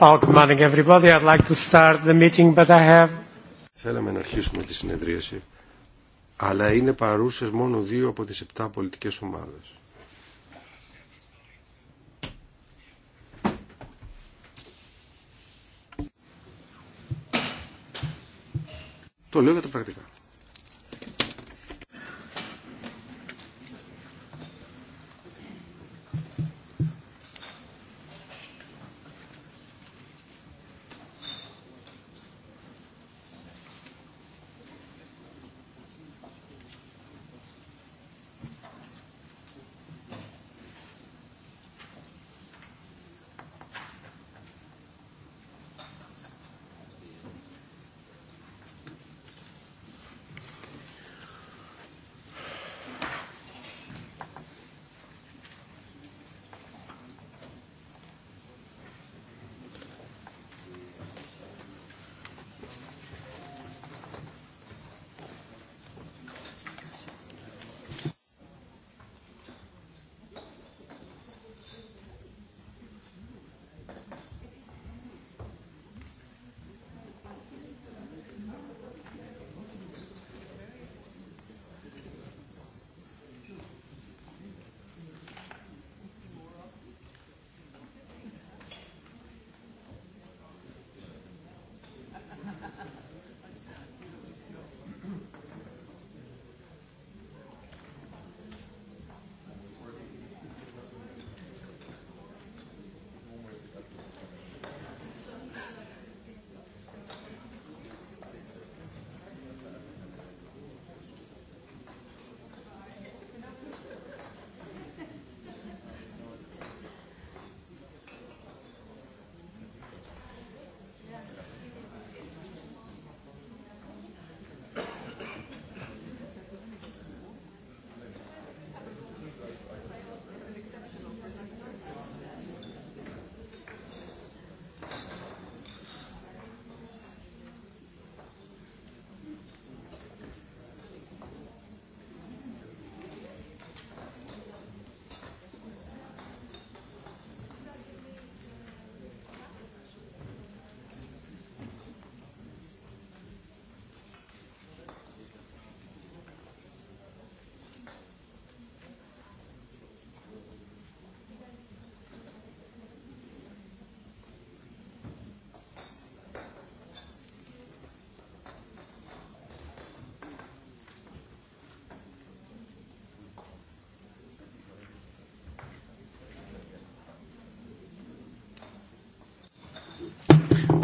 Oh, good morning everybody. I'd like to start the meeting, but I have... Θέλαμε να αρχίσουμε τη συνεδρίαση, αλλά είναι παρούσες μόνο δύο από τις επτά πολιτικές ομάδες. Το λέω για τα πρακτικά.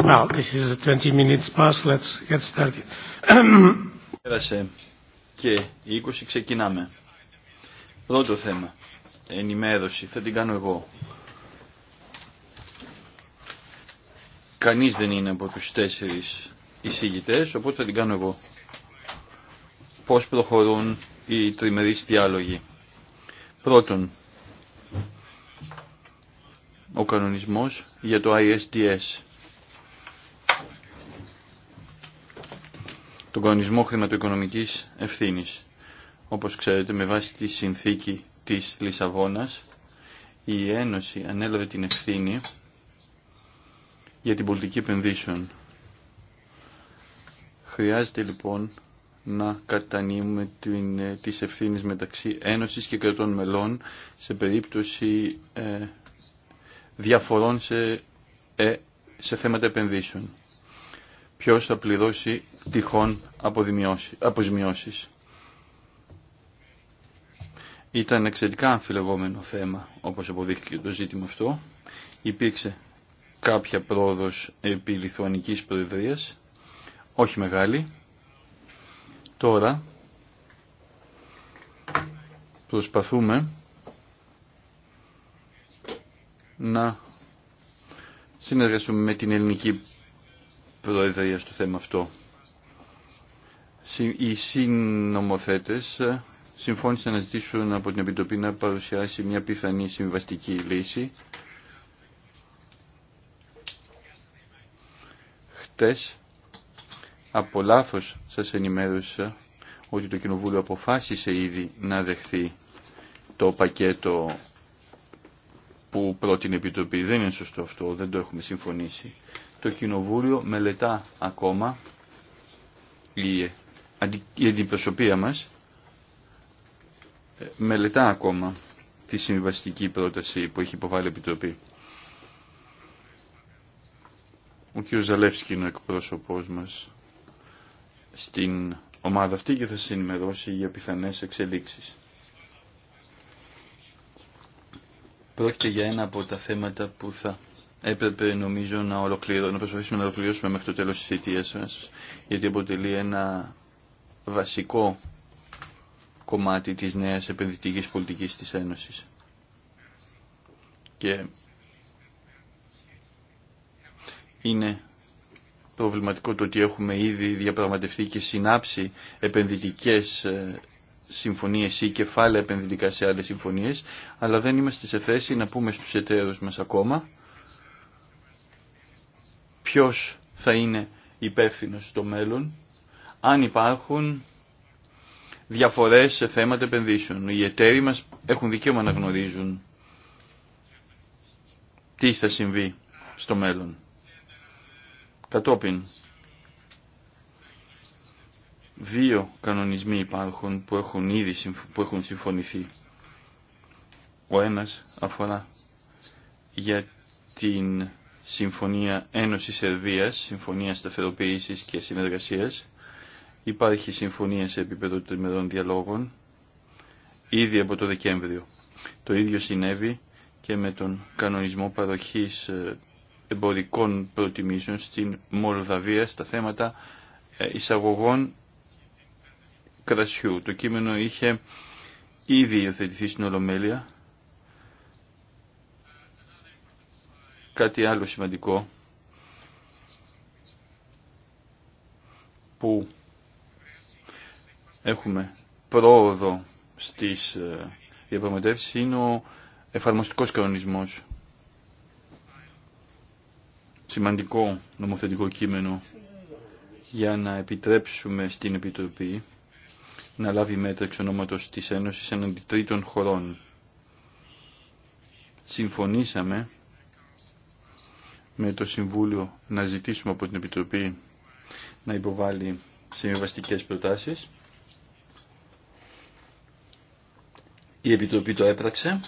Now, this 20 minutes Πέρασε και οι 20 ξεκινάμε. Πρώτο θέμα. Ενημέρωση. Θα την κάνω εγώ. Κανείς δεν είναι από τους τέσσερις εισηγητές, οπότε θα την κάνω εγώ. Πώς προχωρούν οι τριμερείς διάλογοι. Πρώτον, ο κανονισμός για το ISDS κανονισμό χρηματοοικονομικής ευθύνης. Όπως ξέρετε, με βάση τη συνθήκη της Λισαβόνας, η Ένωση ανέλαβε την ευθύνη για την πολιτική επενδύσεων. Χρειάζεται λοιπόν να κατανείμουμε την, ε, τις ευθύνες μεταξύ Ένωσης και κρατών μελών σε περίπτωση ε, διαφορών σε, ε, σε θέματα επενδύσεων ποιος θα πληρώσει τυχόν αποζημιώσει. Ήταν εξαιρετικά αμφιλεγόμενο θέμα, όπως αποδείχθηκε το ζήτημα αυτό. Υπήρξε κάποια πρόοδος επί Λιθουανικής Προεδρίας, όχι μεγάλη. Τώρα προσπαθούμε να συνεργαστούμε με την ελληνική Προεδρία στο θέμα αυτό. Οι συνομοθέτε ε, συμφώνησαν να ζητήσουν από την Επιτροπή να παρουσιάσει μια πιθανή συμβαστική λύση. Χτες, από λάθο σας ενημέρωσα ότι το Κοινοβούλιο αποφάσισε ήδη να δεχθεί το πακέτο που πρότεινε η Επιτροπή. Δεν είναι σωστό αυτό, δεν το έχουμε συμφωνήσει το Κοινοβούλιο μελετά ακόμα η, η αντιπροσωπεία μας ε, μελετά ακόμα τη συμβαστική πρόταση που έχει υποβάλει η Επιτροπή. Ο κ. Ζαλεύσκη είναι ο εκπρόσωπός μας στην ομάδα αυτή και θα συνημερώσει για πιθανές εξελίξεις. Πρόκειται για ένα από τα θέματα που θα έπρεπε νομίζω να, να προσπαθήσουμε να ολοκληρώσουμε μέχρι το τέλος της θητείας μα γιατί αποτελεί ένα βασικό κομμάτι της νέας επενδυτικής πολιτικής της Ένωσης. Και είναι προβληματικό το ότι έχουμε ήδη διαπραγματευτεί και συνάψει επενδυτικές ε, συμφωνίες ή κεφάλαια επενδυτικά σε άλλες συμφωνίες, αλλά δεν είμαστε σε θέση να πούμε στους εταίρους μας ακόμα ποιος θα είναι υπεύθυνο στο μέλλον, αν υπάρχουν διαφορές σε θέματα επενδύσεων. Οι εταίροι μας έχουν δικαίωμα να γνωρίζουν τι θα συμβεί στο μέλλον. Κατόπιν, δύο κανονισμοί υπάρχουν που έχουν ήδη έχουν συμφωνηθεί. Ο ένας αφορά για την Συμφωνία Ένωση Σερβία, Συμφωνία Σταθεροποίηση και Συνεργασία. Υπάρχει συμφωνία σε επίπεδο τριμερών διαλόγων ήδη από το Δεκέμβριο. Το ίδιο συνέβη και με τον κανονισμό παροχή ε, εμπορικών προτιμήσεων στην Μολδαβία στα θέματα ε, εισαγωγών κρασιού. Το κείμενο είχε ήδη υιοθετηθεί στην Ολομέλεια Κάτι άλλο σημαντικό που έχουμε πρόοδο στις ε, διαπραγματεύσεις είναι ο εφαρμοστικός κανονισμός. Σημαντικό νομοθετικό κείμενο για να επιτρέψουμε στην Επιτροπή να λάβει μέτρα εξ ονόματος της Ένωσης εναντί τρίτων χωρών. Συμφωνήσαμε με το Συμβούλιο να ζητήσουμε από την Επιτροπή να υποβάλει συμβιβαστικές προτάσεις. Η Επιτροπή το έπραξε.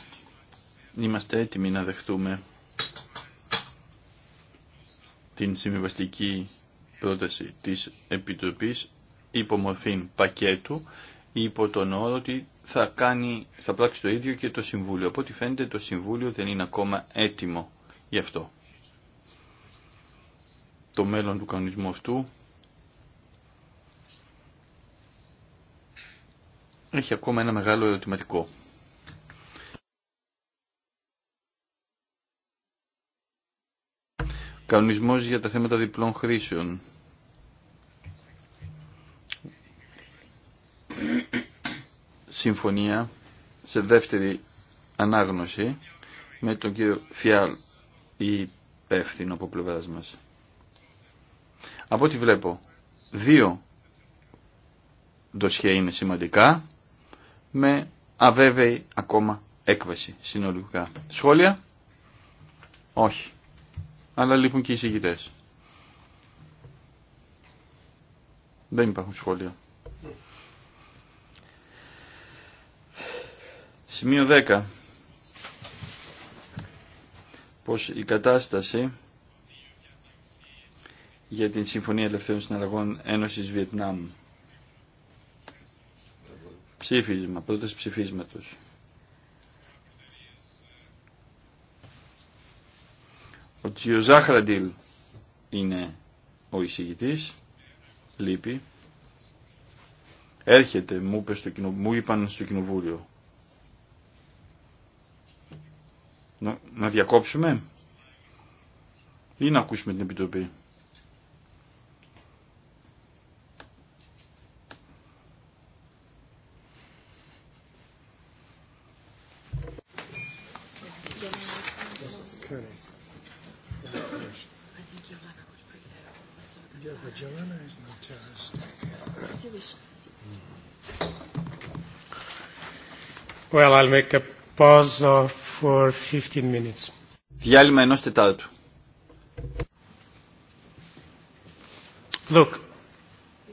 Είμαστε έτοιμοι να δεχτούμε την συμβιβαστική πρόταση της Επιτροπής υπό μορφή πακέτου υπό τον όρο ότι θα, κάνει, θα πράξει το ίδιο και το Συμβούλιο. Από ό,τι φαίνεται το Συμβούλιο δεν είναι ακόμα έτοιμο γι' αυτό το μέλλον του κανονισμού αυτού έχει ακόμα ένα μεγάλο ερωτηματικό. Κανονισμός για τα θέματα διπλών χρήσεων. Συμφωνία σε δεύτερη ανάγνωση με τον κύριο Φιάλ υπεύθυνο από πλευράς μας. Από ό,τι βλέπω, δύο ντοσχέ είναι σημαντικά με αβέβαιη ακόμα έκβαση συνολικά. Σχόλια? Όχι. Αλλά λείπουν και οι συγκητές. Δεν υπάρχουν σχόλια. Σημείο 10. Πως η κατάσταση για την Συμφωνία Ελευθέρων Συναλλαγών Ένωσης Βιετνάμ. Ψήφισμα, πρώτος ψηφίσματος. Ο Τσιοζάχραντιλ είναι ο εισηγητής, λείπει. Έρχεται, μου, είπε στο κοινο... μου είπαν στο κοινοβούλιο. Να, να διακόψουμε ή να ακούσουμε την επιτροπή. but Joanna is not terrorist. Well, I'll make a pause for 15 minutes. Διάλειμμα ενός τετάρτου. Look,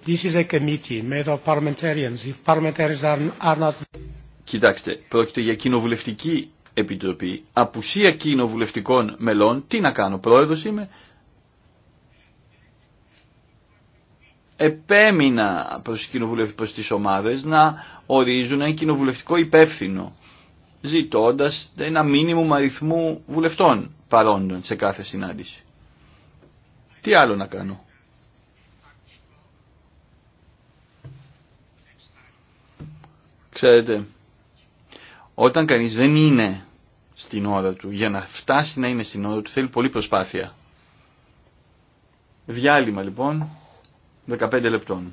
this is a committee made of parliamentarians. If parliamentarians are, are not... Κοιτάξτε, πρόκειται για κοινοβουλευτική επιτροπή, απουσία κοινοβουλευτικών μελών. Τι να κάνω, πρόεδρος είμαι, επέμεινα προς τις, προς τις ομάδες να ορίζουν ένα κοινοβουλευτικό υπεύθυνο ζητώντας ένα μήνυμο αριθμού βουλευτών παρόντων σε κάθε συνάντηση. Τι άλλο να κάνω. Ξέρετε, όταν κανείς δεν είναι στην ώρα του, για να φτάσει να είναι στην ώρα του θέλει πολύ προσπάθεια. Διάλειμμα λοιπόν. 15 λεπτών.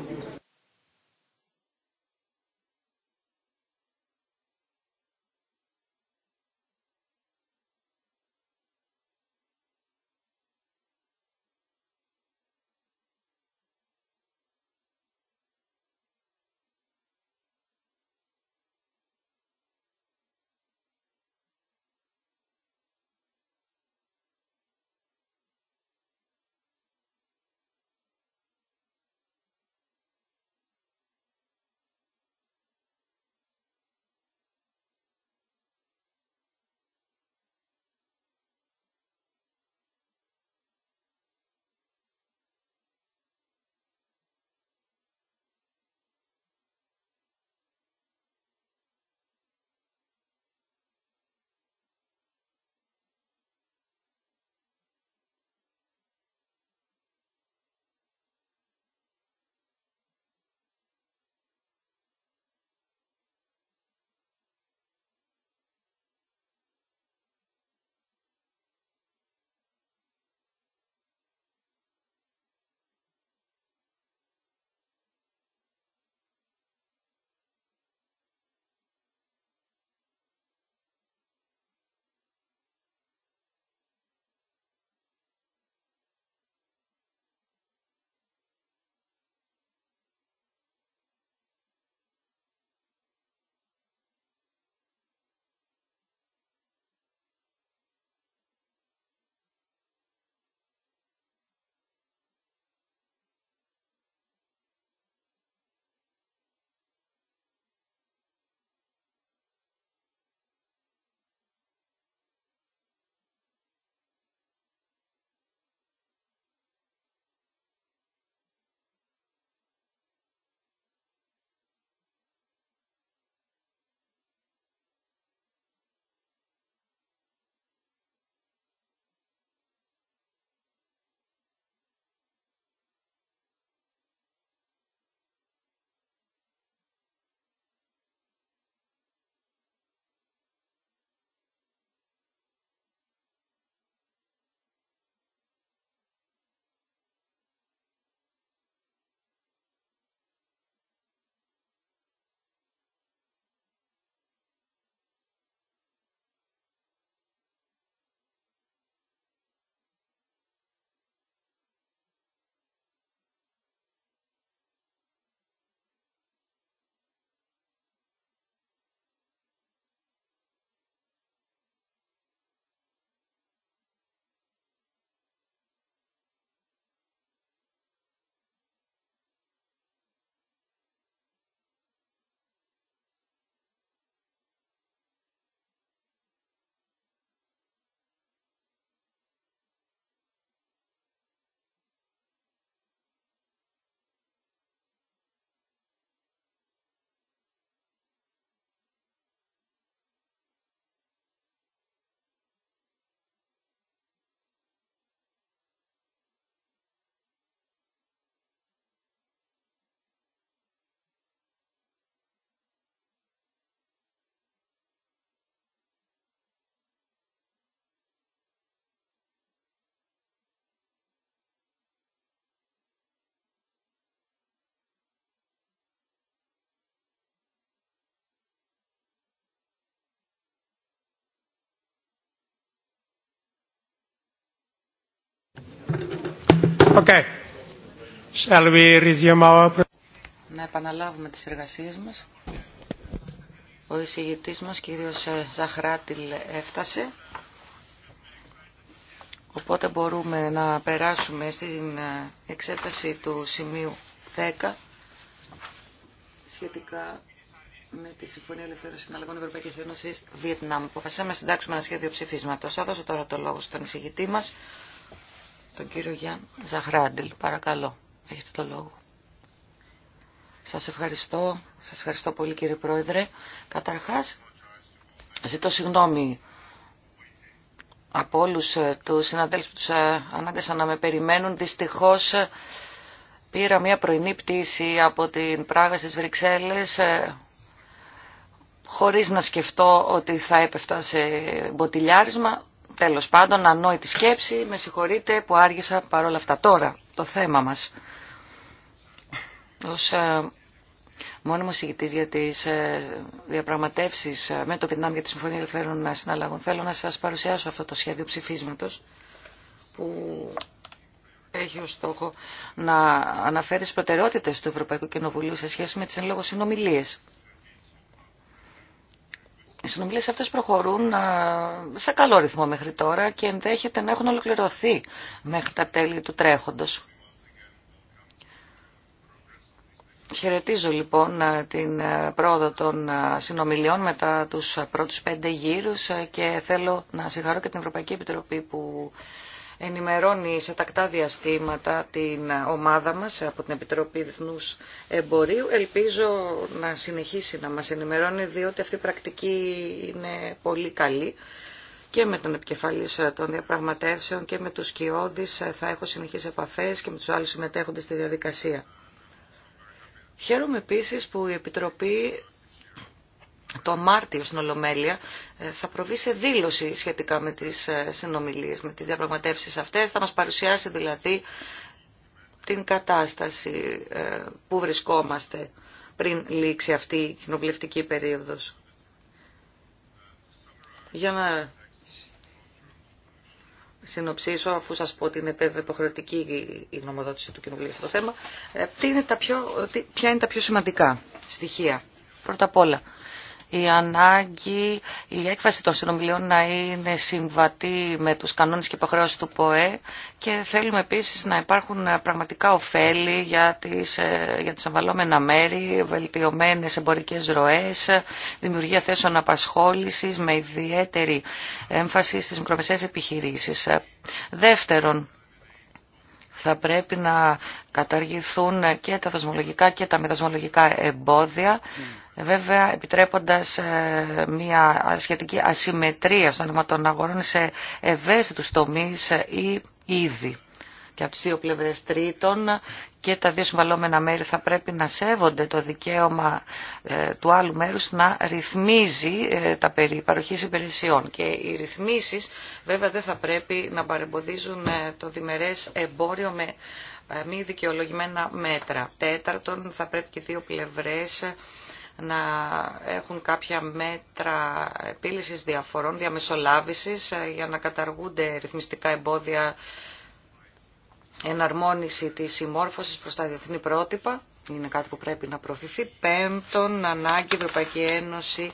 Υπότιτλοι Okay. Να επαναλάβουμε τις εργασίες μας. Ο εισηγητής μας, κύριος ε, Ζαχράτηλ, έφτασε. Οπότε μπορούμε να περάσουμε στην ε, εξέταση του σημείου 10 σχετικά με τη Συμφωνία Ελευθερών Συναλλαγών Ευρωπαϊκή Ένωση Βιετνάμ. Αποφασίσαμε να συντάξουμε ένα σχέδιο ψηφίσματο. Θα δώσω τώρα το λόγο στον εισηγητή μα, τον κύριο Γιάνν Ζαχράντιλ. Παρακαλώ, έχετε το λόγο. Σας ευχαριστώ, σας ευχαριστώ πολύ κύριε Πρόεδρε. Καταρχάς, ζητώ συγγνώμη από όλους ε, τους συναδέλφους που τους ε, ανάγκασαν να με περιμένουν. Δυστυχώς ε, πήρα μια πρωινή πτήση από την Πράγα στις Βρυξέλλες χωρίς να σκεφτώ ότι θα έπεφτα σε μποτιλιάρισμα. Τέλος πάντων, ανόητη σκέψη, με συγχωρείτε που άργησα παρόλα αυτά. Τώρα, το θέμα μας. Ως ε, μόνιμος για τις ε, διαπραγματεύσεις ε, με το Βιετνάμ για τη Συμφωνία Ελευθέρων Συναλλαγών, θέλω να σας παρουσιάσω αυτό το σχέδιο ψηφίσματος που έχει ως στόχο να αναφέρει τις προτεραιότητες του Ευρωπαϊκού Κοινοβουλίου σε σχέση με τις εν λόγω συνομιλίες οι συνομιλίες αυτές προχωρούν σε καλό ρυθμό μέχρι τώρα και ενδέχεται να έχουν ολοκληρωθεί μέχρι τα τέλη του τρέχοντος. Χαιρετίζω λοιπόν την πρόοδο των συνομιλιών μετά τους πρώτους πέντε γύρους και θέλω να συγχαρώ και την Ευρωπαϊκή Επιτροπή που ενημερώνει σε τακτά διαστήματα την ομάδα μας από την Επιτροπή Διεθνούς Εμπορίου. Ελπίζω να συνεχίσει να μας ενημερώνει διότι αυτή η πρακτική είναι πολύ καλή και με τον επικεφαλής των διαπραγματεύσεων και με τους κοιόδης θα έχω συνεχείς επαφές και με τους άλλους συμμετέχοντες στη διαδικασία. Χαίρομαι επίσης που η Επιτροπή το Μάρτιο στην Ολομέλεια ε, θα προβεί σε δήλωση σχετικά με τις ε, συνομιλίες, με τις διαπραγματεύσεις αυτές. Θα μας παρουσιάσει δηλαδή την κατάσταση ε, που βρισκόμαστε πριν λήξει αυτή η κοινοβουλευτική περίοδος. Για να συνοψίσω, αφού σας πω ότι είναι υποχρεωτική η γνωμοδότηση του κοινοβουλίου αυτό το θέμα, ποια είναι τα πιο σημαντικά στοιχεία. Πρώτα απ' όλα, η ανάγκη, η έκφραση των συνομιλίων να είναι συμβατή με τους κανόνες και υποχρεώσεις του ΠΟΕ και θέλουμε επίσης να υπάρχουν πραγματικά ωφέλη για τις, ε, για τις αμβαλόμενα μέρη, βελτιωμένες εμπορικές ροές, δημιουργία θέσεων απασχόλησης με ιδιαίτερη έμφαση στις μικρομεσαίες επιχειρήσεις. Δεύτερον, θα πρέπει να καταργηθούν και τα δοσμολογικά και τα μετασμολογικά εμπόδια, mm. βέβαια επιτρέποντας ε, μια σχετική ασυμμετρία στον των αγορών σε ευαίσθητους τομείς ε, ή ήδη και από τις δύο πλευρές τρίτων και τα δύο συμβαλόμενα μέρη θα πρέπει να σέβονται το δικαίωμα ε, του άλλου μέρους να ρυθμίζει ε, τα περί παροχής υπηρεσιών. Και οι ρυθμίσεις βέβαια δεν θα πρέπει να παρεμποδίζουν ε, το διμερές εμπόριο με μη δικαιολογημένα μέτρα. Τέταρτον, θα πρέπει και οι δύο πλευρές να έχουν κάποια μέτρα επίλυσης διαφορών, διαμεσολάβησης για να καταργούνται ρυθμιστικά εμπόδια εναρμόνιση της συμμόρφωσης προς τα διεθνή πρότυπα, είναι κάτι που πρέπει να προωθηθεί. Πέμπτον, ανάγκη η Ευρωπαϊκή Ένωση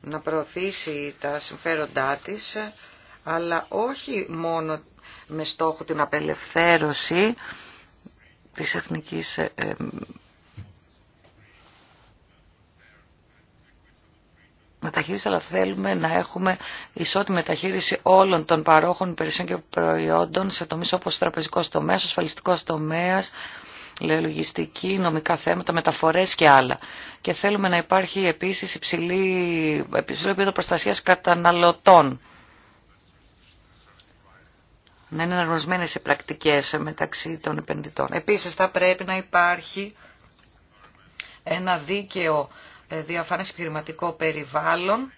να προωθήσει τα συμφέροντά της, αλλά όχι μόνο με στόχο την απελευθέρωση της εθνικής ε, μεταχείριση, αλλά θέλουμε να έχουμε ισότιμη μεταχείριση όλων των παρόχων υπηρεσιών και προϊόντων σε τομείς όπως τραπεζικός τομέας, ασφαλιστικός τομέας, λογιστική, νομικά θέματα, μεταφορές και άλλα. Και θέλουμε να υπάρχει επίσης υψηλή, υψηλή επίπεδο προστασίας καταναλωτών. Να είναι εναρμοσμένες οι πρακτικές μεταξύ των επενδυτών. Επίσης θα πρέπει να υπάρχει ένα δίκαιο ε, διαφανές επιχειρηματικό περιβάλλον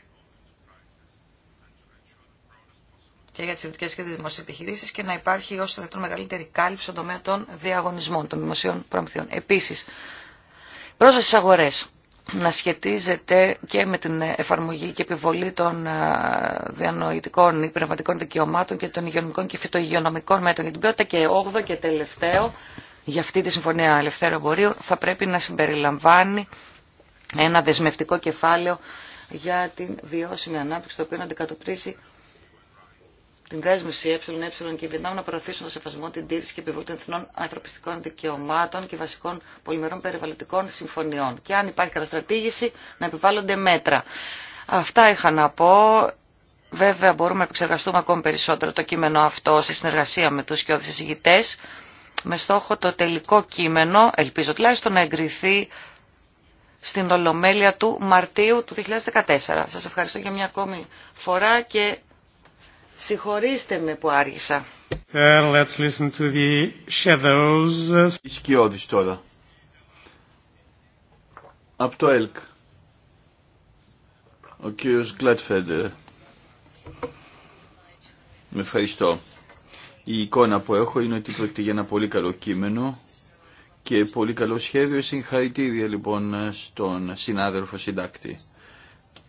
και για τις ιδιωτικές και τις δημόσιες επιχειρήσεις και να υπάρχει όσο δεύτερο μεγαλύτερη κάλυψη στον τομέα των διαγωνισμών, των δημοσίων προμηθειών. Επίσης, πρόσβαση στις αγορές να σχετίζεται και με την εφαρμογή και επιβολή των ε, διανοητικών ή πνευματικών δικαιωμάτων και των υγειονομικών και φυτοϊγειονομικών μέτρων για την ποιότητα και 8 και τελευταίο για αυτή τη Συμφωνία Ελευθέρω Εμπορίου θα πρέπει να συμπεριλαμβάνει ένα δεσμευτικό κεφάλαιο για την βιώσιμη ανάπτυξη, το οποίο να αντικατοπτρίσει την δέσμευση ΕΕ και Βιετνάμ να προωθήσουν το σεβασμό, την τήρηση και επιβολή των εθνών ανθρωπιστικών δικαιωμάτων και βασικών πολυμερών περιβαλλοντικών συμφωνιών. Και αν υπάρχει καταστρατήγηση, να επιβάλλονται μέτρα. Αυτά είχα να πω. Βέβαια, μπορούμε να επεξεργαστούμε ακόμη περισσότερο το κείμενο αυτό σε συνεργασία με του κοιόδη εισηγητέ, με στόχο το τελικό κείμενο, ελπίζω τουλάχιστον να εγκριθεί στην Ολομέλεια του Μαρτίου του 2014. Σας ευχαριστώ για μια ακόμη φορά και συγχωρήστε με που άργησα. Let's listen τώρα. Από το ΕΛΚ. Ο κύριος Γκλάτφεντερ. Με ευχαριστώ. Η εικόνα που έχω είναι ότι πρόκειται για ένα πολύ καλό κείμενο και πολύ καλό σχέδιο. Συγχαρητήρια λοιπόν στον συνάδελφο συντάκτη.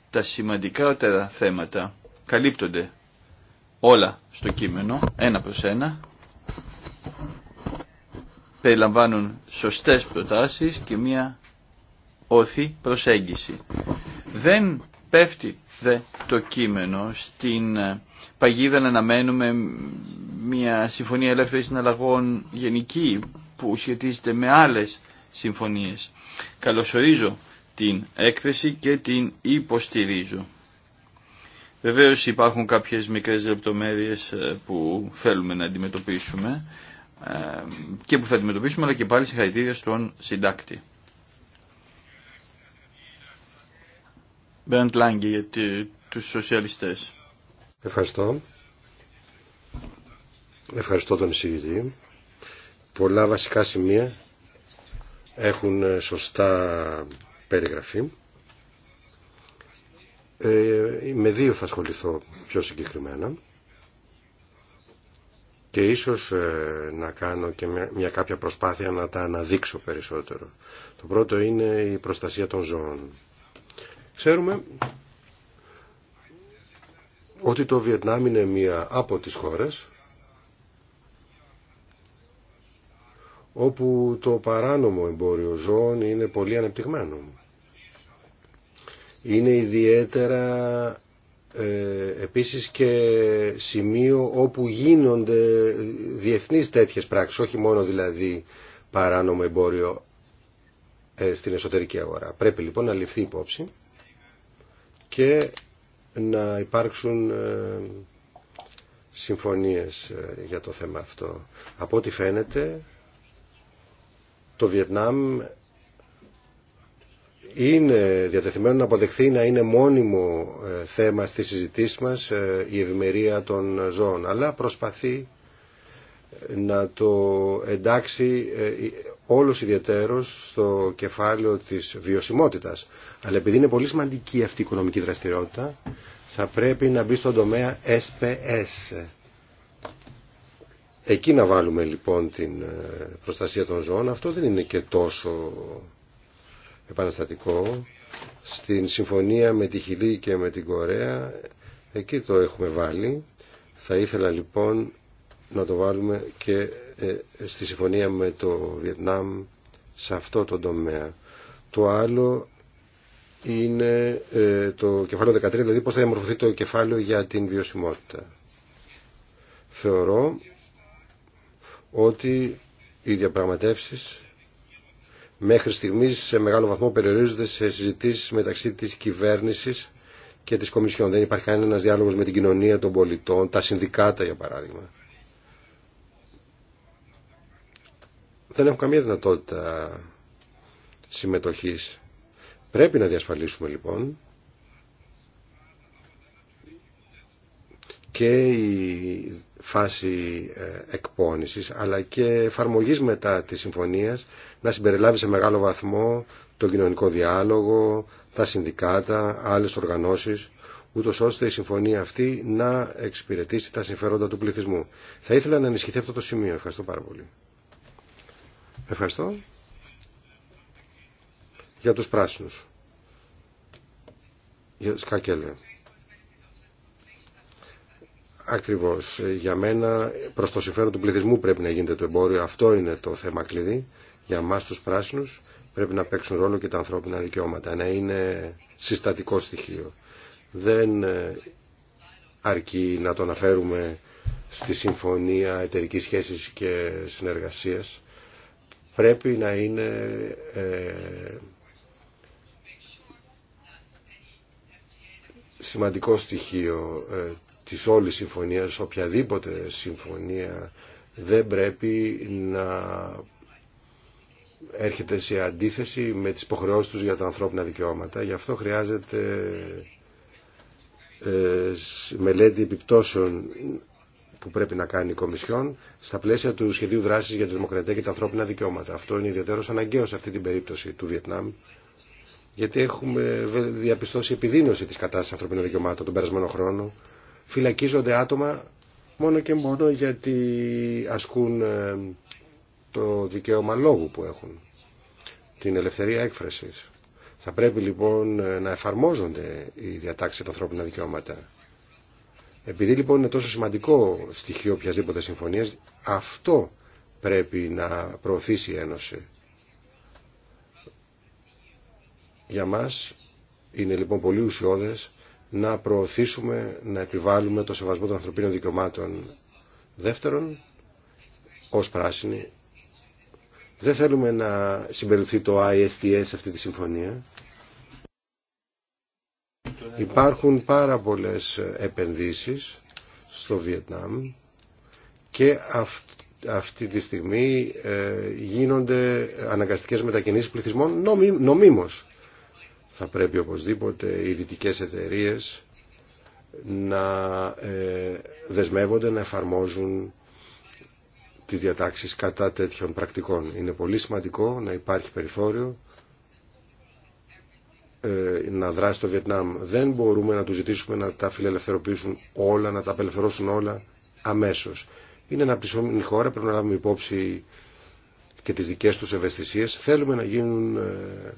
Τα σημαντικότερα θέματα καλύπτονται όλα στο κείμενο, ένα προς ένα. Περιλαμβάνουν σωστές προτάσεις και μία όθη προσέγγιση. Δεν πέφτει δε το κείμενο στην παγίδα να αναμένουμε μια συμφωνία ελεύθερης συναλλαγών γενική που σχετίζεται με άλλες συμφωνίες. Καλωσορίζω την έκθεση και την υποστηρίζω. Βεβαίως υπάρχουν κάποιες μικρές λεπτομέρειες ε, που θέλουμε να αντιμετωπίσουμε ε, και που θα αντιμετωπίσουμε αλλά και πάλι συγχαρητήρια στον συντάκτη. Μπέντ Λάγκη για τους σοσιαλιστές. Ευχαριστώ. Ευχαριστώ τον εισηγητή πολλά βασικά σημεία έχουν ε, σωστά περιγραφή. Ε, με δύο θα ασχοληθώ πιο συγκεκριμένα και ίσως ε, να κάνω και μια κάποια προσπάθεια να τα αναδείξω περισσότερο. Το πρώτο είναι η προστασία των ζώων. Ξέρουμε ότι το Βιετνάμ είναι μία από τις χώρες όπου το παράνομο εμπόριο ζώων είναι πολύ ανεπτυγμένο. Είναι ιδιαίτερα ε, επίσης και σημείο όπου γίνονται διεθνείς τέτοιες πράξεις, όχι μόνο δηλαδή παράνομο εμπόριο ε, στην εσωτερική αγορά. Πρέπει λοιπόν να ληφθεί υπόψη και να υπάρξουν ε, συμφωνίες ε, για το θέμα αυτό. Από ό,τι φαίνεται το Βιετνάμ είναι διατεθειμένο να αποδεχθεί να είναι μόνιμο ε, θέμα στη συζητήση μας ε, η ευημερία των ζώων, αλλά προσπαθεί ε, να το εντάξει όλος ιδιαίτερος στο κεφάλαιο της βιωσιμότητας. Αλλά επειδή είναι πολύ σημαντική αυτή η οικονομική δραστηριότητα, θα πρέπει να μπει στον τομέα SPS, Εκεί να βάλουμε λοιπόν την ε, προστασία των ζώων. Αυτό δεν είναι και τόσο επαναστατικό. Στην συμφωνία με τη Χιλή και με την Κορέα εκεί το έχουμε βάλει. Θα ήθελα λοιπόν να το βάλουμε και ε, στη συμφωνία με το Βιετνάμ σε αυτό το τομέα. Το άλλο είναι ε, το κεφάλαιο 13, δηλαδή πώς θα διαμορφωθεί το κεφάλαιο για την βιωσιμότητα. Θεωρώ ότι οι διαπραγματεύσεις μέχρι στιγμής σε μεγάλο βαθμό περιορίζονται σε συζητήσεις μεταξύ της κυβέρνησης και της Κομισιόν. Δεν υπάρχει κανένα διάλογος με την κοινωνία των πολιτών, τα συνδικάτα για παράδειγμα. Δεν έχουν καμία δυνατότητα συμμετοχής. Πρέπει να διασφαλίσουμε λοιπόν και η φάση ε, εκπόνησης αλλά και εφαρμογής μετά τη συμφωνίας να συμπεριλάβει σε μεγάλο βαθμό τον κοινωνικό διάλογο, τα συνδικάτα, άλλες οργανώσεις ούτως ώστε η συμφωνία αυτή να εξυπηρετήσει τα συμφέροντα του πληθυσμού. Θα ήθελα να ενισχυθεί αυτό το σημείο. Ευχαριστώ πάρα πολύ. Ευχαριστώ. Για τους πράσινους. Για Σκακέλε. Ακριβώς. Για μένα προς το συμφέρον του πληθυσμού πρέπει να γίνεται το εμπόριο. Αυτό είναι το θέμα κλειδί. Για μας τους πράσινους πρέπει να παίξουν ρόλο και τα ανθρώπινα δικαιώματα. Να είναι συστατικό στοιχείο. Δεν ε, αρκεί να το αναφέρουμε στη Συμφωνία Εταιρικής Σχέσης και Συνεργασίας. Πρέπει να είναι ε, σημαντικό στοιχείο ε, της όλης συμφωνίας, οποιαδήποτε συμφωνία δεν πρέπει να έρχεται σε αντίθεση με τις υποχρεώσεις τους για τα ανθρώπινα δικαιώματα. Γι' αυτό χρειάζεται ε, μελέτη επιπτώσεων που πρέπει να κάνει η Κομισιόν στα πλαίσια του σχεδίου δράσης για τη δημοκρατία και τα ανθρώπινα δικαιώματα. Αυτό είναι ιδιαίτερο αναγκαίο σε αυτή την περίπτωση του Βιετνάμ, γιατί έχουμε διαπιστώσει επιδείνωση της κατάστασης ανθρωπίνων δικαιωμάτων τον περασμένο χρόνο φυλακίζονται άτομα μόνο και μόνο γιατί ασκούν ε, το δικαίωμα λόγου που έχουν, την ελευθερία έκφρασης. Θα πρέπει λοιπόν ε, να εφαρμόζονται οι διατάξεις των ανθρώπινα δικαιώματα. Επειδή λοιπόν είναι τόσο σημαντικό στοιχείο οποιασδήποτε συμφωνίας, αυτό πρέπει να προωθήσει η Ένωση. Για μας είναι λοιπόν πολύ ουσιώδες να προωθήσουμε, να επιβάλλουμε το σεβασμό των ανθρωπίνων δικαιωμάτων. Δεύτερον, ως πράσινη. δεν θέλουμε να συμπεριληφθεί το ISTS αυτή τη συμφωνία. Υπάρχουν πάρα πολλές επενδύσεις στο Βιετνάμ και αυτή τη στιγμή ε, γίνονται αναγκαστικές μετακινήσεις πληθυσμών νομίμως. Θα πρέπει οπωσδήποτε οι δυτικές εταιρείε να ε, δεσμεύονται να εφαρμόζουν τις διατάξεις κατά τέτοιων πρακτικών. Είναι πολύ σημαντικό να υπάρχει περιθώριο ε, να δράσει το Βιετνάμ. Δεν μπορούμε να του ζητήσουμε να τα φιλελευθερωποιήσουν όλα, να τα απελευθερώσουν όλα αμέσως. Είναι αναπτυσσόμενη χώρα, πρέπει να λάβουμε υπόψη και τις δικές τους ευαισθησίες. Θέλουμε να γίνουν ε,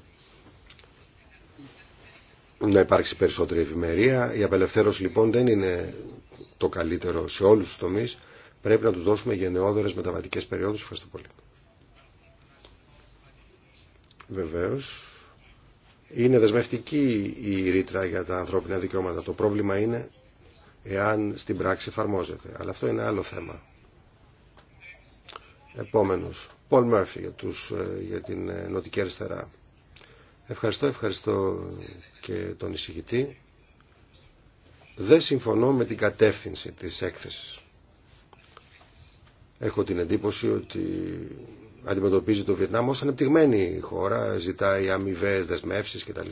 να υπάρξει περισσότερη ευημερία. Η απελευθέρωση λοιπόν δεν είναι το καλύτερο σε όλους τους τομείς. Πρέπει να τους δώσουμε γενναιόδορες μεταβατικές περιόδους. Ευχαριστώ πολύ. Βεβαίως, είναι δεσμευτική η ρήτρα για τα ανθρώπινα δικαιώματα. Το πρόβλημα είναι εάν στην πράξη εφαρμόζεται. Αλλά αυτό είναι άλλο θέμα. Επόμενος, Πολ Μέρφυ για, ε, για την ε, νοτική αριστερά. Ευχαριστώ, ευχαριστώ και τον εισηγητή. Δεν συμφωνώ με την κατεύθυνση της έκθεσης. Έχω την εντύπωση ότι αντιμετωπίζει το Βιετνάμ ως ανεπτυγμένη χώρα, ζητάει αμοιβέ δεσμεύσεις κτλ.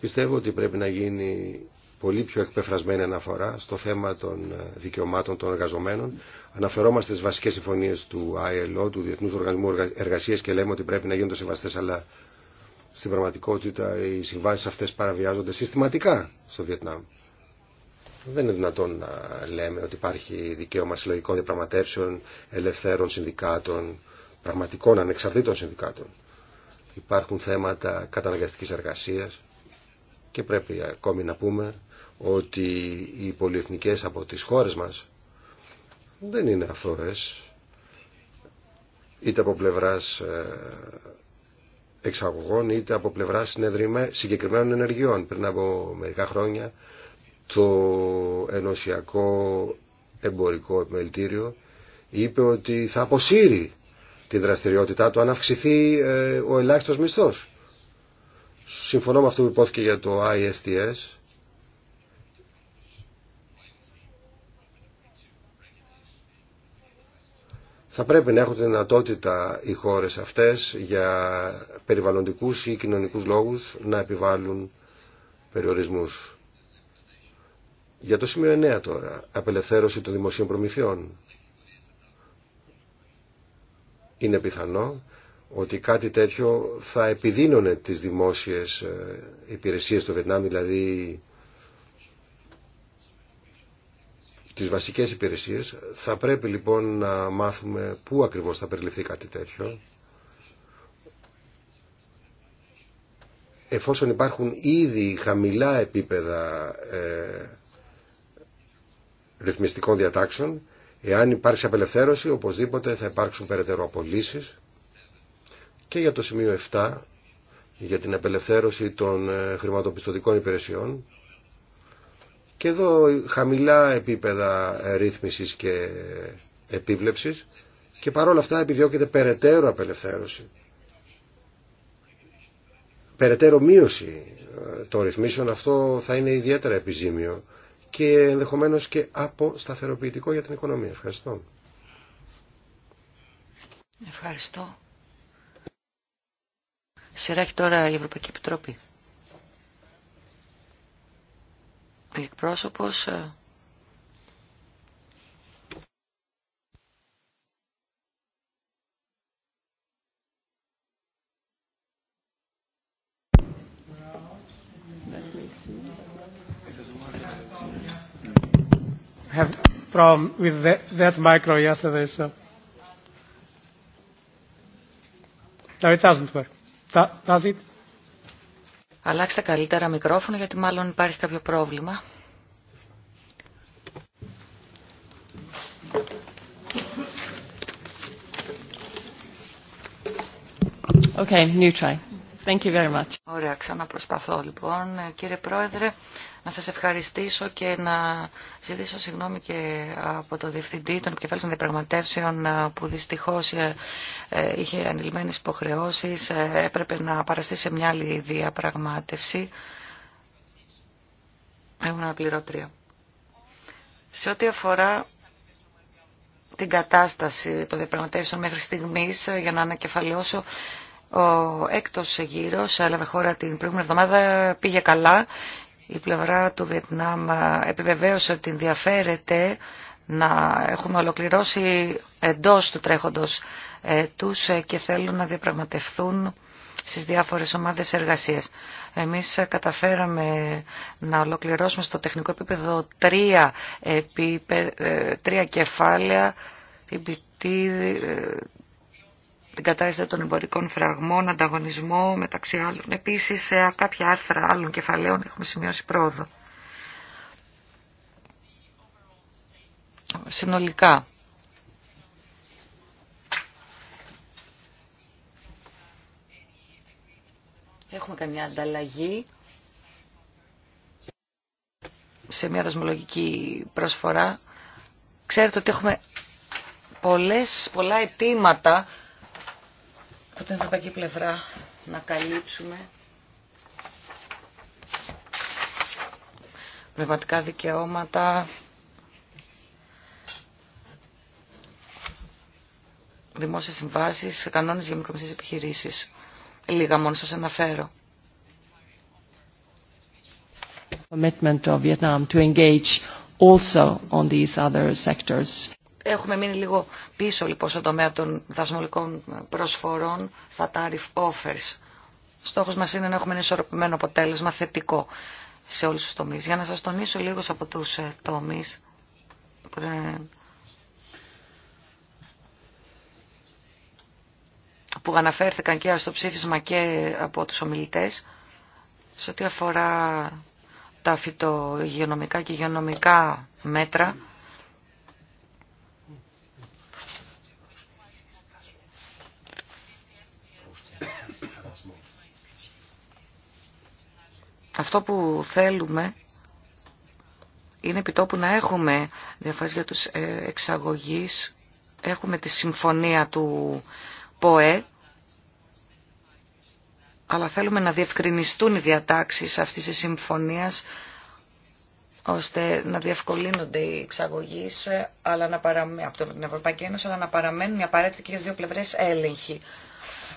Πιστεύω ότι πρέπει να γίνει πολύ πιο εκπεφρασμένη αναφορά στο θέμα των ε, δικαιωμάτων των εργαζομένων. Αναφερόμαστε στι βασικέ συμφωνίε του ILO, του Διεθνού Οργανισμού Εργασία και λέμε ότι πρέπει να γίνονται σεβαστέ, αλλά στην πραγματικότητα οι συμβάσει αυτέ παραβιάζονται συστηματικά στο Βιετνάμ. Δεν είναι δυνατόν να λέμε ότι υπάρχει δικαίωμα συλλογικών διαπραγματεύσεων, ελευθέρων συνδικάτων, πραγματικών ανεξαρτήτων συνδικάτων. Υπάρχουν θέματα καταναγκαστική εργασία και πρέπει ακόμη να πούμε ότι οι πολυεθνικές από τις χώρες μας δεν είναι αθώες είτε από πλευράς ε, εξαγωγών είτε από πλευράς συγκεκριμένων ενεργειών. Πριν από μερικά χρόνια το ενωσιακό εμπορικό επιμελητήριο είπε ότι θα αποσύρει την δραστηριότητά του αν αυξηθεί ε, ο ελάχιστος μισθός. Συμφωνώ με αυτό που υπόθηκε για το ISTS Θα πρέπει να έχουν δυνατότητα οι χώρες αυτές για περιβαλλοντικούς ή κοινωνικούς λόγους να επιβάλλουν περιορισμούς. Για το σημείο 9 τώρα, απελευθέρωση των δημοσίων προμηθειών. Είναι πιθανό ότι κάτι τέτοιο θα επιδίνωνε τις δημόσιες ε, υπηρεσίες στο Βιετνάμ, δηλαδή τις βασικές υπηρεσίες. Θα πρέπει λοιπόν να μάθουμε πού ακριβώς θα περιληφθεί κάτι τέτοιο. Εφόσον υπάρχουν ήδη χαμηλά επίπεδα ε, ρυθμιστικών διατάξεων, εάν υπάρξει απελευθέρωση, οπωσδήποτε θα υπάρξουν περαιτέρω απολύσεις. Και για το σημείο 7, για την απελευθέρωση των ε, χρηματοπιστωτικών υπηρεσιών, και εδώ χαμηλά επίπεδα ρύθμισης και επίβλεψης και παρόλα αυτά επιδιώκεται περαιτέρω απελευθέρωση. Περαιτέρω μείωση ε, των ρυθμίσεων αυτό θα είναι ιδιαίτερα επιζήμιο και ενδεχομένως και αποσταθεροποιητικό για την οικονομία. Ευχαριστώ. Ευχαριστώ. Σειρά έχει τώρα η Ευρωπαϊκή Επιτροπή. εκπρόσωπος have problem with that, that micro yesterday, so. No, it doesn't work. does it? Αλλάξτε καλύτερα μικρόφωνο γιατί μάλλον υπάρχει κάποιο πρόβλημα. Okay, new try. Thank you very much. Ωραία, ξαναπροσπαθώ λοιπόν. Ε, κύριε Πρόεδρε, να σας ευχαριστήσω και να ζητήσω συγγνώμη και από το Διευθυντή των Επικεφάλων των Διαπραγματεύσεων ε, που δυστυχώς ε, ε, είχε ανηλυμένες υποχρεώσεις, έπρεπε να παραστεί σε μια άλλη διαπραγμάτευση. Έχουν αναπληρώτρια. Σε ό,τι αφορά την κατάσταση των διαπραγματεύσεων μέχρι στιγμής, για να ανακεφαλαιώσω, ο έκτος γύρος έλαβε χώρα την προηγούμενη εβδομάδα, πήγε καλά η πλευρά του Βιετνάμ ε, επιβεβαίωσε ότι ενδιαφέρεται να έχουμε ολοκληρώσει εντός του τρέχοντος τους ε, και θέλουν να διαπραγματευθούν στις διάφορες ομάδες εργασίας. Εμείς ε, καταφέραμε να ολοκληρώσουμε στο τεχνικό επίπεδο τρία, επί τρία κεφάλαια, την κατάσταση των εμπορικών φραγμών, ανταγωνισμό μεταξύ άλλων. Επίσης σε κάποια άρθρα άλλων κεφαλαίων έχουμε σημειώσει πρόοδο. Συνολικά. Έχουμε κάνει ανταλλαγή σε μια δοσμολογική προσφορά. Ξέρετε ότι έχουμε πολλές, πολλά αιτήματα από την ευρωπαϊκή πλευρά να καλύψουμε πνευματικά δικαιώματα, δημόσιες συμβάσεις, κανόνες για μικρομεσαίες επιχειρήσεις. Λίγα μόνο σας αναφέρω. Commitment of Vietnam to engage also on these other sectors. Έχουμε μείνει λίγο πίσω λοιπόν στο τομέα των δασμολικών προσφορών στα tariff offers. Στόχος μας είναι να έχουμε ένα ισορροπημένο αποτέλεσμα θετικό σε όλους τους τομείς. Για να σας τονίσω λίγο από τους ε, τομείς. που αναφέρθηκαν και στο ψήφισμα και από τους ομιλητές σε ό,τι αφορά τα φυτογειονομικά και υγειονομικά μέτρα Αυτό που θέλουμε είναι επιτόπου να έχουμε διαφάσεις για τους ε, εξαγωγείς. Έχουμε τη συμφωνία του ΠΟΕ, αλλά θέλουμε να διευκρινιστούν οι διατάξεις αυτής της συμφωνίας ώστε να διευκολύνονται οι εξαγωγεί ε, από την Ευρωπαϊκή Ένωση, αλλά να παραμένουν οι απαραίτητοι και δύο πλευρές έλεγχοι.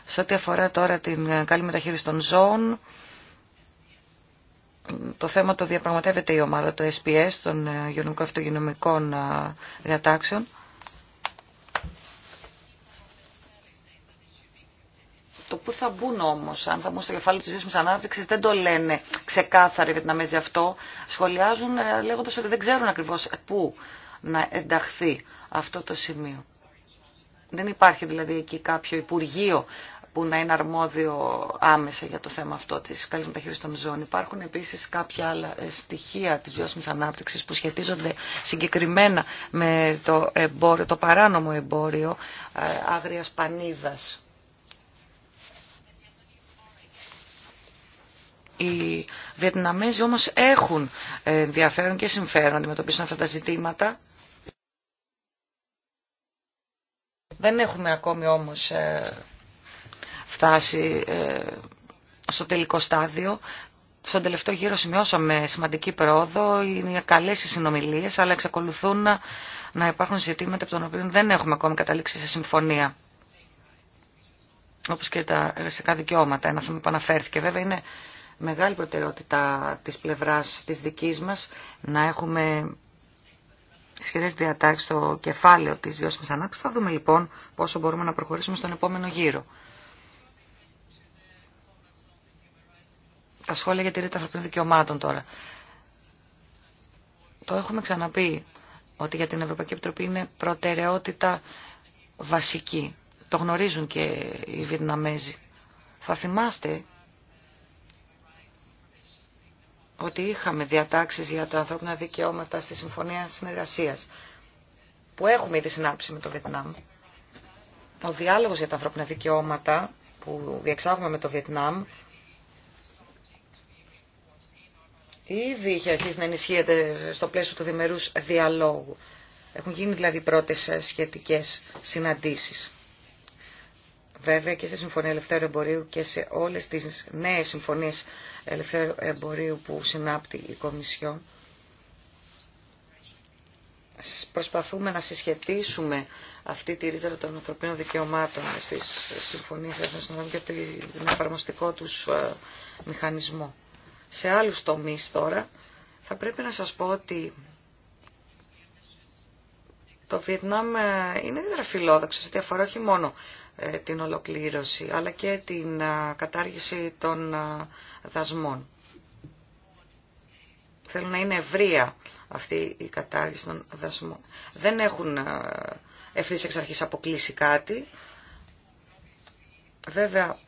Σε ό,τι αφορά τώρα την ε, καλή μεταχείριση των ζώων, το θέμα το διαπραγματεύεται η ομάδα του SPS των ε, υγειονομικών αυτογενομικών ε, διατάξεων. Το που θα μπουν όμω, αν θα μπουν στο κεφάλαιο τη βιώσιμη ανάπτυξη, δεν το λένε ξεκάθαρα για να αυτό. Σχολιάζουν ε, λέγοντα ότι δεν ξέρουν ακριβώ πού να ενταχθεί αυτό το σημείο. Δεν υπάρχει δηλαδή εκεί κάποιο υπουργείο που να είναι αρμόδιο άμεσα για το θέμα αυτό τη καλή μεταχείριση των ζώων. Υπάρχουν επίση κάποια άλλα ε, στοιχεία τη βιώσιμη ανάπτυξη που σχετίζονται συγκεκριμένα με το, εμπόριο, το παράνομο εμπόριο ε, άγρια πανίδα. Οι Βιετναμέζοι όμως έχουν ε, ενδιαφέρον και συμφέρον να αντιμετωπίσουν αυτά τα ζητήματα. Δεν έχουμε ακόμη όμως φτάσει ε, στο τελικό στάδιο. Στον τελευταίο γύρο σημειώσαμε σημαντική πρόοδο, είναι καλές οι συνομιλίες, αλλά εξακολουθούν να, να υπάρχουν ζητήματα από των οποίων δεν έχουμε ακόμη καταλήξει σε συμφωνία. Όπω και τα εργασιακά δικαιώματα, ένα θέμα που αναφέρθηκε. Βέβαια είναι μεγάλη προτεραιότητα της πλευράς της δικής μας να έχουμε ισχυρέ διατάξει στο κεφάλαιο τη βιώσιμη ανάπτυξη. Θα δούμε λοιπόν πόσο μπορούμε να προχωρήσουμε στον επόμενο γύρο. Τα σχόλια για τη ρήτρα ανθρωπίνων δικαιωμάτων τώρα. Το έχουμε ξαναπεί ότι για την Ευρωπαϊκή Επιτροπή είναι προτεραιότητα βασική. Το γνωρίζουν και οι Βιετναμέζοι. Θα θυμάστε ότι είχαμε διατάξεις για τα ανθρώπινα δικαιώματα στη Συμφωνία Συνεργασίας που έχουμε ήδη συνάψει με το Βιετνάμ. Ο διάλογος για τα ανθρώπινα δικαιώματα που διεξάγουμε με το Βιετνάμ ήδη είχε αρχίσει να ενισχύεται στο πλαίσιο του διμερούς διαλόγου. Έχουν γίνει δηλαδή πρώτες σχετικές συναντήσεις. Βέβαια και στη Συμφωνία Ελευθέρου Εμπορίου και σε όλες τις νέες συμφωνίες ελευθέρου εμπορίου που συνάπτει η Κομισιόν προσπαθούμε να συσχετίσουμε αυτή τη ρήτρα των ανθρωπίνων δικαιωμάτων στις συμφωνίες και την εφαρμοστικό τους ε, μηχανισμό σε άλλους τομείς τώρα, θα πρέπει να σας πω ότι το Βιετνάμ ε, είναι ιδιαίτερα φιλόδοξο ότι αφορά όχι μόνο ε, την ολοκλήρωση, αλλά και την ε, κατάργηση των δασμών. Θέλουν να είναι ευρεία αυτή η κατάργηση των δασμών. Δεν έχουν ευθύς εξ αρχής αποκλείσει κάτι. Βέβαια,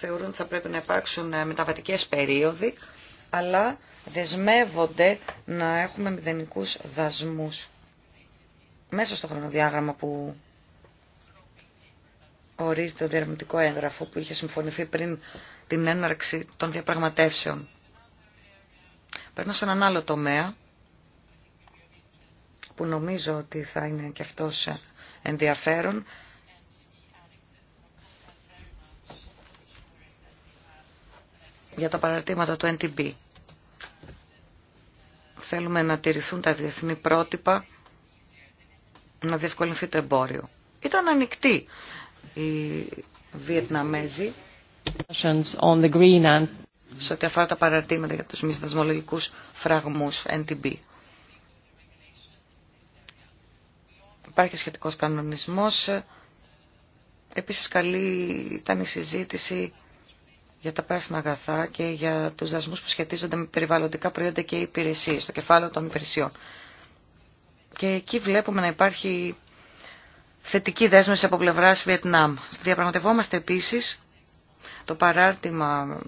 θεωρούν ότι θα πρέπει να υπάρξουν ε, μεταβατικές περίοδοι, αλλά δεσμεύονται να έχουμε μηδενικούς δασμούς μέσα στο χρονοδιάγραμμα που ορίζει το διαρμητικό έγγραφο που είχε συμφωνηθεί πριν την έναρξη των διαπραγματεύσεων. Παίρνω σε έναν άλλο τομέα που νομίζω ότι θα είναι και αυτός ενδιαφέρον για τα παραρτήματα του NTB. Θέλουμε να τηρηθούν τα διεθνή πρότυπα, να διευκολυνθεί το εμπόριο. Ήταν ανοιχτή η Βιετναμέζη σε ό,τι αφορά τα παραρτήματα για τους μη φραγμούς NTB. Υπάρχει σχετικός κανονισμός. Επίσης καλή ήταν η συζήτηση για τα πράσινα αγαθά και για τους δασμού που σχετίζονται με περιβαλλοντικά προϊόντα και υπηρεσίες, το κεφάλαιο των υπηρεσιών. Και εκεί βλέπουμε να υπάρχει θετική δέσμευση από πλευρά Βιετνάμ. Διαπραγματευόμαστε επίσης το παράρτημα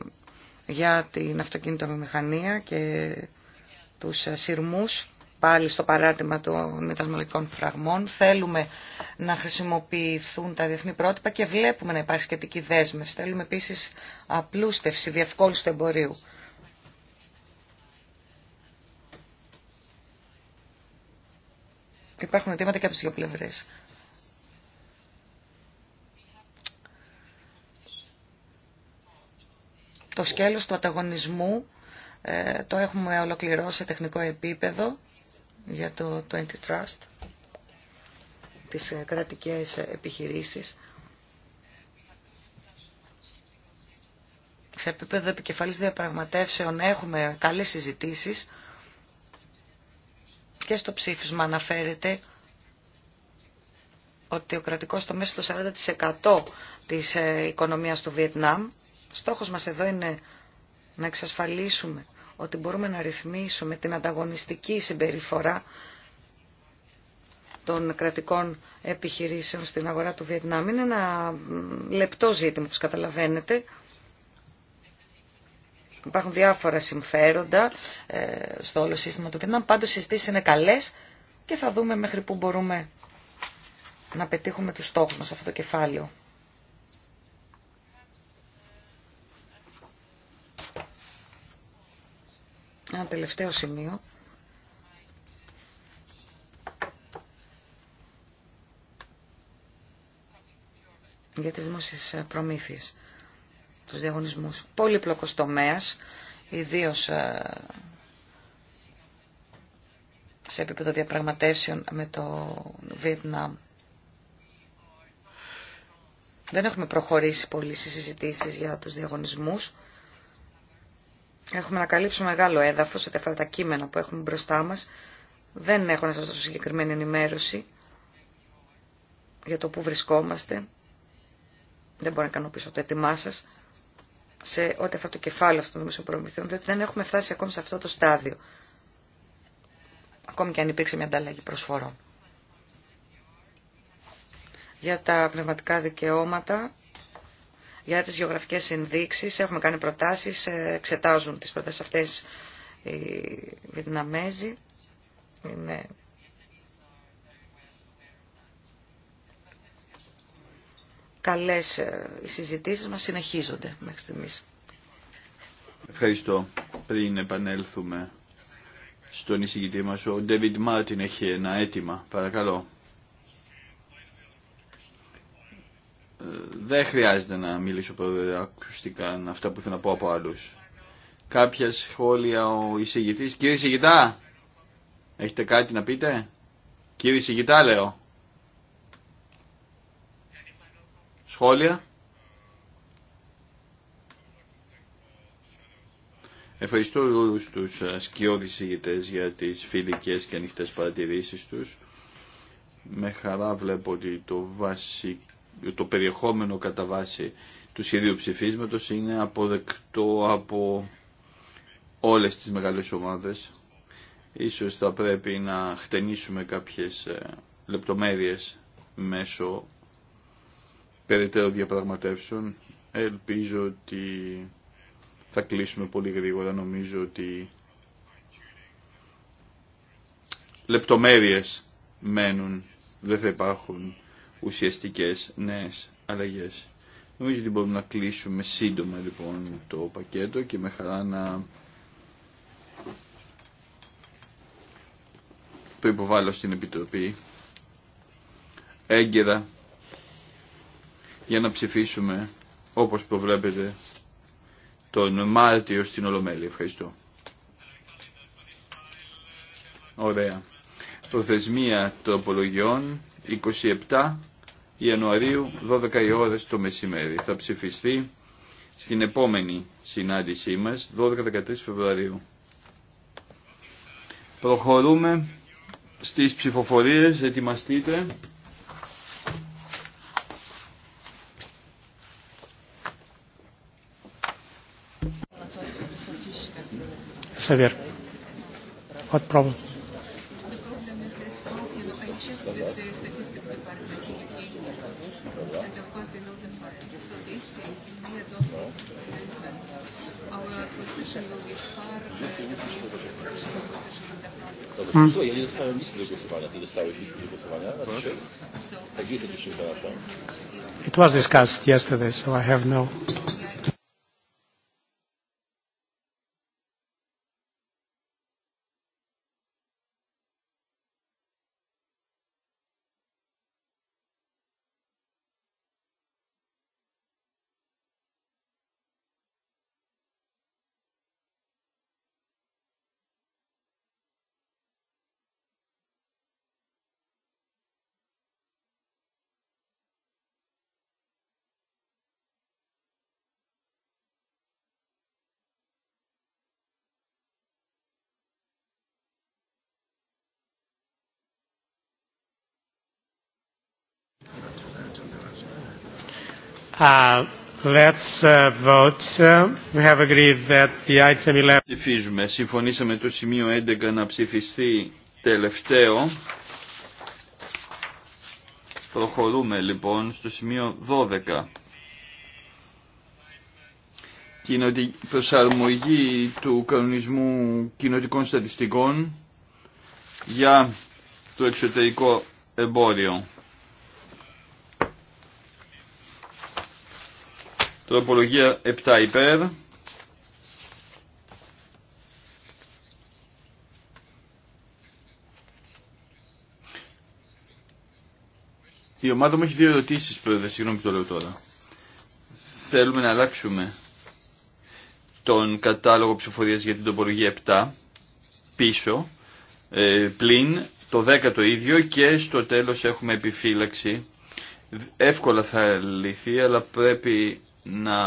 για την αυτοκίνητο μηχανία και τους σειρμούς πάλι στο παράρτημα των μετασμολογικών φραγμών. Θέλουμε να χρησιμοποιηθούν τα διεθνή πρότυπα και βλέπουμε να υπάρχει σχετική δέσμευση. Θέλουμε επίσης απλούστευση, διευκόλυνση του εμπορίου. Υπάρχουν αιτήματα και από τις δύο πλευρέ. Το σκέλος του ανταγωνισμού ε, το έχουμε ολοκληρώσει σε τεχνικό επίπεδο για το 20 Trust, τις ε, κρατικές επιχειρήσεις. Σε επίπεδο επικεφαλής διαπραγματεύσεων έχουμε καλές συζητήσεις και στο ψήφισμα αναφέρεται ότι ο κρατικός τομέας στο 40% της ε, οικονομίας του Βιετνάμ. Στόχος μας εδώ είναι να εξασφαλίσουμε ότι μπορούμε να ρυθμίσουμε την ανταγωνιστική συμπεριφορά των κρατικών επιχειρήσεων στην αγορά του Βιετνάμ. Είναι ένα λεπτό ζήτημα, όπως καταλαβαίνετε. Υπάρχουν διάφορα συμφέροντα ε, στο όλο σύστημα του Βιετνάμ. Πάντως οι είναι καλές και θα δούμε μέχρι πού μπορούμε να πετύχουμε τους στόχους μας σε αυτό το κεφάλαιο. Ένα τελευταίο σημείο. για τις δημόσιες προμήθειες, τους διαγωνισμούς. Πολύπλοκος τομέας, ιδίως ε, σε επίπεδο διαπραγματεύσεων με το Βιετνάμ. Δεν έχουμε προχωρήσει πολύ στις συζητήσεις για τους διαγωνισμούς. Έχουμε να καλύψουμε μεγάλο έδαφος ό,τι αφορά τα κείμενα που έχουμε μπροστά μας. Δεν έχω να σα δώσω συγκεκριμένη ενημέρωση για το που βρισκόμαστε. Δεν μπορώ να πίσω το έτοιμά σα σε ό,τι αφορά το κεφάλαιο αυτών των δημοσιοπρομηθείων, διότι δεν έχουμε φτάσει ακόμη σε αυτό το στάδιο. Ακόμη και αν υπήρξε μια ανταλλαγή προσφορών. Για τα πνευματικά δικαιώματα για τις γεωγραφικές ενδείξεις. Έχουμε κάνει προτάσεις, ε, εξετάζουν τις προτάσεις αυτές οι Βιετναμέζοι. Είναι... Καλές ε, οι συζητήσεις μας συνεχίζονται μέχρι στιγμής. Ευχαριστώ. Πριν επανέλθουμε στον εισηγητή μας, ο Ντέβιντ Μάρτιν έχει ένα αίτημα. Παρακαλώ. Ε, δεν χρειάζεται να μιλήσω ακουστικά αυτά που θέλω να πω από άλλου. Κάποια σχόλια ο εισηγητή. Κύριε εισηγητά, έχετε κάτι να πείτε. Κύριε εισηγητά λέω. Σχόλια. Ευχαριστώ όλους τους σκιώδης ηγητές για τις φιλικές και ανοιχτές παρατηρήσεις τους. Με χαρά βλέπω ότι το βασικό το περιεχόμενο κατά βάση του σχεδίου ψηφίσματος είναι αποδεκτό από όλες τις μεγάλες ομάδες. Ίσως θα πρέπει να χτενίσουμε κάποιες ε, λεπτομέρειες μέσω περαιτέρω διαπραγματεύσεων. Ελπίζω ότι θα κλείσουμε πολύ γρήγορα. Νομίζω ότι λεπτομέρειες μένουν, δεν θα υπάρχουν ουσιαστικές νέες αλλαγές. Νομίζω ότι μπορούμε να κλείσουμε σύντομα λοιπόν το πακέτο και με χαρά να το υποβάλλω στην Επιτροπή έγκαιρα για να ψηφίσουμε όπως προβλέπετε τον Μάρτιο στην Ολομέλη. Ευχαριστώ. Ωραία. Προθεσμία τροπολογιών 27 Ιανουαρίου, 12 η ώρα το μεσημέρι. Θα ψηφιστεί στην επόμενη συνάντησή μας, 12-13 Φεβρουαρίου. Προχωρούμε στις ψηφοφορίες, ετοιμαστείτε. Σεβέρ. What problem? Hmm. Słuchaj, It was discussed yesterday, so I have no... Let's Συμφωνήσαμε το σημείο 11 να ψηφιστεί τελευταίο. Προχωρούμε λοιπόν στο σημείο 12. Κοινωτι... Προσαρμογή του κανονισμού κοινοτικών στατιστικών για το εξωτερικό εμπόριο. Τροπολογία 7 υπέρ. Η ομάδα μου έχει δύο ερωτήσεις, πρόεδρε, συγγνώμη που το λέω τώρα. Θέλουμε να αλλάξουμε τον κατάλογο ψηφοφορίας για την τοπολογία 7 πίσω, ε, πλην το 10 το ίδιο και στο τέλος έχουμε επιφύλαξη. Εύκολα θα λυθεί, αλλά πρέπει να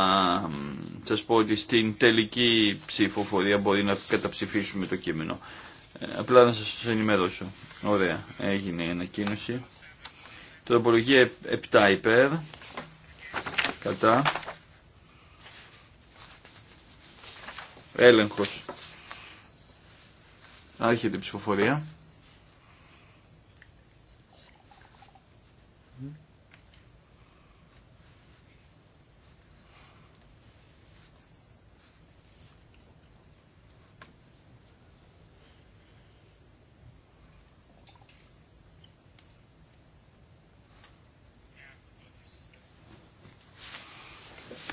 σας πω ότι στην τελική ψηφοφορία μπορεί να καταψηφίσουμε το κείμενο. Ε, απλά να σας ενημερώσω. Ωραία, έγινε η ανακοίνωση. Τροπολογία 7 υπέρ, κατά, έλεγχος, άρχεται η ψηφοφορία.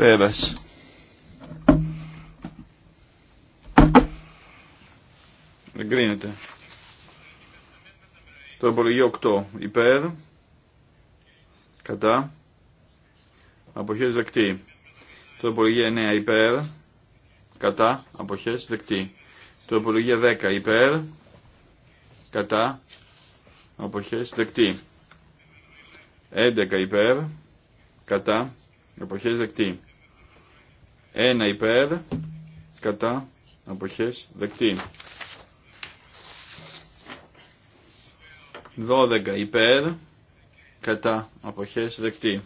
Πέρας. Εγκρίνεται. Το υπολογείο 8. Υπέρ. Κατά. Αποχές δεκτή. Το υπολογείο 9. Υπέρ. Κατά. Αποχές δεκτή. Το υπολογείο 10. Υπέρ. Κατά. Αποχές δεκτή. 11 υπέρ. Κατά. Αποχές δεκτή. 1 υπέρ, κατά, αποχές, δεκτή. 12 υπέρ, κατά, αποχές, δεκτή.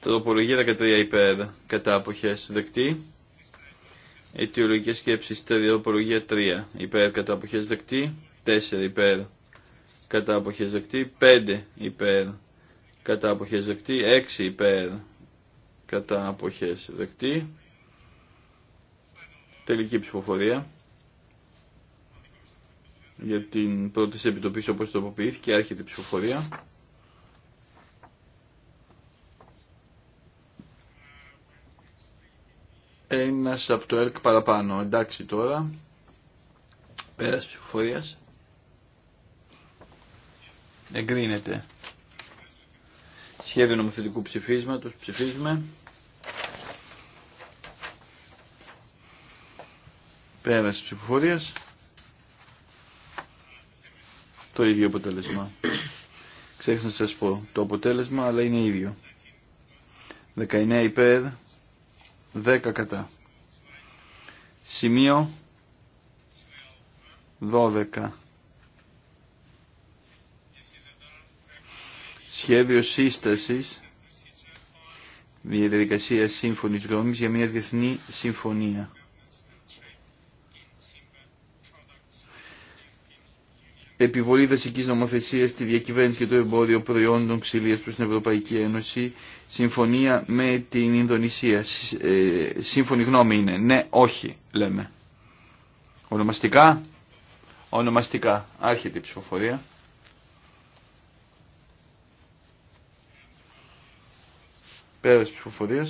Τροπολογία 13 υπέρ, κατά, αποχές, δεκτή. Αιτιολογικές σκέψεις, τροπολογία 3 υπέρ, κατά, αποχές, δεκτή. 4 υπέρ, κατά, αποχές, δεκτή. 5 υπέρ, κατά, αποχές, δεκτή. 6 υπέρ, κατά αποχές δεκτή. Τελική ψηφοφορία για την πρώτη σε επιτοπίση όπως τοποποιήθηκε, άρχεται η ψηφοφορία. Ένας από το ΕΡΚ παραπάνω, εντάξει τώρα, πέρας ψηφοφορίας, εγκρίνεται. Σχέδιο νομοθετικού ψηφίσματος, ψηφίζουμε. Πέραση ψηφοφορία, Το ίδιο αποτέλεσμα. Ξέχασα να σα πω το αποτέλεσμα, αλλά είναι ίδιο. 19 υπέρ, 10 κατά. Σημείο 12. Σχέδιο σύσταση, διαδικασία σύμφωνη δρόμη για μια διεθνή συμφωνία. επιβολή δασική Νομοθεσία στη διακυβέρνηση και το εμπόριο προϊόντων ξυλίας προς την Ευρωπαϊκή Ένωση, συμφωνία με την Ινδονησία. Ε, σύμφωνη γνώμη είναι. Ναι, όχι, λέμε. Ονομαστικά. Ονομαστικά. Άρχεται η ψηφοφορία. Πέρα ψηφοφορία.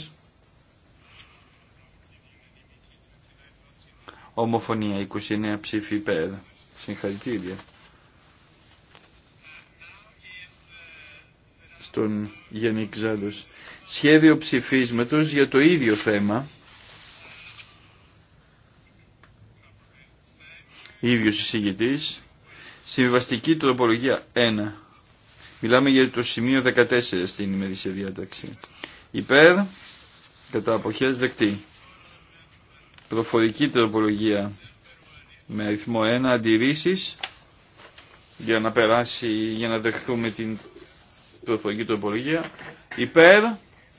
Ομοφωνία 29 ψήφοι υπέρ. Συγχαρητήρια. τον Γιάννη Ξάντος. Σχέδιο ψηφίσματος για το ίδιο θέμα. Ίδιος εισηγητής. Συμβαστική τροπολογία 1. Μιλάμε για το σημείο 14 στην ημερήσια διάταξη. Υπέρ, κατά αποχές δεκτή. Προφορική τροπολογία με αριθμό 1, αντιρρήσεις για να περάσει, για να δεχθούμε την προφορική τροπολογία υπέρ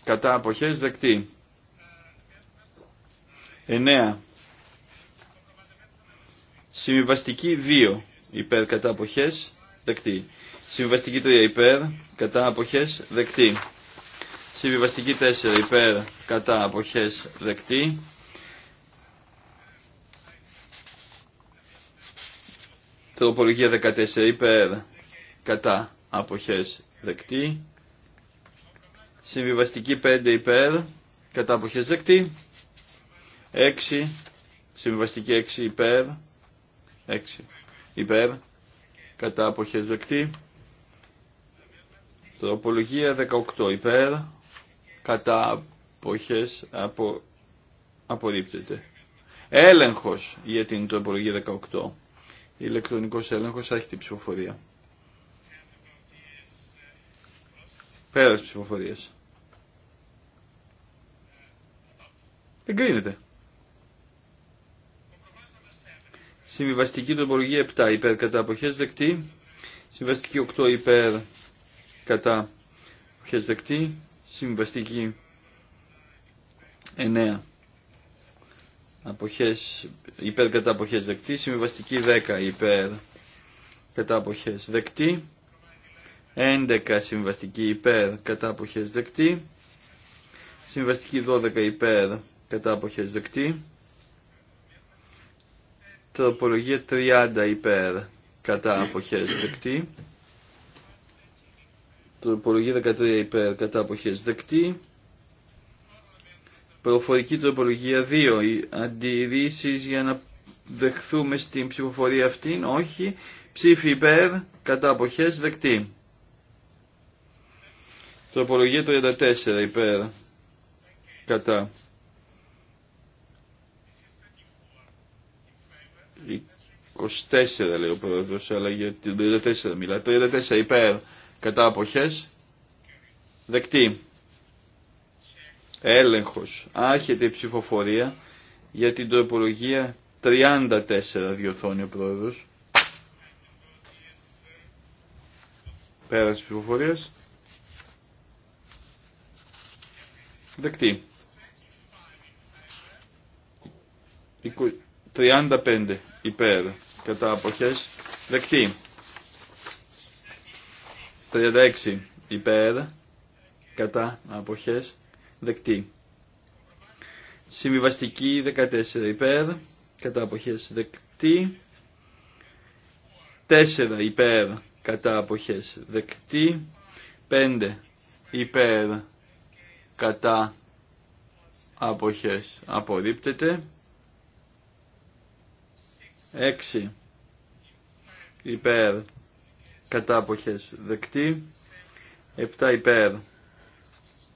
κατά αποχές δεκτή. 9. Συμβιβαστική 2 υπέρ κατά αποχές δεκτή. Συμβιβαστική 3 υπέρ κατά αποχές δεκτή. Συμβιβαστική 4 υπέρ κατά αποχές δεκτή. Τροπολογία 14 υπέρ κατά αποχές δεκτή. Συμβιβαστική 5 υπέρ, κατά αποχές δεκτή. 6, συμβιβαστική 6 υπέρ, 6 υπέρ, κατά αποχές δεκτή. Τροπολογία 18 υπέρ, κατά αποχές απο, απορρίπτεται. Έλεγχος για την τροπολογία 18. Ηλεκτρονικός έλεγχος, την ψηφοφορία. Πέρας ψηφοφορίας. Εγκρίνεται. Συμβιβαστική τροπολογία 7 υπέρ κατά αποχές δεκτή. Συμβαστική 8 υπέρ κατά αποχές δεκτή. συμβιβαστική 9 αποχές, υπέρ κατά αποχές δεκτή. Συμβιβαστική 10 υπέρ κατά αποχές δεκτή. 11 συμβαστική υπέρ κατά αποχές δεκτή. Συμβαστική 12 υπέρ κατά αποχές δεκτή. Τροπολογία 30 υπέρ κατά αποχές δεκτή. Τροπολογία 13 υπέρ κατά αποχές δεκτή. Προφορική τροπολογία 2. Οι για να δεχθούμε στην ψηφοφορία αυτήν. Όχι. Ψήφι υπέρ κατά αποχές δεκτή. Τροπολογία 34 υπέρ. Κατά. 24 λέει ο πρόεδρος, αλλά για την 34 μιλά. 34 υπέρ. Κατά αποχές. Δεκτή. Έλεγχος. Άρχεται η ψηφοφορία για την τροπολογία 34 διορθώνει ο πρόεδρος. Πέρας ψηφοφορίας. Δεκτή. 35 υπέρ κατά αποχές. Δεκτή. 36 υπέρ κατά αποχές. Δεκτή. Συμβιβαστική 14 υπέρ κατά αποχές. Δεκτή. 4 υπέρ κατά αποχές. Δεκτή. 5 υπέρ κατά αποχές απορρίπτεται 6 υπέρ κατά αποχές δεκτή 7 υπέρ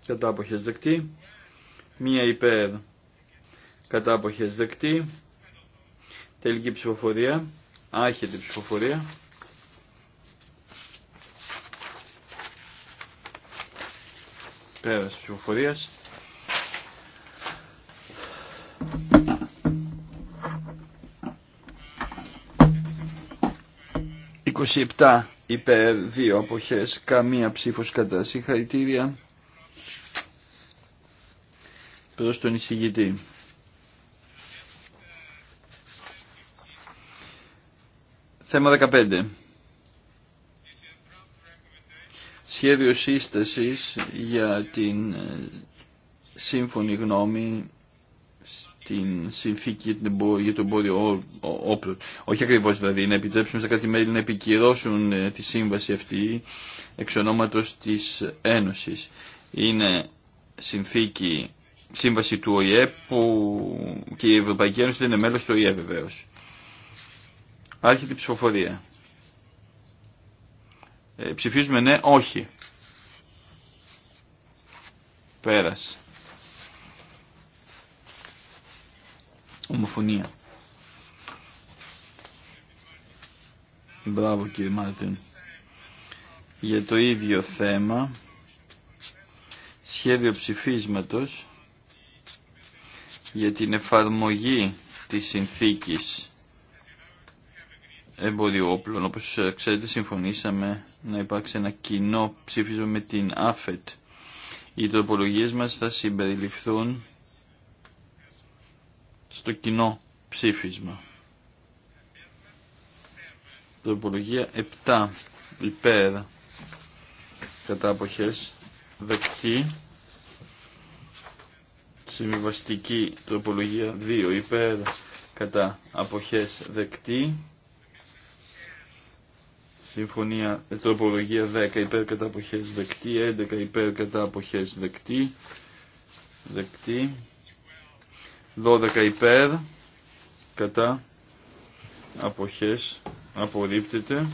κατά αποχές δεκτή 1 υπέρ κατά αποχές δεκτή τελική ψηφοφορία άχετη ψηφοφορία Πέρας ψηφοφορίας. «27 υπέρ, 2 αποχές, καμία ψήφος κατά συγχαρητήρια» προς τον εισηγητή. Θέμα 15. σχέδιο σύστασης για την ε, σύμφωνη γνώμη στην συνθήκη για τον πόδιο όπλων. Όχι ακριβώς δηλαδή, να επιτρέψουμε σε κράτη-μέλη να επικυρώσουν ε, τη σύμβαση αυτή εξ ονόματος της Ένωσης. Είναι συνθήκη, σύμβαση του ΟΗΕ που και η Ευρωπαϊκή Ένωση δεν είναι μέλος του ΟΗΕ βεβαίως. Άρχεται η ψηφοφορία. Ε, ψηφίζουμε ναι, όχι. Πέρασε. Ομοφωνία. Μπράβο κύριε Μάρτιν. Για το ίδιο θέμα, σχέδιο ψηφίσματος για την εφαρμογή της συνθήκης Εμπόδιο όπλων. Όπως ε, ξέρετε συμφωνήσαμε να υπάρξει ένα κοινό ψήφισμα με την ΑΦΕΤ. Οι τροπολογίες μας θα συμπεριληφθούν στο κοινό ψήφισμα. Τροπολογία 7 υπέρ κατά αποχές δεκτή συμβιβαστική τροπολογία 2 υπέρ κατά αποχές δεκτή Συμφωνία ε, τροπολογία 10 υπέρ κατά αποχές δεκτή, 11 υπέρ κατά αποχές δεκτή, δεκτή, 12 υπέρ κατά αποχές απορρίπτεται.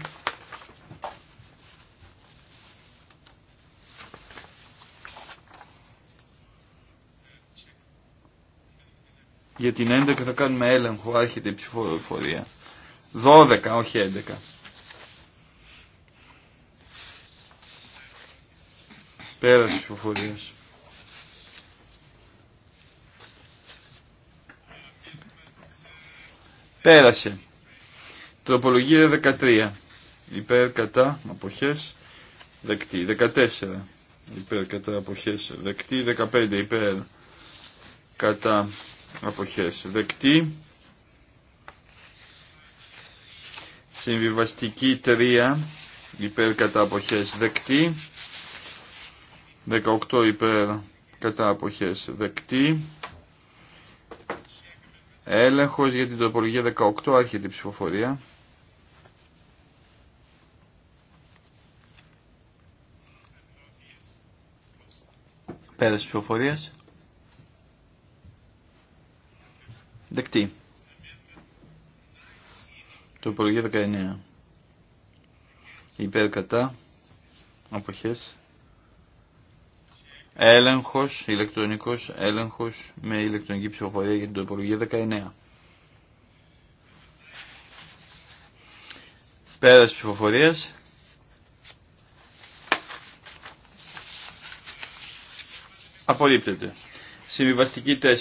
Για την 11 θα κάνουμε έλεγχο, άρχεται η ψηφοφορία. 12, όχι 11. Πέρας ψηφοφορίας. Πέρασε. Τροπολογία 13. Υπέρ κατά αποχές δεκτή. 14. Υπέρ κατά αποχές δεκτή. 15. Υπέρ κατά αποχές δεκτή. Συμβιβαστική 3. Υπέρ κατά αποχές δεκτή. 18 υπέρ κατά αποχές δεκτή. Έλεγχος για την τοπολογία 18 Άρχιε την ψηφοφορία. Πέρας ψηφοφορίας. Δεκτή. Τοπολογία 19. Υπέρ κατά αποχές Έλεγχος, ηλεκτρονικός έλεγχος με ηλεκτρονική ψηφοφορία για την τοπολογία 19. Πέρας ψηφοφορίας. Απορρίπτεται. Συμβιβαστική 4.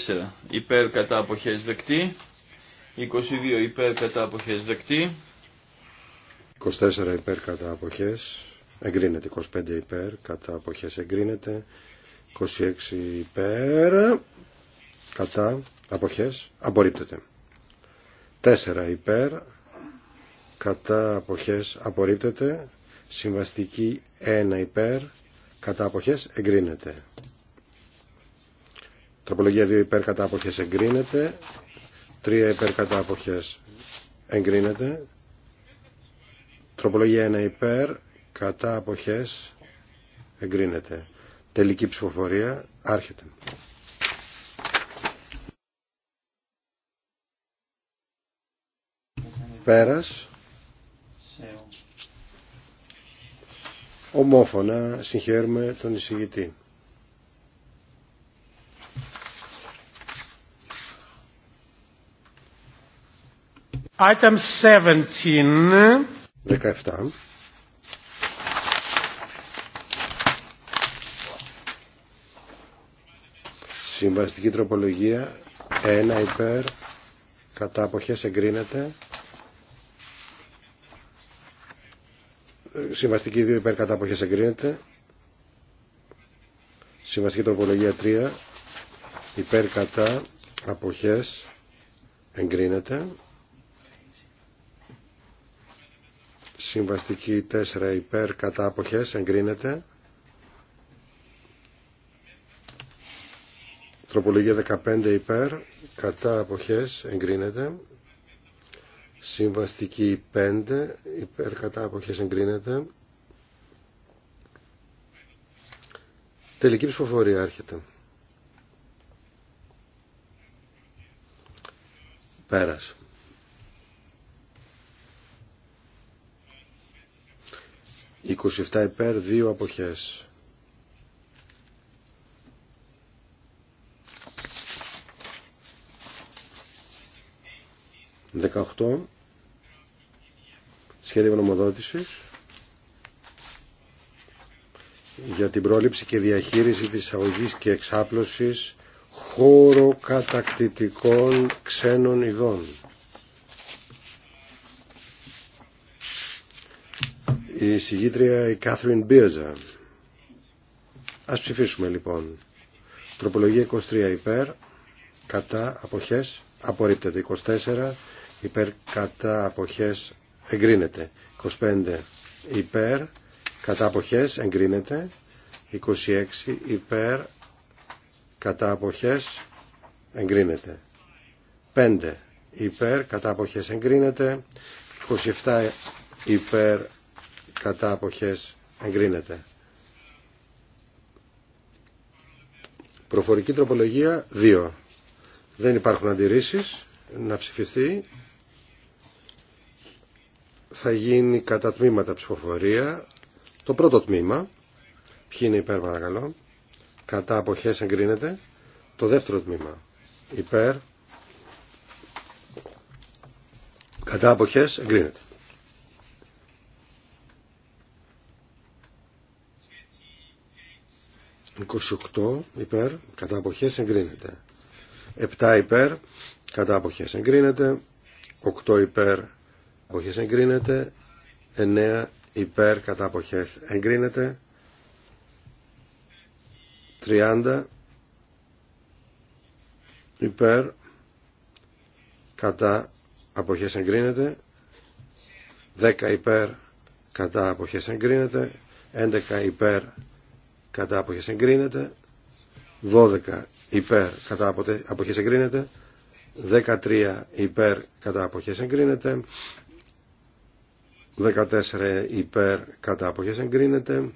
Υπέρ κατά αποχές δεκτή. 22 υπέρ κατά αποχές δεκτή. 24 υπέρ κατά αποχές εγκρίνεται. 25 υπέρ κατά αποχές εγκρίνεται. 26 υπέρ κατά αποχές απορρίπτεται 4 υπέρ κατά αποχές απορρίπτεται συμβαστική 1 υπέρ κατά αποχές εγκρίνεται τροπολογία 2 υπέρ κατά αποχές εγκρίνεται 3 υπέρ κατά αποχές εγκρίνεται τροπολογία 1 υπέρ κατά αποχές εγκρίνεται Τελική ψηφοφορία άρχεται. Πέρας. Ομόφωνα συγχαίρουμε τον εισηγητή. Item 17. 17. Συμβαστική τροπολογία 1 υπέρ κατά αποχές εγκρίνεται. Συμβαστική 2 υπέρ κατά αποχές εγκρίνεται. Συμβαστική τροπολογία 3 υπέρ κατά αποχές εγκρίνεται. Συμβαστική 4 υπέρ κατά αποχές εγκρίνεται. Τροπολογία 15 υπέρ, κατά αποχές εγκρίνεται. Συμβαστική 5 υπέρ, κατά αποχές εγκρίνεται. Τελική ψηφοφορία έρχεται. Πέρας. 27 υπέρ, 2 αποχές. 18 σχέδιο γνωμοδότησης για την πρόληψη και διαχείριση της αγωγής και εξάπλωσης χώρο κατακτητικών ξένων ειδών. Η συγγήτρια η Κάθριν Μπίεζα. Ας ψηφίσουμε λοιπόν. Τροπολογία 23 υπέρ, κατά, αποχές, απορρίπτεται 24 υπέρ κατά αποχές εγκρίνεται. 25 υπέρ κατά αποχές εγκρίνεται. 26 υπέρ κατά αποχές εγκρίνεται. 5 υπέρ κατά αποχές εγκρίνεται. 27 υπέρ κατά αποχές εγκρίνεται. Προφορική τροπολογία 2. Δεν υπάρχουν αντιρρήσεις να ψηφιστεί θα γίνει κατά τμήματα ψηφοφορία. Το πρώτο τμήμα, ποιοι είναι υπέρ παρακαλώ, κατά αποχές εγκρίνεται. Το δεύτερο τμήμα, υπέρ, κατά αποχές εγκρίνεται. «28 υπέρ, κατά αποχές εγκρίνεται». 7 υπέρ, κατά αποχές εγκρίνεται, 8 υπέρ, αποχές εγκρίνεται 9 υπέρ κατά αποχές εγκρίνεται 30 υπέρ κατά αποχές εγκρίνεται 10 υπέρ κατά αποχές εγκρίνεται 11 υπέρ κατά αποχές εγκρίνεται 12 υπέρ κατά αποχές εγκρίνεται 13 υπέρ κατά αποχές εγκρίνεται 14 υπέρ κατά αποχές εγκρίνεται.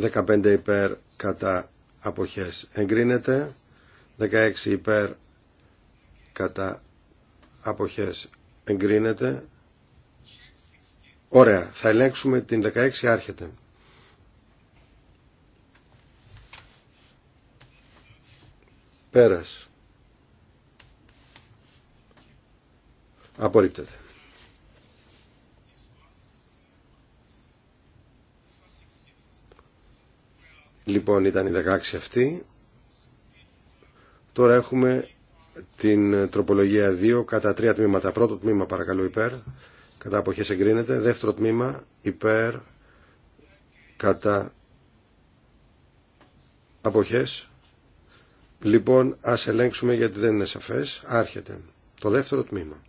15 υπέρ κατά αποχές εγκρίνεται. 16 υπέρ κατά αποχές εγκρίνεται. Ωραία, θα ελέγξουμε την 16 άρχεται. Πέρας. Απορρίπτεται. Λοιπόν, ήταν η 16 αυτή. Τώρα έχουμε την τροπολογία 2 κατά τρία τμήματα. Πρώτο τμήμα παρακαλώ υπέρ, κατά αποχές εγκρίνεται. Δεύτερο τμήμα υπέρ, κατά αποχές. Λοιπόν, ας ελέγξουμε γιατί δεν είναι σαφές. Άρχεται το δεύτερο τμήμα.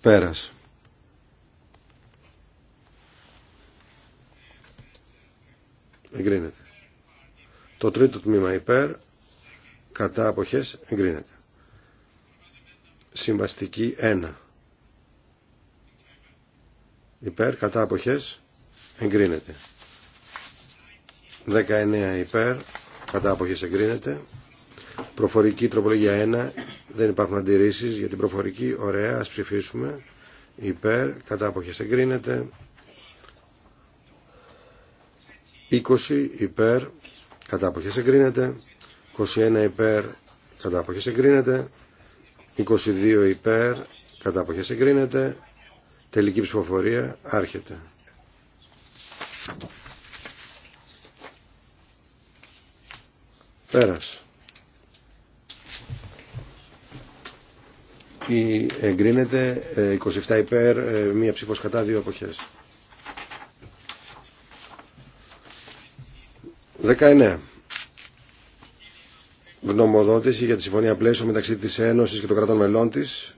Πέρας. εγκρίνεται. Το τρίτο τμήμα υπέρ, κατά αποχές, εγκρίνεται. Συμβαστική 1. Υπέρ, κατά αποχές, εγκρίνεται. 19 υπέρ, κατά αποχές εγκρίνεται. Προφορική τροπολογία 1, δεν υπάρχουν αντιρρήσεις για την προφορική, ωραία, ας ψηφίσουμε. Υπέρ, κατά αποχές εγκρίνεται. 20 υπέρ κατά αποχές εγκρίνεται 21 υπέρ κατά αποχές εγκρίνεται 22 υπέρ κατά αποχές εγκρίνεται τελική ψηφοφορία άρχεται πέρας εγκρίνεται 27 ε, υπέρ ε, μία ψήφος κατά δύο αποχές 19. Γνωμοδότηση για τη συμφωνία πλαίσιο μεταξύ της Ένωσης και των κρατών μελών της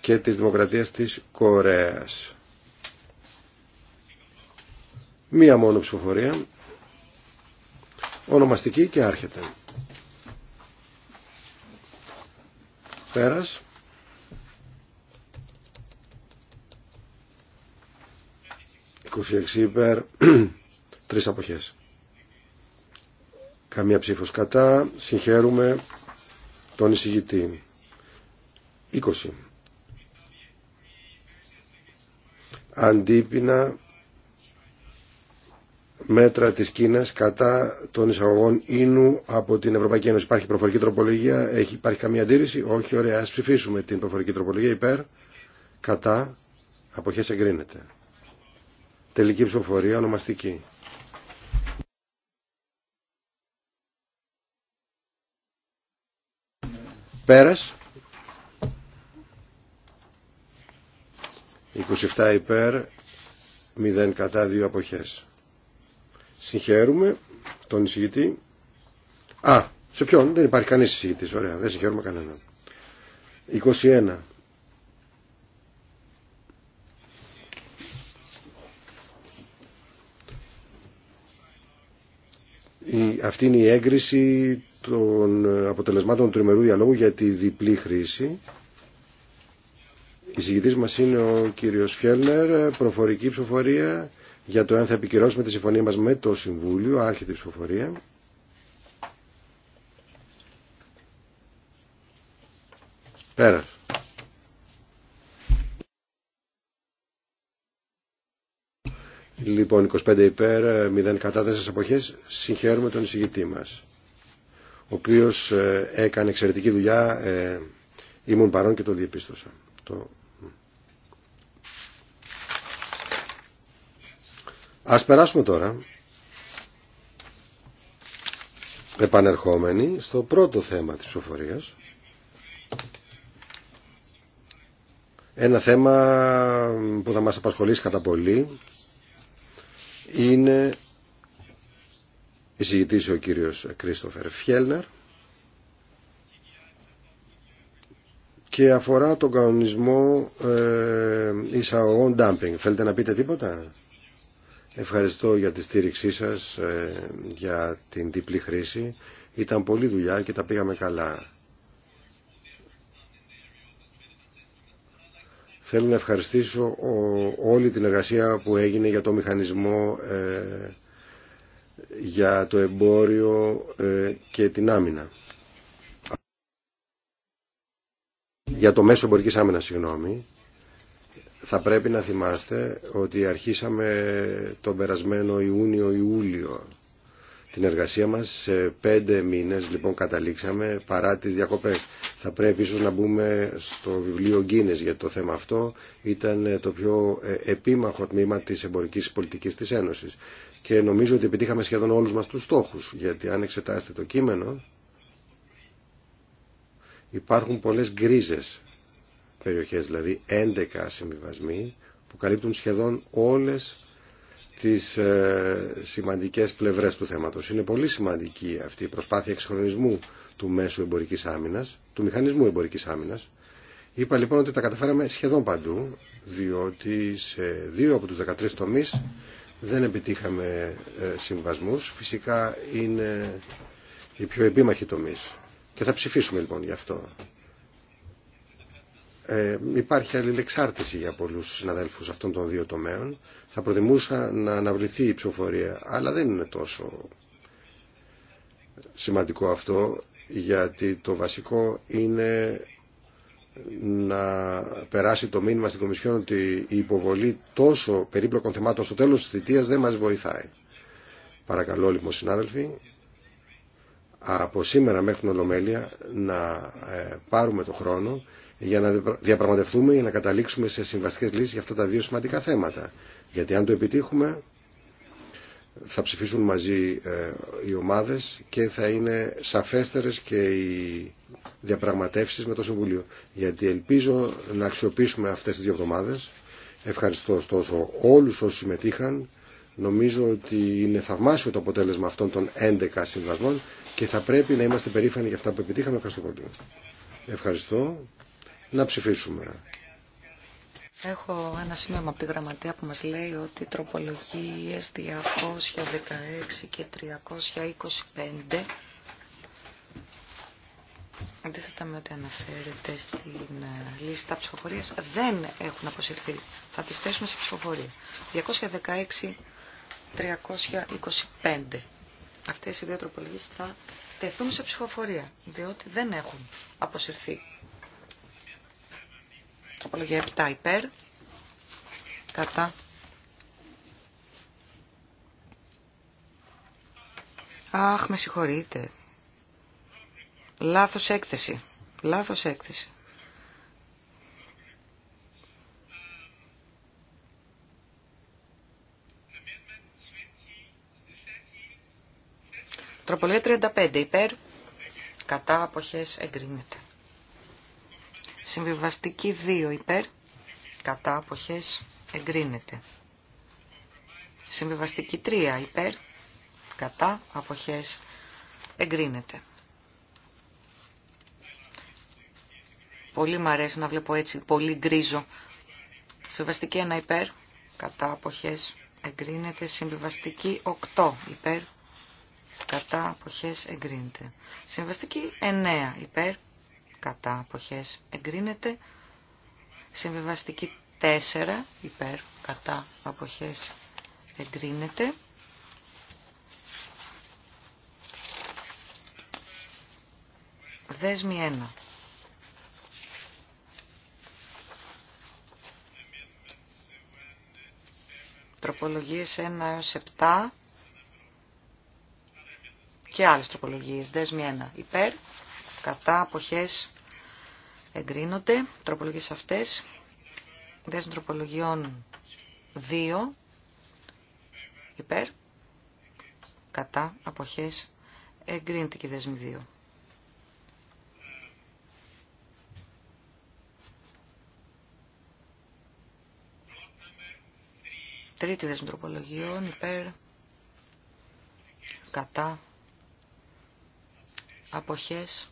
και της Δημοκρατίας της Κορέας. Μία μόνο ψηφοφορία. Ονομαστική και άρχεται. Πέρας. 26 υπέρ, τρεις αποχές. Καμία ψήφος κατά. Συγχαίρουμε τον εισηγητή. 20. Αντίπεινα μέτρα της Κίνας κατά των εισαγωγών ίνου από την Ευρωπαϊκή Ένωση. Υπάρχει προφορική τροπολογία, έχει, υπάρχει καμία αντίρρηση. Όχι, ωραία, ας ψηφίσουμε την προφορική τροπολογία υπέρ, κατά, αποχές εγκρίνεται. Τελική ψηφοφορία, ονομαστική. Πέρας. 27 υπέρ, 0 κατά 2 αποχές. Συγχαίρουμε τον εισηγητή. Α, σε ποιον, δεν υπάρχει κανείς εισηγητής, ωραία, δεν συγχαίρουμε κανέναν. 21. Η, αυτή είναι η έγκριση των αποτελεσμάτων του τριμερού διαλόγου για τη διπλή χρήση. Η συγκητής μας είναι ο κύριος Φιέλνερ, προφορική ψηφοφορία για το αν θα επικυρώσουμε τη συμφωνία μας με το Συμβούλιο, Άρχιτη ψηφοφορία. Πέρα Λοιπόν, 25 υπέρ, 0 κατά 4 αποχές, συγχαίρουμε τον εισηγητή μας ο οποίος ε, έκανε εξαιρετική δουλειά, ε, ήμουν παρόν και το διεπίστωσα. Το... Ας περάσουμε τώρα, επανερχόμενοι, στο πρώτο θέμα της ψηφοφορίας. Ένα θέμα που θα μας απασχολήσει κατά πολύ είναι εισηγητής ο κύριος Κρίστοφερ Φιέλνερ και αφορά τον κανονισμό ε, εισαγωγών dumping. Θέλετε να πείτε τίποτα? Ευχαριστώ για τη στήριξή σας, ε, για την διπλή χρήση. Ήταν πολλή δουλειά και τα πήγαμε καλά. Θέλω να ευχαριστήσω όλη την εργασία που έγινε για το μηχανισμό ε, για το εμπόριο ε, και την άμυνα. Για το μέσο εμπορικής άμυνας, συγγνώμη, θα πρέπει να θυμάστε ότι αρχίσαμε τον περασμένο Ιούνιο-Ιούλιο την εργασία μας. Σε πέντε μήνες λοιπόν καταλήξαμε παρά τις διακοπές. Θα πρέπει ίσως να μπούμε στο βιβλίο Γκίνες για το θέμα αυτό. Ήταν το πιο ε, επίμαχο τμήμα της εμπορικής πολιτικής της Ένωσης και νομίζω ότι επιτύχαμε σχεδόν όλους μας τους στόχους γιατί αν εξετάσετε το κείμενο υπάρχουν πολλές γκρίζες περιοχές δηλαδή 11 συμβιβασμοί που καλύπτουν σχεδόν όλες τις ε, σημαντικές πλευρές του θέματος. Είναι πολύ σημαντική αυτή η προσπάθεια εξυγχρονισμού του μέσου εμπορικής άμυνας, του μηχανισμού εμπορικής άμυνας. Είπα λοιπόν ότι τα καταφέραμε σχεδόν παντού, διότι σε δύο από τους 13 τομείς δεν επιτύχαμε ε, συμβασμούς. Φυσικά είναι οι πιο επίμαχη τομείς. Και θα ψηφίσουμε λοιπόν γι' αυτό. Ε, υπάρχει αλληλεξάρτηση για πολλούς συναδέλφους αυτών των δύο τομέων. Θα προτιμούσα να αναβληθεί η ψηφοφορία, αλλά δεν είναι τόσο σημαντικό αυτό, γιατί το βασικό είναι να περάσει το μήνυμα στην Κομισιόν ότι η υποβολή τόσο περίπλοκων θεμάτων στο τέλος της θητείας δεν μας βοηθάει. Παρακαλώ λοιπόν συνάδελφοι, από σήμερα μέχρι την Ολομέλεια να ε, πάρουμε το χρόνο για να διαπραγματευτούμε για να καταλήξουμε σε συμβαστικές λύσεις για αυτά τα δύο σημαντικά θέματα. Γιατί αν το επιτύχουμε θα ψηφίσουν μαζί ε, οι ομάδες και θα είναι σαφέστερες και οι διαπραγματεύσεις με το Συμβουλίο. Γιατί ελπίζω να αξιοποιήσουμε αυτές τις δύο εβδομάδες. Ευχαριστώ ωστόσο όλους όσους συμμετείχαν. Νομίζω ότι είναι θαυμάσιο το αποτέλεσμα αυτών των 11 συμβασμών και θα πρέπει να είμαστε περήφανοι για αυτά που επιτύχαμε. Ευχαριστώ πολύ. Ευχαριστώ. Να ψηφίσουμε. Έχω ένα σημείο από τη γραμματεία που μας λέει ότι οι τροπολογίες 216 και 325 αντίθετα με ό,τι αναφέρεται στην ε, λίστα ψηφοφορίας δεν έχουν αποσυρθεί. Θα τις θέσουμε σε ψηφοφορία. 216-325. Αυτές οι δύο τροπολογίες θα τεθούν σε ψηφοφορία, διότι δεν έχουν αποσυρθεί. Τροπολογία 7 υπέρ. Κατά. Αχ, με συγχωρείτε. Λάθος έκθεση. Λάθος έκθεση. Τροπολογία 35 υπέρ. Κατά αποχές εγκρίνεται. Συμβιβαστική 2 υπέρ, κατά αποχές εγκρίνεται. Συμβιβαστική 3 υπέρ, κατά αποχές εγκρίνεται. Πολύ μ' αρέσει να βλέπω έτσι, πολύ γκρίζο. Συμβιβαστική 1 υπέρ, κατά αποχές εγκρίνεται. Συμβιβαστική 8 υπέρ, κατά αποχές εγκρίνεται. Συμβαστική 9 υπέρ, κατά αποχές εγκρίνεται. Συμβιβαστική 4 υπέρ κατά αποχές εγκρίνεται. Δέσμη 1. Τροπολογίες 1 έως 7 και άλλες τροπολογίες. Δέσμη 1 υπέρ κατά, αποχές εγκρίνονται, τροπολογίες αυτές. Δες τροπολογιών 2, υπέρ, κατά, αποχές εγκρίνεται και δέσμη 2. Τρίτη δέσμη τροπολογιών, υπέρ, κατά, αποχές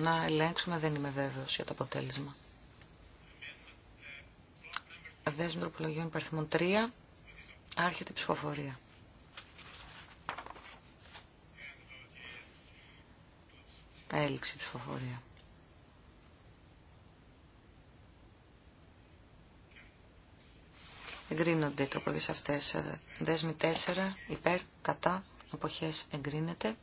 να ελέγξουμε, δεν είμαι βέβαιος για το αποτέλεσμα. Δέσμη τροπολογιών υπαριθμών 3, άρχεται η ψηφοφορία. Έληξη ψηφοφορία. Εγκρίνονται οι τροπολογίες αυτές. Δέσμη 4, υπέρ, κατά, αποχές εγκρίνεται.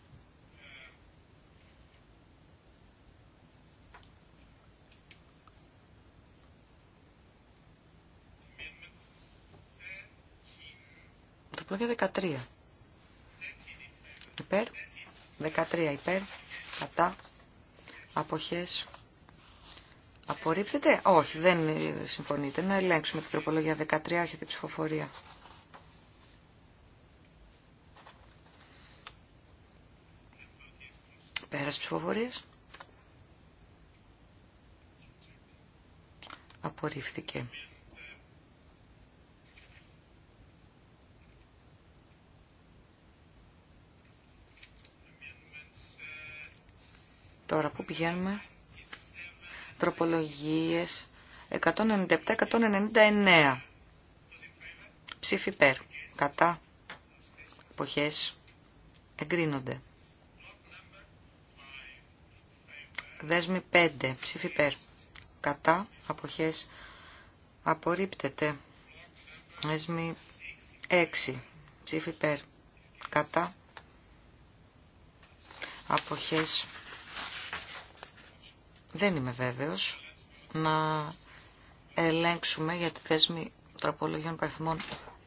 Όχι 13. Υπέρ. 13 υπέρ. Κατά. Αποχές. Απορρίπτεται. Όχι, δεν συμφωνείτε. Να ελέγξουμε την τροπολογία 13. Άρχεται η ψηφοφορία. Πέρας ψηφοφορίας. Απορρίφθηκε. Τώρα που πηγαίνουμε. Τροπολογίες 197-199. Ψήφι υπέρ. Κατά. Εποχές. Εγκρίνονται. Δέσμη 5. Ψήφι υπέρ. Κατά. Αποχές. Απορρίπτεται. Δέσμη 6. Ψήφι υπέρ. Κατά. Αποχές δεν είμαι βέβαιος, να ελέγξουμε για τη θέσμη τροπολογιών παριθμών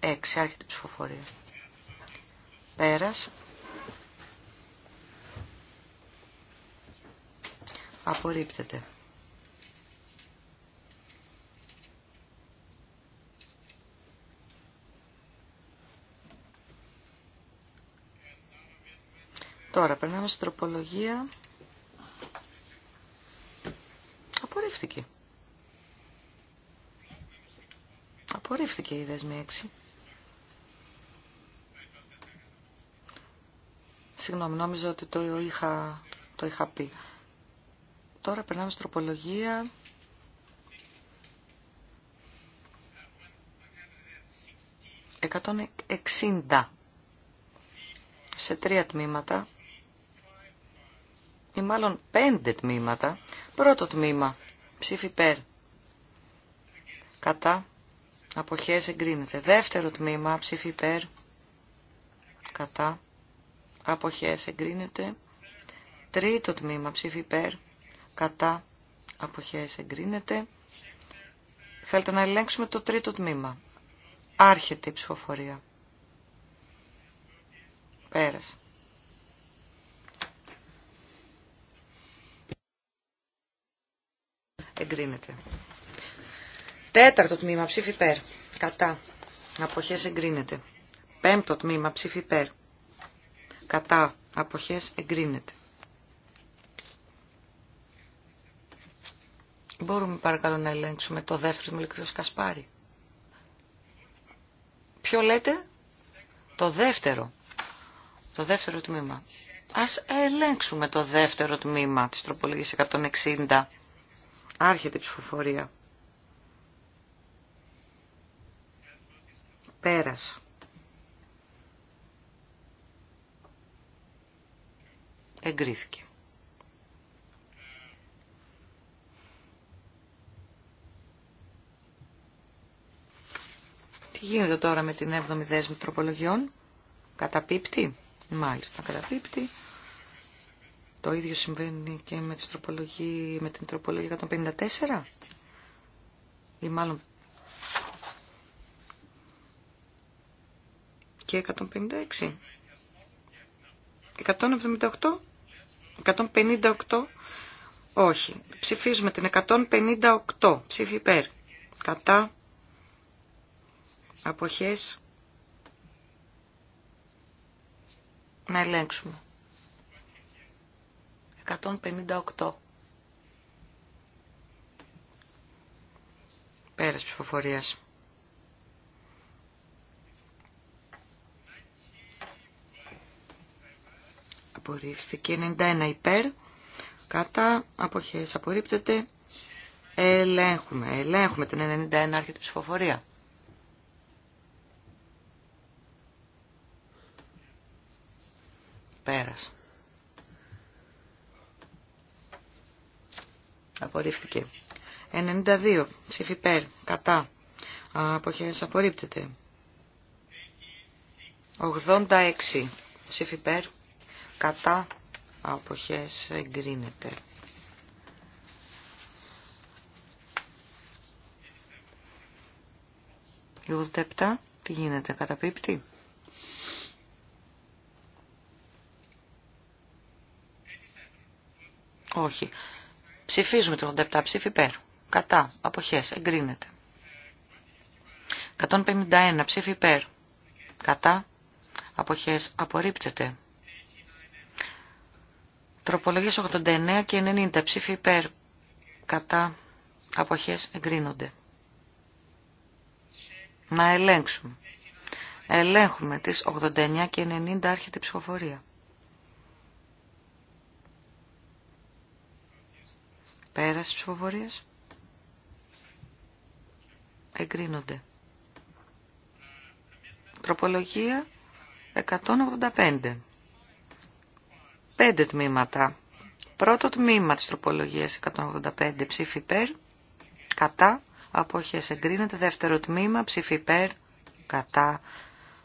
6, άρχεται ψηφοφορία. Πέρας. Απορρίπτεται. Τώρα περνάμε στην τροπολογία απορρίφθηκε. η δέσμη 6. Συγγνώμη, νόμιζα ότι το είχα, το είχα πει. Τώρα περνάμε στην τροπολογία 160 σε τρία τμήματα ή μάλλον πέντε τμήματα. Πρώτο τμήμα Ψήφι υπέρ. Κατά. Αποχές εγκρίνεται. Δεύτερο τμήμα. Ψήφι υπέρ. Κατά. Αποχές εγκρίνεται. Τρίτο τμήμα. Ψήφι υπέρ. Κατά. Αποχές εγκρίνεται. Θέλετε να ελέγξουμε το τρίτο τμήμα. Άρχεται η ψηφοφορία. Πέρασε. εγκρίνεται. Τέταρτο τμήμα ψήφι υπέρ. Κατά. Αποχές εγκρίνεται. Πέμπτο τμήμα ψήφι υπέρ. Κατά. Αποχές εγκρίνεται. Μπορούμε παρακαλώ να ελέγξουμε το δεύτερο με κασπάρι; Ποιο λέτε? Το δεύτερο. Το δεύτερο τμήμα. Ας ελέγξουμε το δεύτερο τμήμα της τροπολογίας 160. Άρχεται η ψηφοφορία. Πέρας. Εγκρίθηκε. Τι γίνεται τώρα με την 7η δέσμη τροπολογιών. Καταπίπτει. Μάλιστα, καταπίπτει. Το ίδιο συμβαίνει και με, την τροπολογία 154 ή μάλλον και 156. 178. 158. Όχι. Ψηφίζουμε την 158. Ψήφι υπέρ. Κατά. Αποχές. Να ελέγξουμε. 158. Πέρας ψηφοφορίας. Απορρίφθηκε 91 υπέρ. Κατά αποχές απορρίπτεται. Ελέγχουμε. Ελέγχουμε την 91 άρχη ψηφοφορία. Απορρίφθηκε. 92. Ψήφι υπέρ. Κατά. Αποχές. Απορρίπτεται. 86. Ψήφι υπέρ. Κατά. Αποχές. Εγκρίνεται. 87. Τι γίνεται. Καταπίπτει. Όχι. Ψηφίζουμε το 87 ψήφι υπέρ. Κατά. Αποχές. Εγκρίνεται. 151 ψήφι υπέρ. Κατά. Αποχές. Απορρίπτεται. Τροπολογίες 89 και 90 ψήφι υπέρ. Κατά. Αποχές. Εγκρίνονται. Να ελέγξουμε. Ελέγχουμε τις 89 και 90 άρχεται η ψηφοφορία. Πέραση ψηφοφορίας. Εγκρίνονται. Τροπολογία 185. Πέντε τμήματα. Πρώτο τμήμα της τροπολογίας 185 ψήφι υπέρ, κατά, αποχές εγκρίνεται. Δεύτερο τμήμα ψήφι κατά,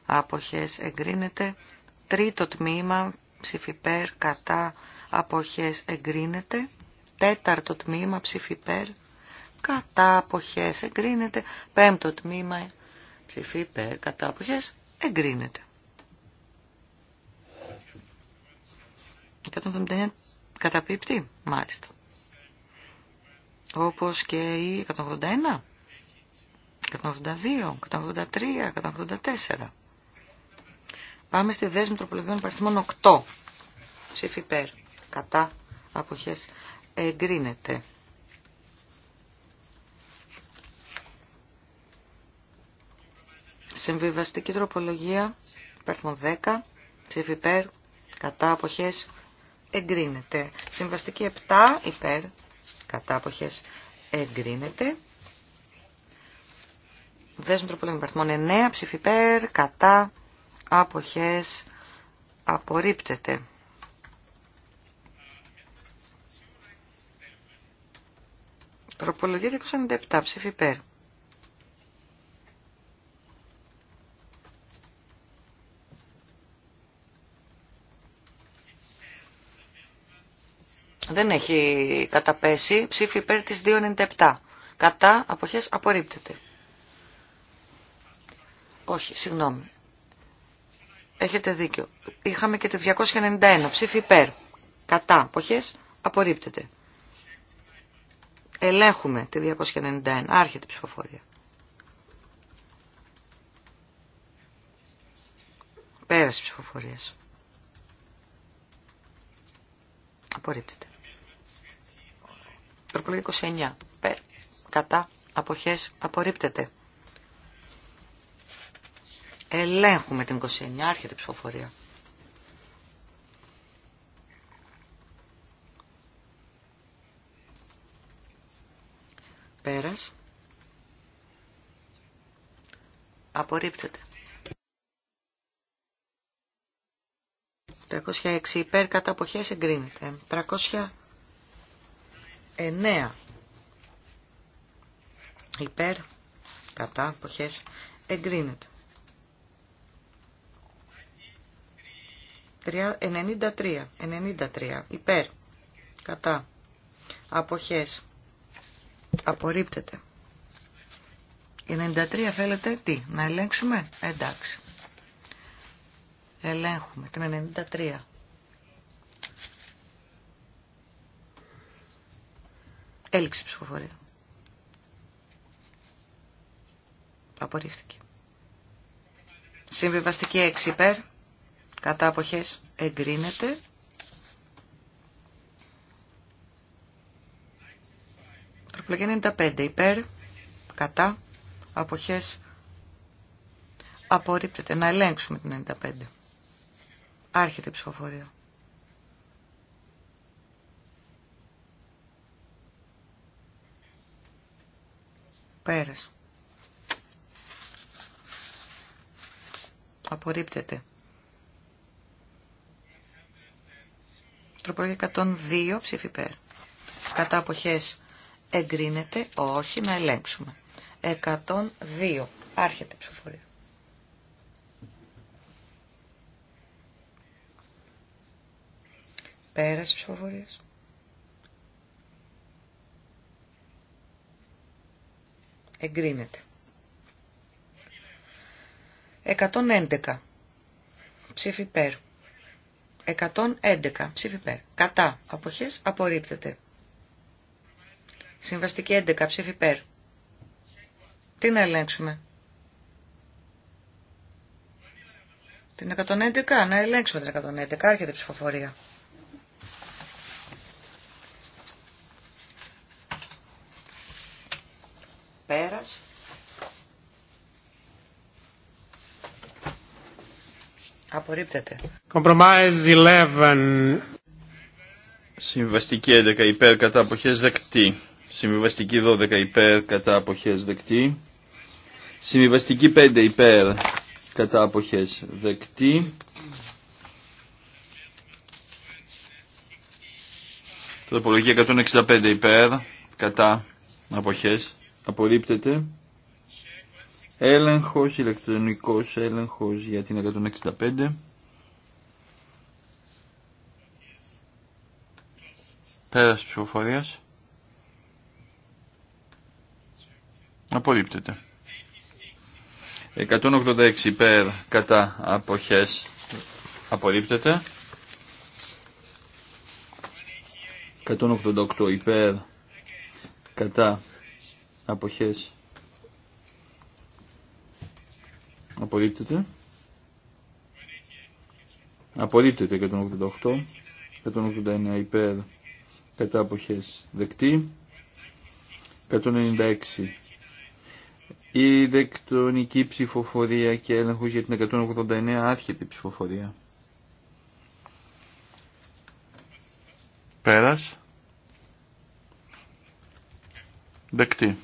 αποχές εγκρίνεται. Τρίτο τμήμα ψήφι υπέρ, κατά, αποχές εγκρίνεται. Τέταρτο τμήμα ψηφιπέρ, Κατά αποχές εγκρίνεται. Πέμπτο τμήμα ψηφιπέρ, Κατά αποχές εγκρίνεται. 179 καταπίπτει. Μάλιστα. Όπως και η 181. 182, 183, 184. Πάμε στη δέσμη τροπολογιών παριθμών 8. Ψήφι υπέρ. Κατά. Αποχές εγκρίνεται. Συμβιβαστική τροπολογία υπέρθμο 10, ψήφι υπέρ, κατά αποχές, εγκρίνεται. Συμβαστική 7, υπέρ, κατά αποχές, εγκρίνεται. Δέσμη τροπολογία υπέρθμο 9, ψήφι υπέρ, κατά αποχές, απορρίπτεται. Τροπολογία 297 ψήφι υπέρ. Δεν έχει καταπέσει ψήφι υπέρ της 297. Κατά αποχές απορρίπτεται. Όχι, συγγνώμη. Έχετε δίκιο. Είχαμε και τη 291 ψήφι υπέρ. Κατά αποχές απορρίπτεται. Ελέγχουμε τη 291. Άρχεται η ψηφοφορία. Πέρασε ψηφοφορία. Απορρίπτεται. Τροπολογία 29. κατά, αποχές, απορρίπτεται. Ελέγχουμε την 29. Άρχεται η ψηφοφορία. Πέρας. Απορρίπτεται. 306 υπέρ κατά αποχές εγκρίνεται. 309 υπέρ κατά αποχές εγκρίνεται. 93, 93 υπέρ κατά αποχές Απορρίπτεται. Η 93 θέλετε τι, να ελέγξουμε. Εντάξει. Ελέγχουμε την 93. Έληξε ψηφοφορία. Απορρίφθηκε. Συμβιβαστική 6 υπέρ. Κατά αποχές εγκρίνεται. Τροπολογία 95 υπέρ, κατά, αποχές, απορρίπτεται. Να ελέγξουμε την 95. Άρχεται η ψηφοφορία. Πέρας. Απορρίπτεται. Τροπολογία 102 ψήφι υπέρ. Κατά αποχές εγκρίνεται, όχι, να ελέγξουμε. 102. Άρχεται η ψηφοφορία. Πέρασε ψηφοφορία. Εγκρίνεται. 111. Ψήφι υπέρ. 111. Ψήφι υπέρ. Κατά. Αποχές απορρίπτεται. Συμβαστική 11. Ψήφι υπέρ. Τι να ελέγξουμε. Την 111. Να ελέγξουμε την 111. Άρχεται η ψηφοφορία. Πέρας. Απορρίπτεται. Compromise Συμβαστική 11 υπέρ κατά αποχές δεκτή. Συμβιβαστική 12 υπέρ κατά αποχές δεκτή. Συμβιβαστική 5 υπέρ κατά αποχές δεκτή. Τροπολογία 165 υπέρ κατά αποχές απορρίπτεται. Έλεγχος, ηλεκτρονικός έλεγχος για την 165. Πέρας ψηφοφορίας. Απορρίπτεται. 186 υπέρ κατά αποχές απορρίπτεται. 188 υπέρ κατά αποχές απορρίπτεται. Απορρίπτεται 188. 189 υπέρ κατά αποχές δεκτή. 196 η δεκτονική ψηφοφορία και έλεγχος για την 189 άρχεται ψηφοφορία. Πέρας. Δεκτή.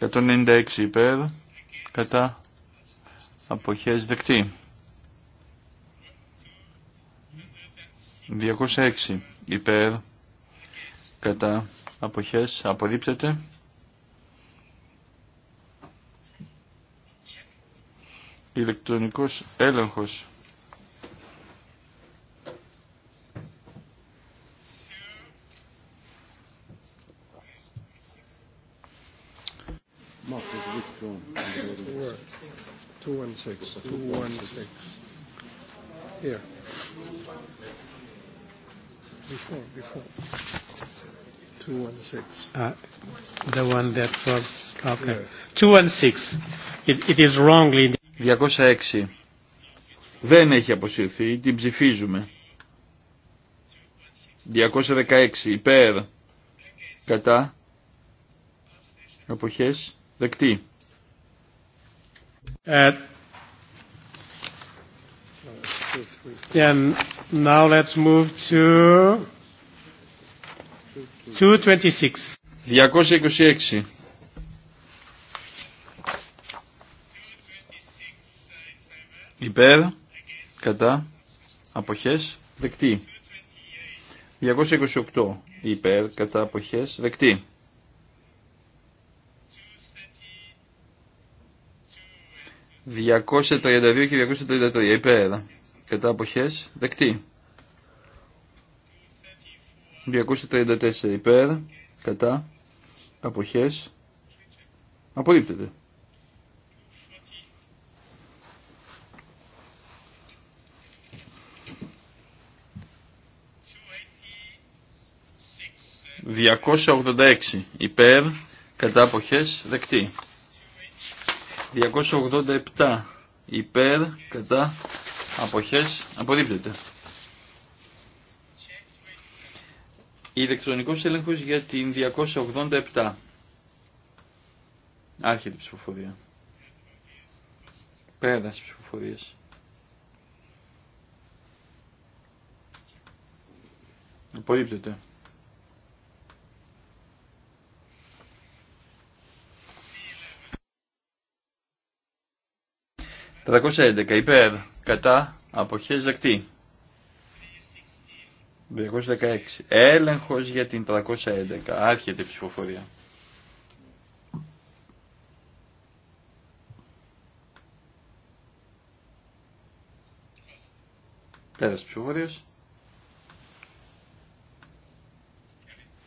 196 υπέρ. Κατά. Αποχές δεκτή. 206 υπέρ. Κατά. Αποχές απορρίπτεται. ηλεκτρονικός έλεγχος. Here. Before, before. and Uh, the one that was okay. and It, it is wrongly. 206. Δεν έχει αποσυρθεί, την ψηφίζουμε. 216 υπέρ κατά εποχές δεκτή. at ε, and now let's move to 226. 226. υπέρ, κατά, αποχές, δεκτή. 228 υπέρ, κατά, αποχές, δεκτή. 232 και 233 υπέρ, κατά, αποχές, δεκτή. 234 υπέρ, κατά, αποχές, απορρίπτεται. 286 υπέρ κατά δεκτή. 287 υπέρ κατά αποχές απορρίπτεται. Ηλεκτρονικός έλεγχος για την 287. Άρχεται η ψηφοφορία. Πέρας ψηφοφορίας. Απορρίπτεται. 311 υπέρ κατά αποχές δεκτή. 216. Έλεγχος για την 311. Άρχεται η ψηφοφορία. Πέρας ψηφοφορίας.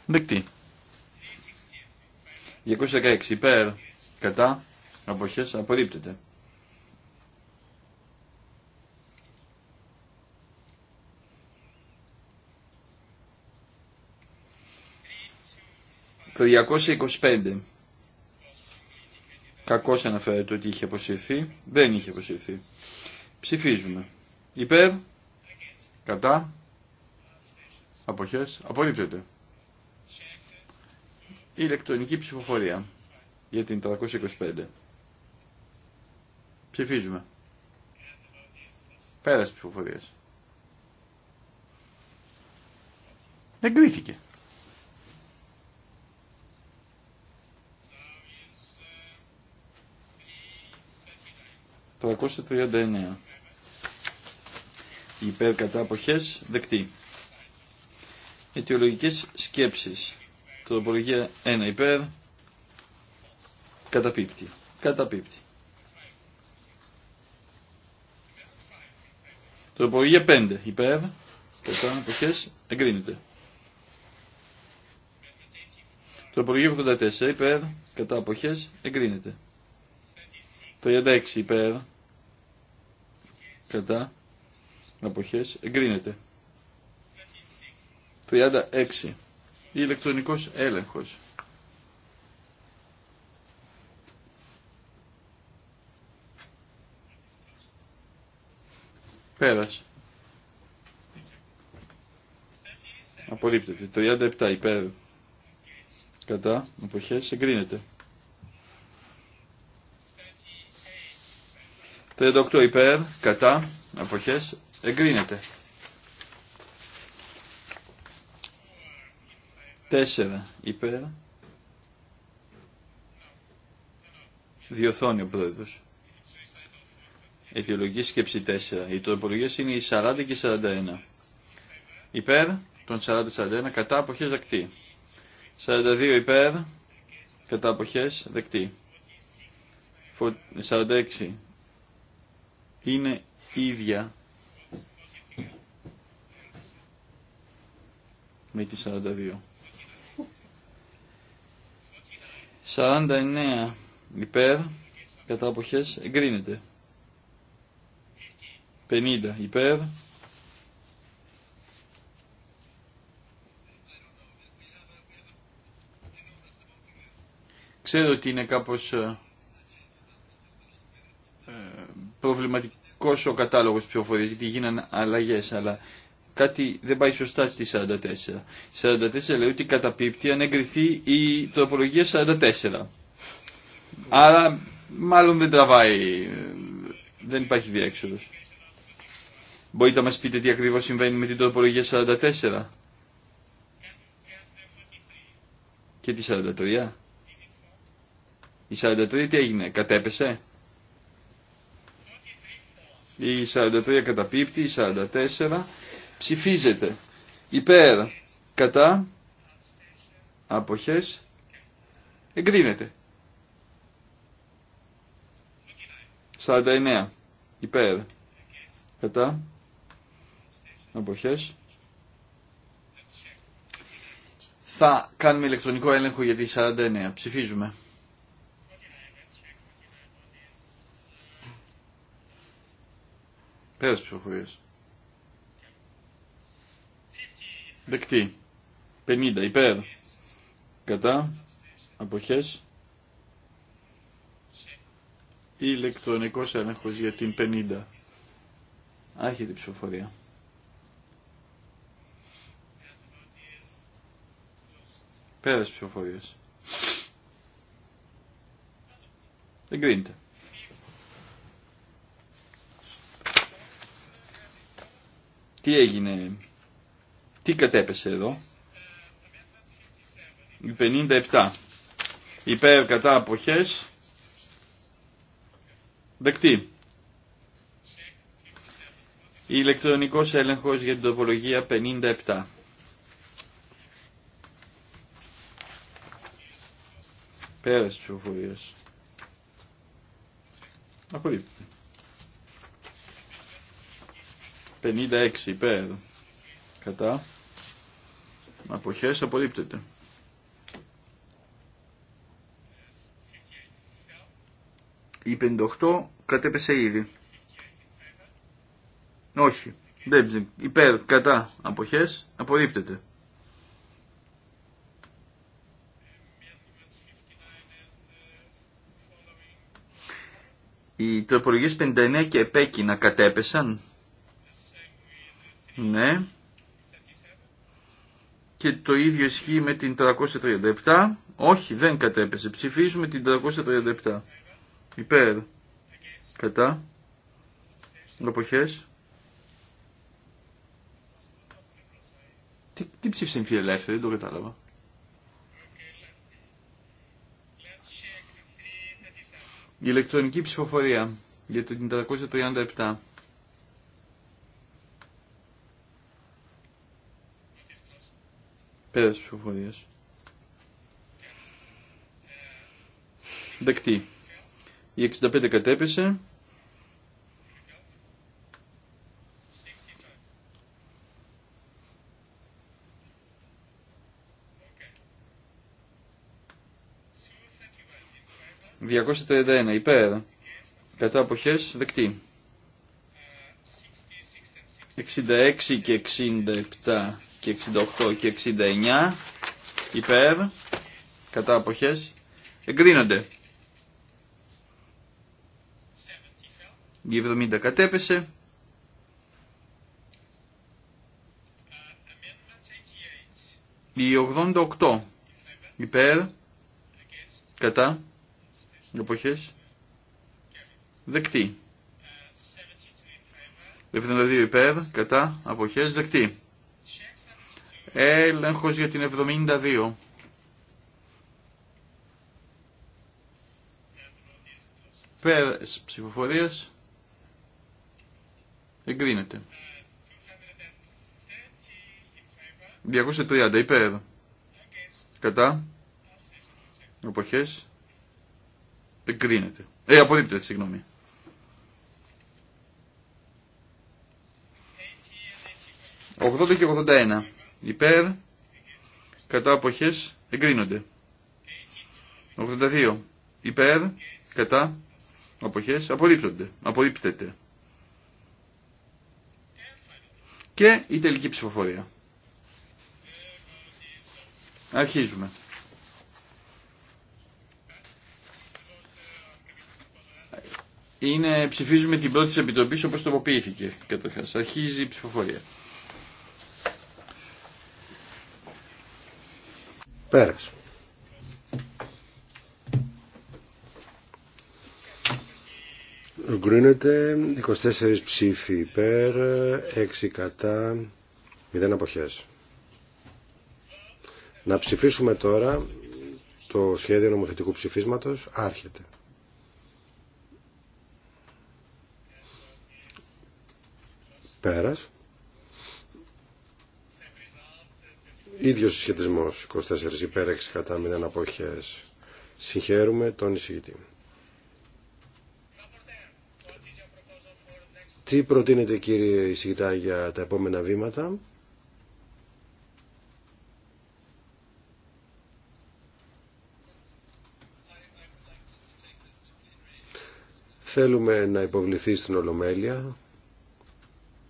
Δεκτή. 216 υπέρ κατά αποχές απορρίπτεται. Το 225. Κακώς αναφέρεται ότι είχε αποσυρθεί. Δεν είχε αποσυρθεί. Ψηφίζουμε. Υπέρ. Κατά. Αποχές. Απορρίπτεται. Ηλεκτρονική ψηφοφορία για την 325. Ψηφίζουμε. Πέρας ψηφοφορίας. Εγκρίθηκε. 339. Υπέρ κατά αποχές δεκτή. Αιτιολογικές σκέψεις. Τροπολογία 1 υπέρ καταπίπτει. Καταπίπτει. Τροπολογία 5 υπέρ κατά αποχές εγκρίνεται. Τροπολογία 84 υπέρ κατά αποχές εγκρίνεται. 36 υπέρ κατά αποχές εγκρίνεται. 36. Ηλεκτρονικός έλεγχος. Πέρας. Απορρίπτεται. 37 υπέρ. Κατά. Αποχές εγκρίνεται. 38 υπέρ, κατά, αποχές, εγκρίνεται. 4 υπέρ, διορθώνει ο πρόεδρος. Αιτιολογική σκέψη 4. Οι τροπολογίες είναι οι 40 και 41. Υπέρ των 40-41 κατά αποχές δεκτή. 42 υπέρ κατά αποχές δεκτή. 46 είναι ίδια με τη 42. 49 υπέρ κατά αποχές εγκρίνεται. 50 υπέρ Ξέρω ότι είναι κάπως ε, Προβληματικό ο κατάλογο τη γιατί γίνανε αλλαγέ, αλλά κάτι δεν πάει σωστά στη 44. 44 λέει ότι καταπίπτει αν εγκριθεί η τροπολογία 44. Άρα μάλλον δεν τραβάει, δεν υπάρχει διέξοδο. Μπορείτε να μα πείτε τι ακριβώ συμβαίνει με την τροπολογία 44 και τη 43. Η 43 τι έγινε, κατέπεσε. Η 43 καταπίπτει, η 44 ψηφίζεται. Υπέρ, κατά, αποχές, εγκρίνεται. 49 υπέρ, κατά, αποχές. Θα κάνουμε ηλεκτρονικό έλεγχο για τη 49. Ψηφίζουμε. Πέρας ψηφοφορίας. Δεκτή. 50 υπέρ. Κατά. Αποχές. Ηλεκτρονικός έλεγχος για την 50. Άρχεται ψηφοφορία. Πέρας ψηφοφορίας. Εγκρίνεται. Τι έγινε, τι κατέπεσε εδώ. 57. Υπέρ κατά αποχές. Δεκτή. Ηλεκτρονικός έλεγχος για την τοπολογία 57. Πέρας της ψηφοφορίας. Απολύπτεται. 56 υπέρ κατά αποχές απορρίπτεται. 58 κατέπεσε ήδη. Όχι. Δεν υπέρ, κατά, αποχές, απορρίπτεται. οι τροπολογίες 59 και επέκεινα κατέπεσαν. Ναι. Και το ίδιο ισχύει με την 337. Όχι, δεν κατέπεσε. Ψηφίζουμε την 337. Υπέρ. Κατά. Λοποχές. Τι, τι ψήφισε η δεν το κατάλαβα. Η ηλεκτρονική ψηφοφορία για την 337 τις ψηφοφορίας. Δεκτή. Η 65 κατέπεσε. ...231 υπέρ, κατά αποχές δεκτή. 66 και 67 και 68 και 69 υπέρ κατά αποχές εγκρίνονται. Η 70 κατέπεσε. Η 88 υπέρ κατά εποχές δεκτή. 72 υπέρ κατά αποχές δεκτή. Έλεγχος για την 72. Πέρας ψηφοφορίας. Εγκρίνεται. 230 υπέρ. Κατά. Εποχές. Εγκρίνεται. Ε, απορρίπτεται, συγγνώμη. 80 και 81 υπέρ, κατά αποχές εγκρίνονται. 82 υπέρ, κατά αποχές απορρίπτονται, απορρίπτεται. Και η τελική ψηφοφορία. Αρχίζουμε. Είναι, ψηφίζουμε την πρώτη της Επιτροπής όπως τοποποιήθηκε καταρχάς. Αρχίζει η ψηφοφορία. Πέρας. Γκρίνεται 24 ψήφοι υπέρ, 6 κατά, 0 αποχές. Να ψηφίσουμε τώρα το σχέδιο νομοθετικού ψηφίσματος. Άρχεται. Πέρας. ίδιο συσχετισμό 24 υπέρ κατά 0 απόχέ. συγχαίρουμε τον εισηγητή Τι προτείνετε κύριε εισηγητά για τα επόμενα βήματα Θέλουμε να υποβληθεί στην Ολομέλεια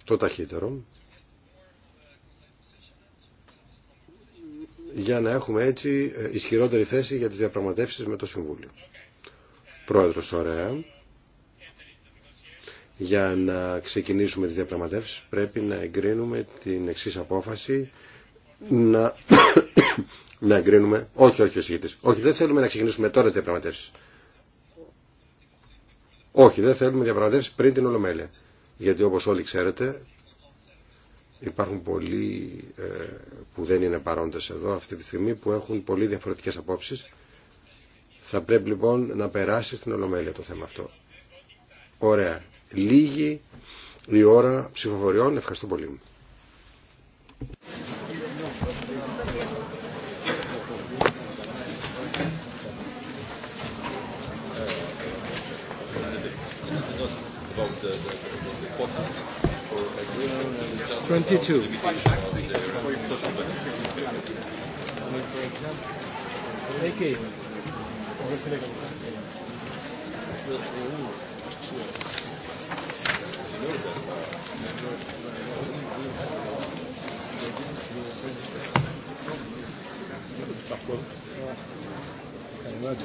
το ταχύτερο για να έχουμε έτσι ε, ισχυρότερη θέση για τις διαπραγματεύσεις με το Συμβούλιο. Πρόεδρος, ωραία. Για να ξεκινήσουμε τις διαπραγματεύσεις πρέπει να εγκρίνουμε την εξή απόφαση να... να εγκρίνουμε... Όχι, όχι, ο Όχι, δεν θέλουμε να ξεκινήσουμε τώρα τις διαπραγματεύσεις. Όχι, δεν θέλουμε διαπραγματεύσεις πριν την Ολομέλεια. Γιατί όπως όλοι ξέρετε Υπάρχουν πολλοί ε, που δεν είναι παρόντες εδώ αυτή τη στιγμή που έχουν πολύ διαφορετικές απόψεις. Θα πρέπει λοιπόν να περάσει στην Ολομέλεια το θέμα αυτό. Ωραία. Λίγη η ώρα ψηφοφοριών. Ευχαριστώ πολύ. 22. Εκεί.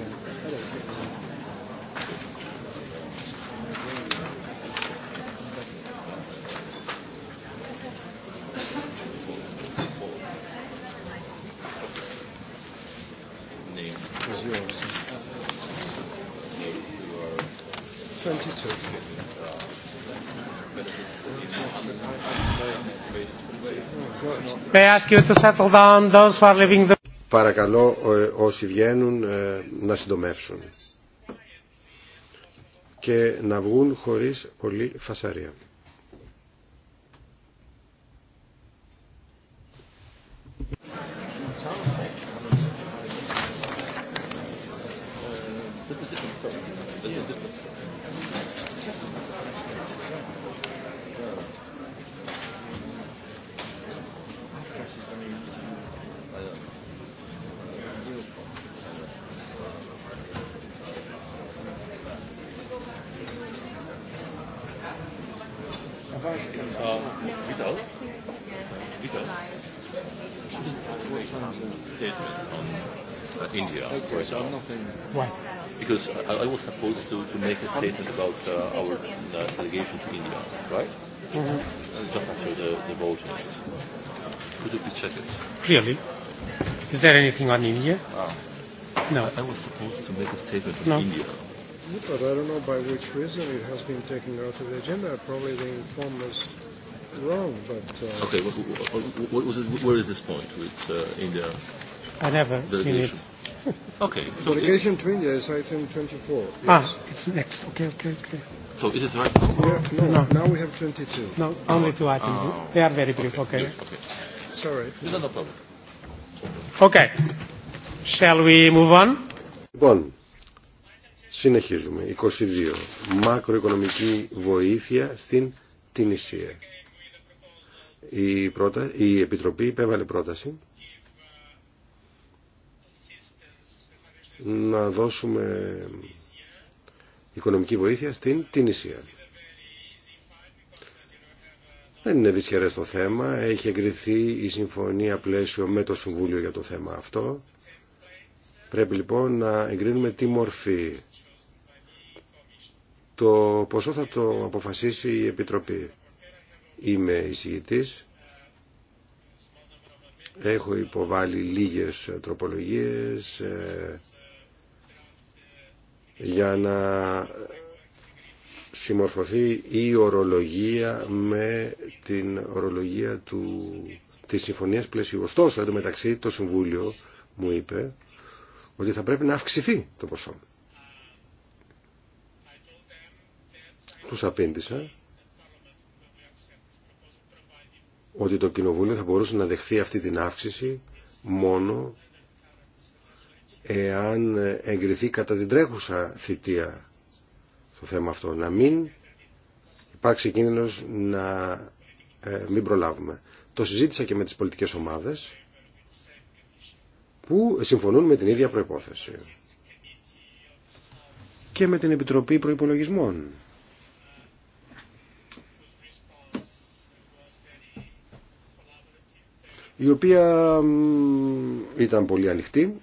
Thank you. Παρακαλώ όσοι βγαίνουν ε, να συντομεύσουν και να βγουν χωρίς πολύ φασαρία. I was supposed to to make a statement about our delegation to India, right? Just after the the Could you please check it? Clearly. Is there anything on India? No. I was supposed to make a statement on India. But I don't know by which reason it has been taken out of the agenda. Probably the informers wrong, but... Uh, okay, where is this point? It's uh, in I never seen it. Okay. So Delegation to India is item 24. Yes. Ah, it's next. Okay, okay, okay. So it is right now? Yeah, no, now we have 22. No, only two items. They are very brief. Okay. okay. Sorry. No, no problem. Okay. Shall we move on? Λοιπόν, συνεχίζουμε. 22. Μακροοικονομική βοήθεια στην Τινησία. Η, η Επιτροπή υπέβαλε πρόταση να δώσουμε οικονομική βοήθεια στην Τινησία. Δεν είναι δυσχερές το θέμα. Έχει εγκριθεί η συμφωνία πλαίσιο με το Συμβούλιο για το θέμα αυτό. Πρέπει λοιπόν να εγκρίνουμε τι μορφή. Το ποσό θα το αποφασίσει η Επιτροπή. Είμαι εισηγητής. Έχω υποβάλει λίγες τροπολογίες ε, για να συμμορφωθεί η ορολογία με την ορολογία του, της Συμφωνίας Πλαισίου. Ωστόσο, μεταξύ, το Συμβούλιο μου είπε ότι θα πρέπει να αυξηθεί το ποσό. Τους απήντησα ότι το Κοινοβούλιο θα μπορούσε να δεχθεί αυτή την αύξηση μόνο εάν εγκριθεί κατά την τρέχουσα θητεία το θέμα αυτό. Να μην υπάρξει κίνδυνος να ε, μην προλάβουμε. Το συζήτησα και με τις πολιτικές ομάδες που συμφωνούν με την ίδια προϋπόθεση. Και με την Επιτροπή Προϋπολογισμών. η οποία ήταν πολύ ανοιχτή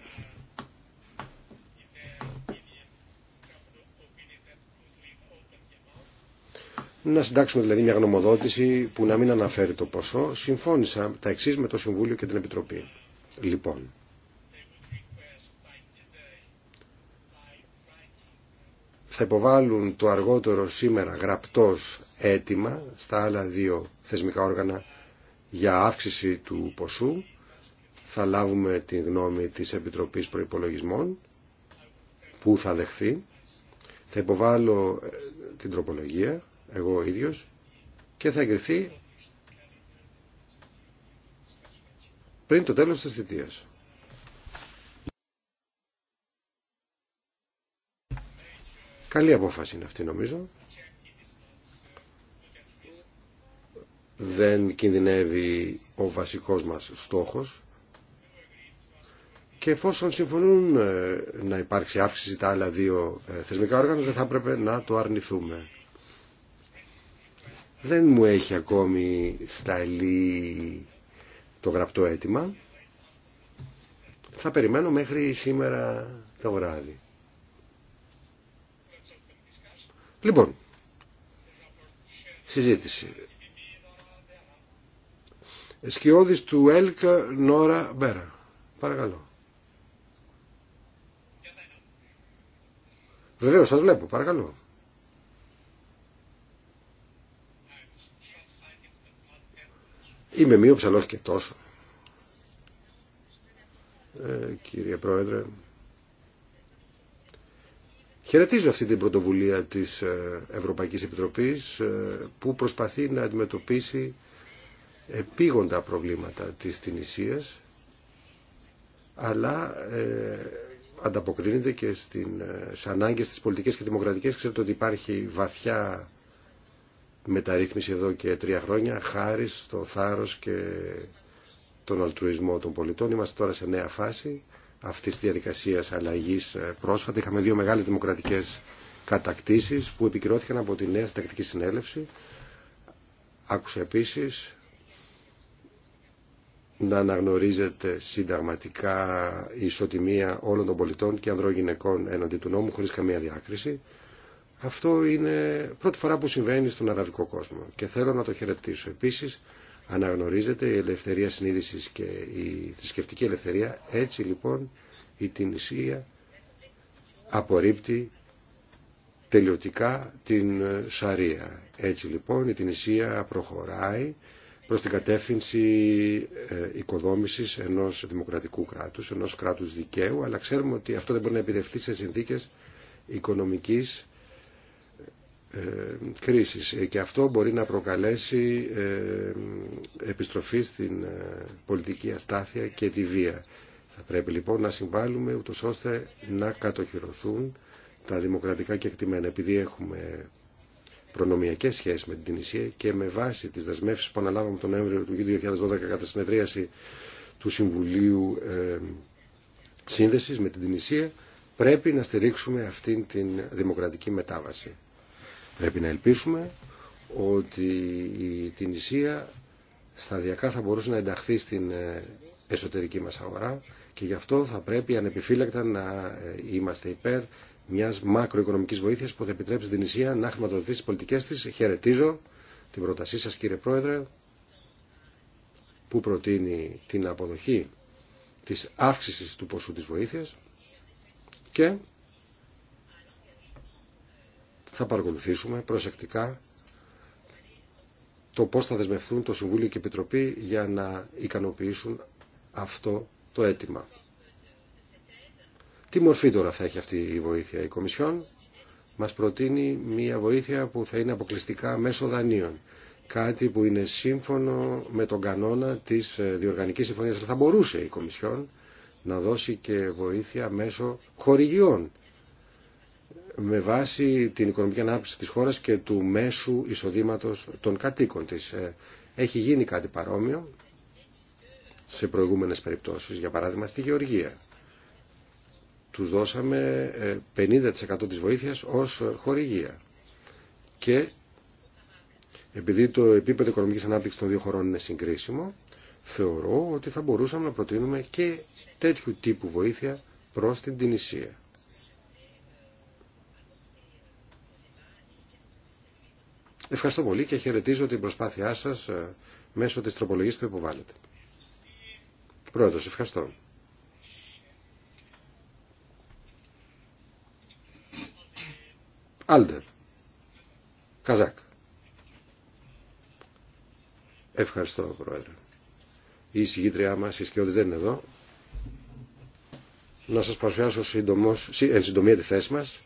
να συντάξουμε δηλαδή μια γνωμοδότηση που να μην αναφέρει το ποσό. Συμφώνησα τα εξή με το Συμβούλιο και την Επιτροπή. Λοιπόν, θα υποβάλουν το αργότερο σήμερα γραπτός αίτημα στα άλλα δύο θεσμικά όργανα για αύξηση του ποσού. Θα λάβουμε τη γνώμη της Επιτροπής Προϋπολογισμών που θα δεχθεί. Θα υποβάλω ε, την τροπολογία εγώ ο ίδιος και θα εγκριθεί πριν το τέλος της θητείας. Καλή απόφαση είναι αυτή νομίζω. Δεν κινδυνεύει ο βασικός μας στόχος και εφόσον συμφωνούν ε, να υπάρξει αύξηση τα άλλα δύο ε, θεσμικά όργανα δεν θα έπρεπε να το αρνηθούμε. Δεν μου έχει ακόμη σταλεί το γραπτό αίτημα. Θα περιμένω μέχρι σήμερα το βράδυ. Λοιπόν, συζήτηση. Σκιώδης του ΕΛΚ Νόρα Μπέρα. Παρακαλώ. Βεβαίως, σας βλέπω. Παρακαλώ. Είμαι μείωψα, αλλά όχι και τόσο. Ε, κύριε Πρόεδρε, χαιρετίζω αυτή την πρωτοβουλία της ε, Ευρωπαϊκής Επιτροπής ε, που προσπαθεί να αντιμετωπίσει επίγοντα προβλήματα της τυνησίας, αλλά ε, ανταποκρίνεται και στην, ανάγκε στις ανάγκες της πολιτικής και δημοκρατικής. Ξέρετε ότι υπάρχει βαθιά μεταρρύθμιση εδώ και τρία χρόνια χάρη στο θάρρος και τον αλτρουισμό των πολιτών. Είμαστε τώρα σε νέα φάση αυτή τη διαδικασία αλλαγή ε, πρόσφατα. Είχαμε δύο μεγάλε δημοκρατικέ κατακτήσει που επικυρώθηκαν από τη νέα συντακτική συνέλευση. Άκουσα επίση να αναγνωρίζεται συνταγματικά η ισοτιμία όλων των πολιτών και ανδρών γυναικών έναντι του νόμου χωρί καμία διάκριση. Αυτό είναι πρώτη φορά που συμβαίνει στον αραβικό κόσμο και θέλω να το χαιρετήσω. Επίσης αναγνωρίζεται η ελευθερία συνείδησης και η θρησκευτική ελευθερία. Έτσι λοιπόν η Τινησία απορρίπτει τελειωτικά την Σαρία. Έτσι λοιπόν η Τινησία προχωράει προς την κατεύθυνση ε, οικοδόμησης ενός δημοκρατικού κράτους, ενός κράτους δικαίου, αλλά ξέρουμε ότι αυτό δεν μπορεί να επιτευχθεί σε συνθήκες οικονομικής ε, κρίσης ε, και αυτό μπορεί να προκαλέσει ε, επιστροφή στην πολιτική αστάθεια και τη βία. Θα πρέπει λοιπόν να συμβάλλουμε ούτως ώστε να κατοχυρωθούν τα δημοκρατικά κεκτημένα επειδή έχουμε προνομιακές σχέσεις με την Τινησία και με βάση τις δεσμεύσεις που αναλάβαμε τον Νοέμβριο του 2012 κατά συνεδρίαση του Συμβουλίου Σύνδεσης με την Τινησία πρέπει να στηρίξουμε αυτήν την δημοκρατική μετάβαση. Πρέπει να ελπίσουμε ότι η Ισία σταδιακά θα μπορούσε να ενταχθεί στην ε, εσωτερική μας αγορά και γι' αυτό θα πρέπει ανεπιφύλακτα να ε, είμαστε υπέρ μιας μακροοικονομικής βοήθειας που θα επιτρέψει την Ισία να χρηματοδοτήσει τις πολιτικές της. Χαιρετίζω την πρότασή σας κύριε Πρόεδρε που προτείνει την αποδοχή της αύξησης του ποσού της βοήθειας και θα παρακολουθήσουμε προσεκτικά το πώς θα δεσμευτούν το Συμβούλιο και η Επιτροπή για να ικανοποιήσουν αυτό το αίτημα. Τι μορφή τώρα θα έχει αυτή η βοήθεια. Η Κομισιόν μας προτείνει μια βοήθεια που θα είναι αποκλειστικά μέσω δανείων. Κάτι που είναι σύμφωνο με τον κανόνα της ε, διοργανικής συμφωνίας. Θα μπορούσε η Κομισιόν να δώσει και βοήθεια μέσω χορηγιών με βάση την οικονομική ανάπτυξη της χώρας και του μέσου εισοδήματος των κατοίκων της. Ε, έχει γίνει κάτι παρόμοιο σε προηγούμενες περιπτώσεις, για παράδειγμα στη Γεωργία. Τους δώσαμε 50% ε, της βοήθειας ως χορηγία. Και επειδή το επίπεδο οικονομικής ανάπτυξης των δύο χωρών είναι συγκρίσιμο, θεωρώ ότι θα μπορούσαμε να προτείνουμε και τέτοιου τύπου βοήθεια προς την Τινησία. Ευχαριστώ πολύ και χαιρετίζω την προσπάθειά σας ε, μέσω της τροπολογίας που υποβάλλετε. Πρόεδρος, ευχαριστώ. Άλτερ. Καζάκ. Ευχαριστώ, Πρόεδρε. Η εισηγήτριά μας, η σκιώδη δεν είναι εδώ. Να σας παρουσιάσω εν συντομία τη θέση μας.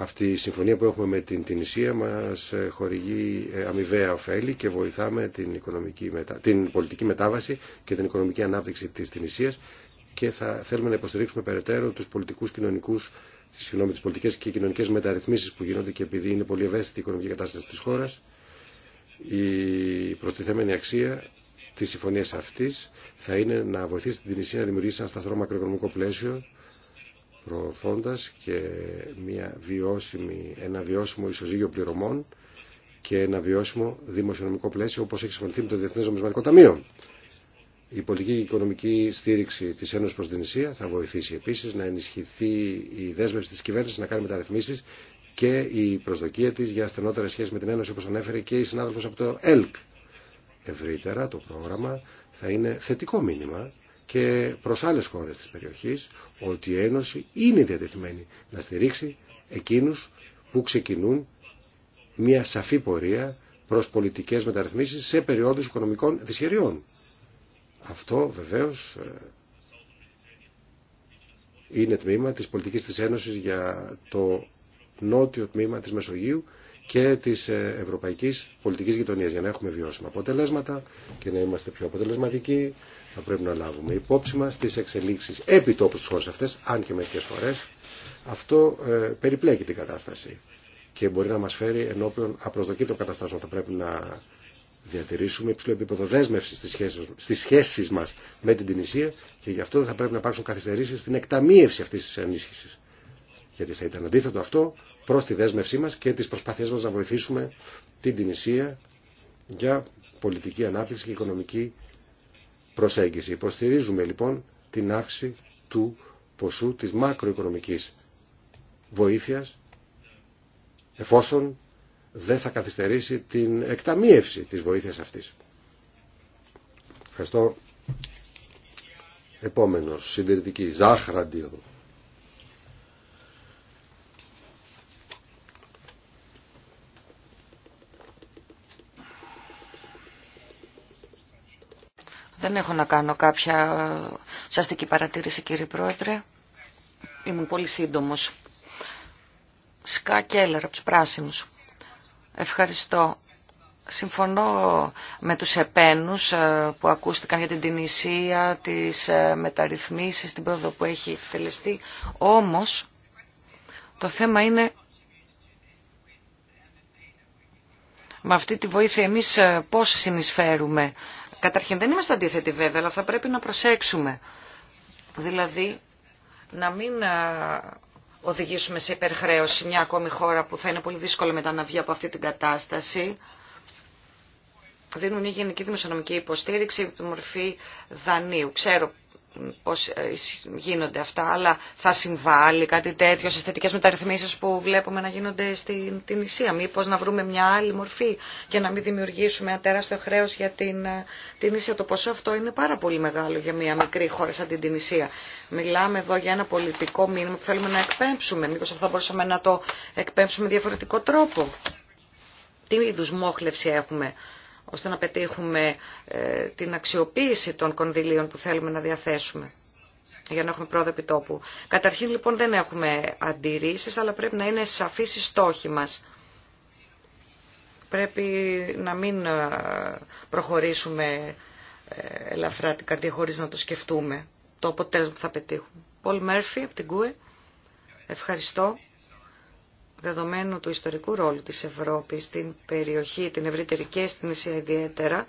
Αυτή η συμφωνία που έχουμε με την Τινησία μας ε, χορηγεί ε, αμοιβαία ωφέλη και βοηθάμε την, οικονομική την πολιτική μετάβαση και την οικονομική ανάπτυξη της Τινησίας και θα θέλουμε να υποστηρίξουμε περαιτέρω τους πολιτικούς κοινωνικούς συγγνώμη, τις πολιτικές και κοινωνικές μεταρρυθμίσεις που γίνονται και επειδή είναι πολύ ευαίσθητη η οικονομική κατάσταση της χώρας η προστιθέμενη αξία της συμφωνίας αυτής θα είναι να βοηθήσει την Τινησία να δημιουργήσει ένα σταθερό μακροοικονομικό πλαίσιο προωθώντας και μια βιώσιμη, ένα βιώσιμο ισοζύγιο πληρωμών και ένα βιώσιμο δημοσιονομικό πλαίσιο όπως έχει συμφωνηθεί με το Διεθνές Νομισματικό Ταμείο. Η πολιτική και οικονομική στήριξη τη Ένωση προ την Ισία θα βοηθήσει επίση να ενισχυθεί η δέσμευση τη κυβέρνηση να κάνει μεταρρυθμίσει και η προσδοκία τη για στενότερε σχέσει με την Ένωση όπω ανέφερε και η συνάδελφο από το ΕΛΚ. Ευρύτερα το πρόγραμμα θα είναι θετικό μήνυμα και προς άλλες χώρες της περιοχής ότι η Ένωση είναι διατεθειμένη να στηρίξει εκείνους που ξεκινούν μια σαφή πορεία προς πολιτικές μεταρρυθμίσεις σε περιόδους οικονομικών δυσχεριών. Αυτό βεβαίως είναι τμήμα της πολιτικής της Ένωσης για το νότιο τμήμα της Μεσογείου και της ε, ευρωπαϊκής πολιτικής γειτονίας για να έχουμε βιώσιμα αποτελέσματα και να είμαστε πιο αποτελεσματικοί θα πρέπει να λάβουμε υπόψη μας τις εξελίξεις επί τόπου στις χώρες αυτές, αν και μερικές φορές, αυτό ε, περιπλέκει την κατάσταση και μπορεί να μας φέρει ενώπιον απροσδοκήτων καταστάσεων. Θα πρέπει να διατηρήσουμε υψηλό επίπεδο δέσμευση στις σχέσεις, στις σχέσεις μας με την Τινησία και γι' αυτό δεν θα πρέπει να υπάρξουν καθυστερήσεις στην εκταμείευση αυτής της ενίσχυσης. Γιατί θα ήταν αντίθετο αυτό προς τη δέσμευσή μας και τις προσπάθειές μας να βοηθήσουμε την Τινησία για πολιτική ανάπτυξη και οικονομική προσέγγιση. Υποστηρίζουμε λοιπόν την αύξηση του ποσού της μακροοικονομικής βοήθειας εφόσον δεν θα καθυστερήσει την εκταμίευση της βοήθειας αυτής. Ευχαριστώ. Επόμενος, συντηρητική, Ζάχραντιο. Δεν έχω να κάνω κάποια ουσιαστική ε, παρατήρηση κύριε Πρόεδρε. Ήμουν πολύ σύντομος. Σκά Κέλλερ από τους Πράσινους. Ευχαριστώ. Συμφωνώ με τους επένους ε, που ακούστηκαν για την Τινησία, τις ε, μεταρρυθμίσεις, την πρόοδο που έχει εκτελεστεί. Όμως, το θέμα είναι με αυτή τη βοήθεια εμείς πώς συνεισφέρουμε Καταρχήν δεν είμαστε αντίθετοι βέβαια, αλλά θα πρέπει να προσέξουμε. Δηλαδή να μην οδηγήσουμε σε υπερχρέωση μια ακόμη χώρα που θα είναι πολύ δύσκολο μετά να βγει από αυτή την κατάσταση. Δίνουν μια γενική δημοσιονομική υποστήριξη με τη μορφή δανείου. Ξέρω πώς ε, γίνονται αυτά, αλλά θα συμβάλλει κάτι τέτοιο σε θετικές μεταρρυθμίσεις που βλέπουμε να γίνονται στην την Ισία. Μήπως να βρούμε μια άλλη μορφή και να μην δημιουργήσουμε ένα τεράστιο χρέος για την, ε, την Ισία. Το ποσό αυτό είναι πάρα πολύ μεγάλο για μια μικρή χώρα σαν την Ισία. Μιλάμε εδώ για ένα πολιτικό μήνυμα που θέλουμε να εκπέμψουμε. Μήπως αυτό θα μπορούσαμε να το εκπέμψουμε διαφορετικό τρόπο. Τι είδους μόχλευση έχουμε ώστε να πετύχουμε ε, την αξιοποίηση των κονδυλίων που θέλουμε να διαθέσουμε για να έχουμε πρόοδο επιτόπου. Καταρχήν λοιπόν δεν έχουμε αντιρρήσεις, αλλά πρέπει να είναι σαφής η στόχοι μας. Πρέπει να μην ε, προχωρήσουμε ε, ελαφρά την καρδία χωρίς να το σκεφτούμε το αποτέλεσμα που θα πετύχουμε. Πολ Μέρφυ από την ΚΟΕ. Ευχαριστώ δεδομένου του ιστορικού ρόλου της Ευρώπης στην περιοχή, την ευρύτερη και στην Ισία ιδιαίτερα,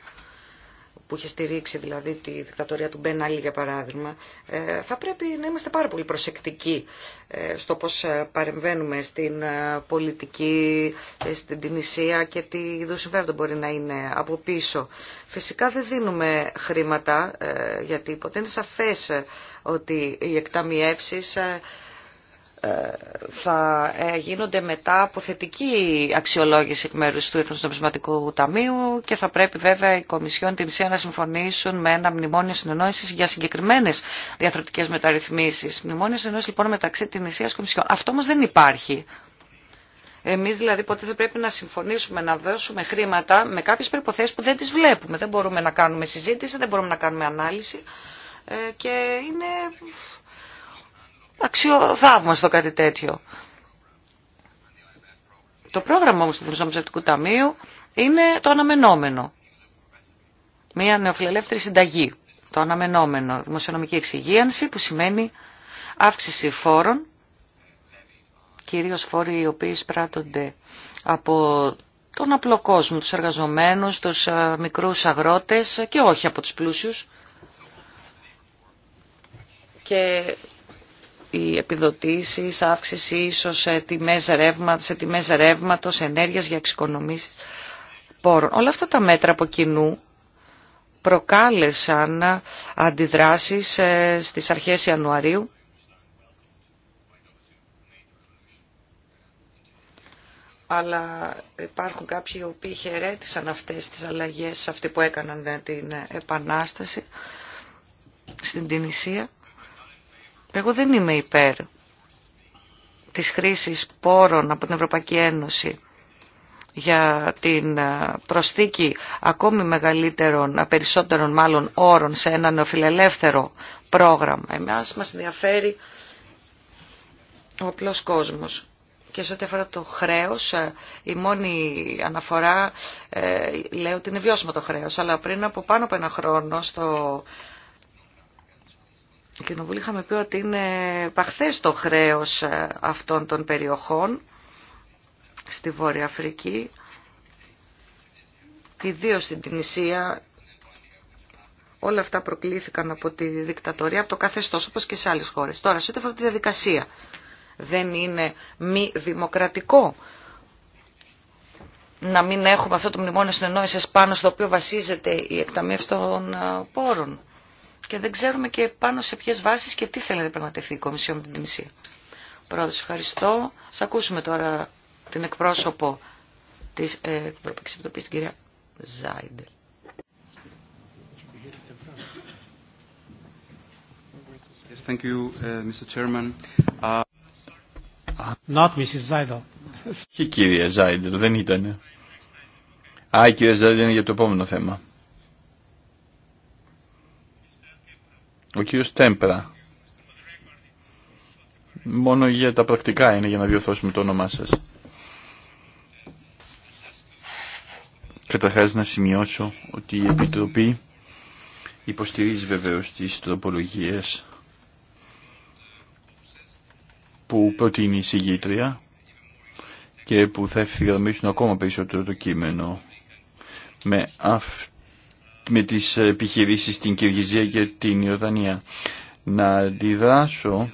που είχε στηρίξει δηλαδή τη δικτατορία του Μπεν για παράδειγμα, ε, θα πρέπει να είμαστε πάρα πολύ προσεκτικοί ε, στο πώς ε, παρεμβαίνουμε στην πολιτική, στην Τινησία και τι είδου συμφέροντα μπορεί να είναι από πίσω. Φυσικά δεν δίνουμε χρήματα γιατί ποτέ είναι σαφές ότι οι εκταμιεύσεις ε, θα ε, γίνονται μετά από θετική αξιολόγηση εκ μέρους του Ιθνούς Ταμείου και θα πρέπει βέβαια οι Κομισιόν την Ισία να συμφωνήσουν με ένα μνημόνιο συνεννόησης για συγκεκριμένες διαθροτικές μεταρρυθμίσεις. Μνημόνιο συνεννόησης λοιπόν μεταξύ την ΙΣΙΑ Κομισιόν. Αυτό όμως δεν υπάρχει. Εμείς δηλαδή ποτέ θα πρέπει να συμφωνήσουμε να δώσουμε χρήματα με κάποιες προϋποθέσεις που δεν τις βλέπουμε. Δεν μπορούμε να κάνουμε συζήτηση, δεν μπορούμε να κάνουμε ανάλυση ε, και είναι στο κάτι τέτοιο. Το πρόγραμμα όμως του Δημοσιονομικού Ταμείου είναι το αναμενόμενο. Μία νεοφιλελεύθερη συνταγή. Το αναμενόμενο. Δημοσιονομική εξυγίανση που σημαίνει αύξηση φόρων, κυρίως φόροι οι οποίοι σπράττονται από τον απλό κόσμο, τους εργαζομένους, τους ε, μικρούς αγρότες και όχι από τους πλούσιους οι επιδοτήσεις, αύξηση ίσως σε τιμές, ρεύματο ρεύματος, ενέργειας για εξοικονομήσεις πόρων. Όλα αυτά τα μέτρα από κοινού προκάλεσαν αντιδράσεις ε, στις αρχές Ιανουαρίου. Αλλά υπάρχουν κάποιοι οι οποίοι χαιρέτησαν αυτές τις αλλαγές, αυτοί που έκαναν την επανάσταση στην Τινησία. Εγώ δεν είμαι υπέρ της χρήσης πόρων από την Ευρωπαϊκή Ένωση για την ε, προσθήκη ακόμη μεγαλύτερων, ε, περισσότερων μάλλον όρων σε ένα νεοφιλελεύθερο πρόγραμμα. Εμάς μας ενδιαφέρει ο απλός κόσμος. Και σε ό,τι αφορά το χρέος, ε, η μόνη αναφορά ε, λέω ότι είναι βιώσιμο το χρέος, αλλά πριν από πάνω από ένα χρόνο στο Κοινοβουλή είχαμε πει ότι είναι παχθές το χρέος ε, αυτών των περιοχών στη Βόρεια Αφρική, ιδίω στην Τινησία, όλα αυτά προκλήθηκαν από τη δικτατορία, από το καθεστώς, όπως και σε άλλες χώρες. Τώρα, σε ό,τι αφορά τη διαδικασία, δεν είναι μη δημοκρατικό να μην έχουμε αυτό το μνημόνιο συνεννόησης πάνω στο οποίο βασίζεται η εκταμείευση των ε, πόρων και δεν ξέρουμε και πάνω σε ποιες βάσεις και τι θέλει να διαπραγματευτεί η Κομισιόν με την Τινησία. Πρόεδρος, ευχαριστώ. Σα ακούσουμε τώρα την εκπρόσωπο της ε, Ευρωπαϊκή Επιτροπή, την κυρία Ζάιντελ. Yes, thank you, uh, Mr. Chairman. Uh, η κυρία Ζάιντελ δεν ήταν. Α, η κυρία Ζάιντελ είναι για το επόμενο θέμα. Ο κύριος Τέμπρα. Μόνο για τα πρακτικά είναι για να διορθώσουμε το όνομά σας. Καταρχάς να σημειώσω ότι η Επιτροπή υποστηρίζει βεβαίως τις τροπολογίες που προτείνει η συγγήτρια και που θα ευθυγραμμίσουν ακόμα περισσότερο το κείμενο. Με αυτό με τις επιχειρήσεις στην Κυργιζία και την Ιορδανία. Να αντιδράσω,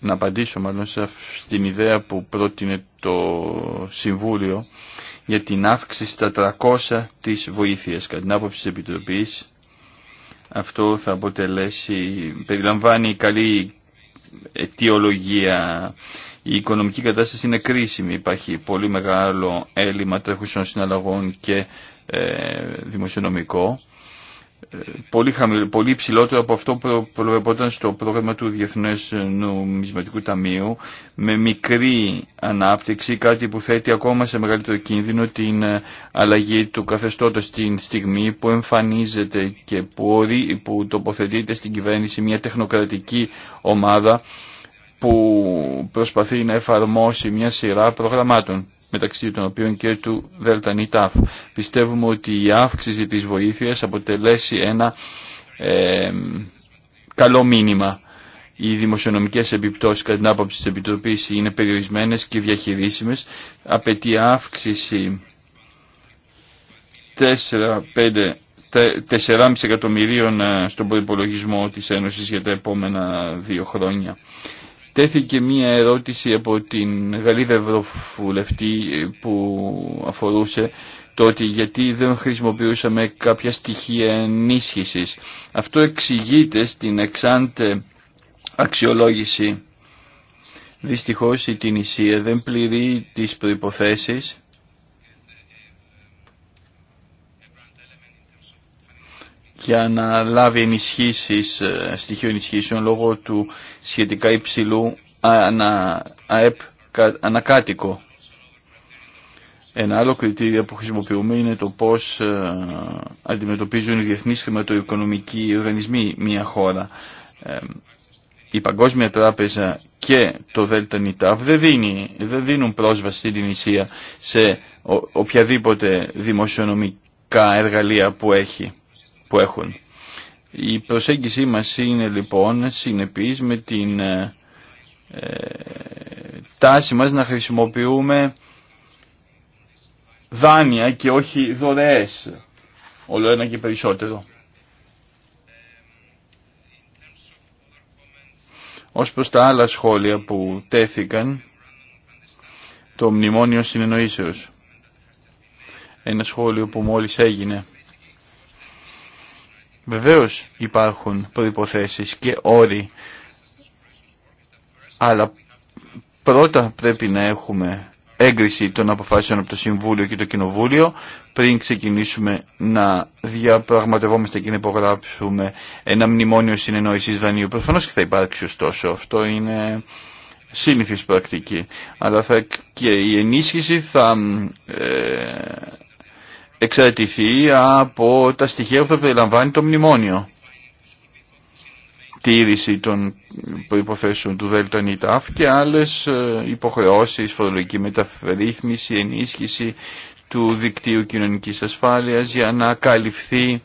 να απαντήσω μάλλον στην ιδέα που πρότεινε το Συμβούλιο για την αύξηση στα 300 της βοήθειας. Κατά την άποψη της Επιτροπής αυτό θα αποτελέσει, περιλαμβάνει καλή αιτιολογία. Η οικονομική κατάσταση είναι κρίσιμη. Υπάρχει πολύ μεγάλο έλλειμμα τρέχουσων συναλλαγών και ε, δημοσιονομικό πολύ, χαμηλό, πολύ υψηλότερο από αυτό που προβλεπόταν στο πρόγραμμα του Διεθνές Νομισματικού Ταμείου με μικρή ανάπτυξη, κάτι που θέτει ακόμα σε μεγαλύτερο κίνδυνο την ε, αλλαγή του καθεστώτος στην στιγμή που εμφανίζεται και που, ορί, που τοποθετείται στην κυβέρνηση μια τεχνοκρατική ομάδα που προσπαθεί να εφαρμόσει μια σειρά προγραμμάτων μεταξύ των οποίων και του ΤΑΦ. Πιστεύουμε ότι η αύξηση της βοήθειας αποτελέσει ένα καλό μήνυμα. Οι δημοσιονομικές επιπτώσεις κατά την άποψη της Επιτροπής είναι περιορισμένες και διαχειρίσιμες. αυξηση 4-5 4,5 εκατομμυρίων ε, στον προϋπολογισμό της Ένωσης για τα επόμενα δύο χρόνια. Τέθηκε μία ερώτηση από την Γαλλίδα Ευρωβουλευτή που αφορούσε το ότι γιατί δεν χρησιμοποιούσαμε κάποια στοιχεία ενίσχυσης. Αυτό εξηγείται στην εξάντε αξιολόγηση. Δυστυχώς η Τινησία δεν πληρεί τις προϋποθέσεις για να λάβει ενισχύσεις, ε, στοιχείο ενισχύσεων λόγω του σχετικά υψηλού ανα, ΑΕΠ ανακάτοικο. Ένα άλλο κριτήριο που χρησιμοποιούμε είναι το πώς ε, αντιμετωπίζουν οι διεθνείς χρηματοοικονομικοί οργανισμοί μια χώρα. Ε, η Παγκόσμια Τράπεζα και το ΔΝΤ δεν, δεν δίνουν πρόσβαση στην Ινησία σε οποιαδήποτε δημοσιονομικά εργαλεία που έχει που έχουν. Η προσέγγιση μας είναι λοιπόν συνεπής με την ε, ε, τάση μας να χρησιμοποιούμε δάνεια και όχι δωρεές, όλο ένα και περισσότερο. Ως προς τα άλλα σχόλια που τέθηκαν, το Μνημόνιο Συνεννοήσεως. Ένα σχόλιο που μόλις έγινε Βεβαίως υπάρχουν προϋποθέσεις και όροι, αλλά πρώτα πρέπει να έχουμε έγκριση των αποφάσεων από το Συμβούλιο και το Κοινοβούλιο πριν ξεκινήσουμε να διαπραγματευόμαστε και να υπογράψουμε ένα μνημόνιο συνεννόησης δανείου. Προφανώς και θα υπάρξει ωστόσο. Αυτό είναι σύνηθις πρακτική. Αλλά θα, και η ενίσχυση θα ε, εξαρτηθεί από τα στοιχεία που θα περιλαμβάνει το μνημόνιο. Τήρηση των προϋποθέσεων του ΔΕΛΤΑΝΙΤΑΦ και άλλες ε, υποχρεώσεις, φορολογική μεταρρύθμιση, ενίσχυση του δικτύου κοινωνικής ασφάλειας για να καλυφθεί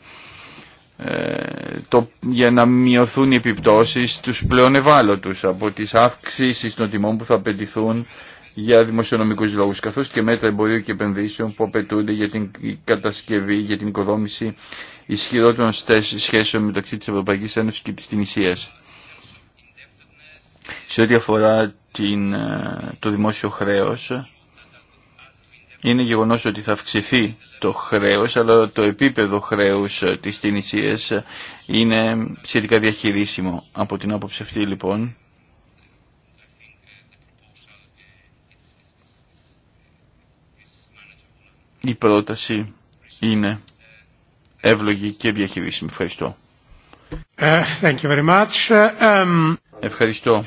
ε, το, για να μειωθούν οι επιπτώσεις τους πλέον ευάλωτους από τις αύξησεις των τιμών που θα απαιτηθούν για δημοσιονομικούς λόγους, καθώς και μέτρα εμπορίου και επενδύσεων που απαιτούνται για την κατασκευή, για την οικοδόμηση ισχυρότερων σχέσεων μεταξύ τη Ευρωπαϊκή Ένωση και τη Τινησία. Σε ό,τι αφορά την, ε, το δημόσιο χρέος, είναι γεγονός ότι θα αυξηθεί το χρέος, αλλά το επίπεδο χρέους ε, τη Τινησία ε, είναι σχετικά διαχειρίσιμο. Από την άποψη αυτή λοιπόν, η πρόταση είναι εύλογη και διαχειρίσιμη. Ευχαριστώ. Ε, ε, Ευχαριστώ.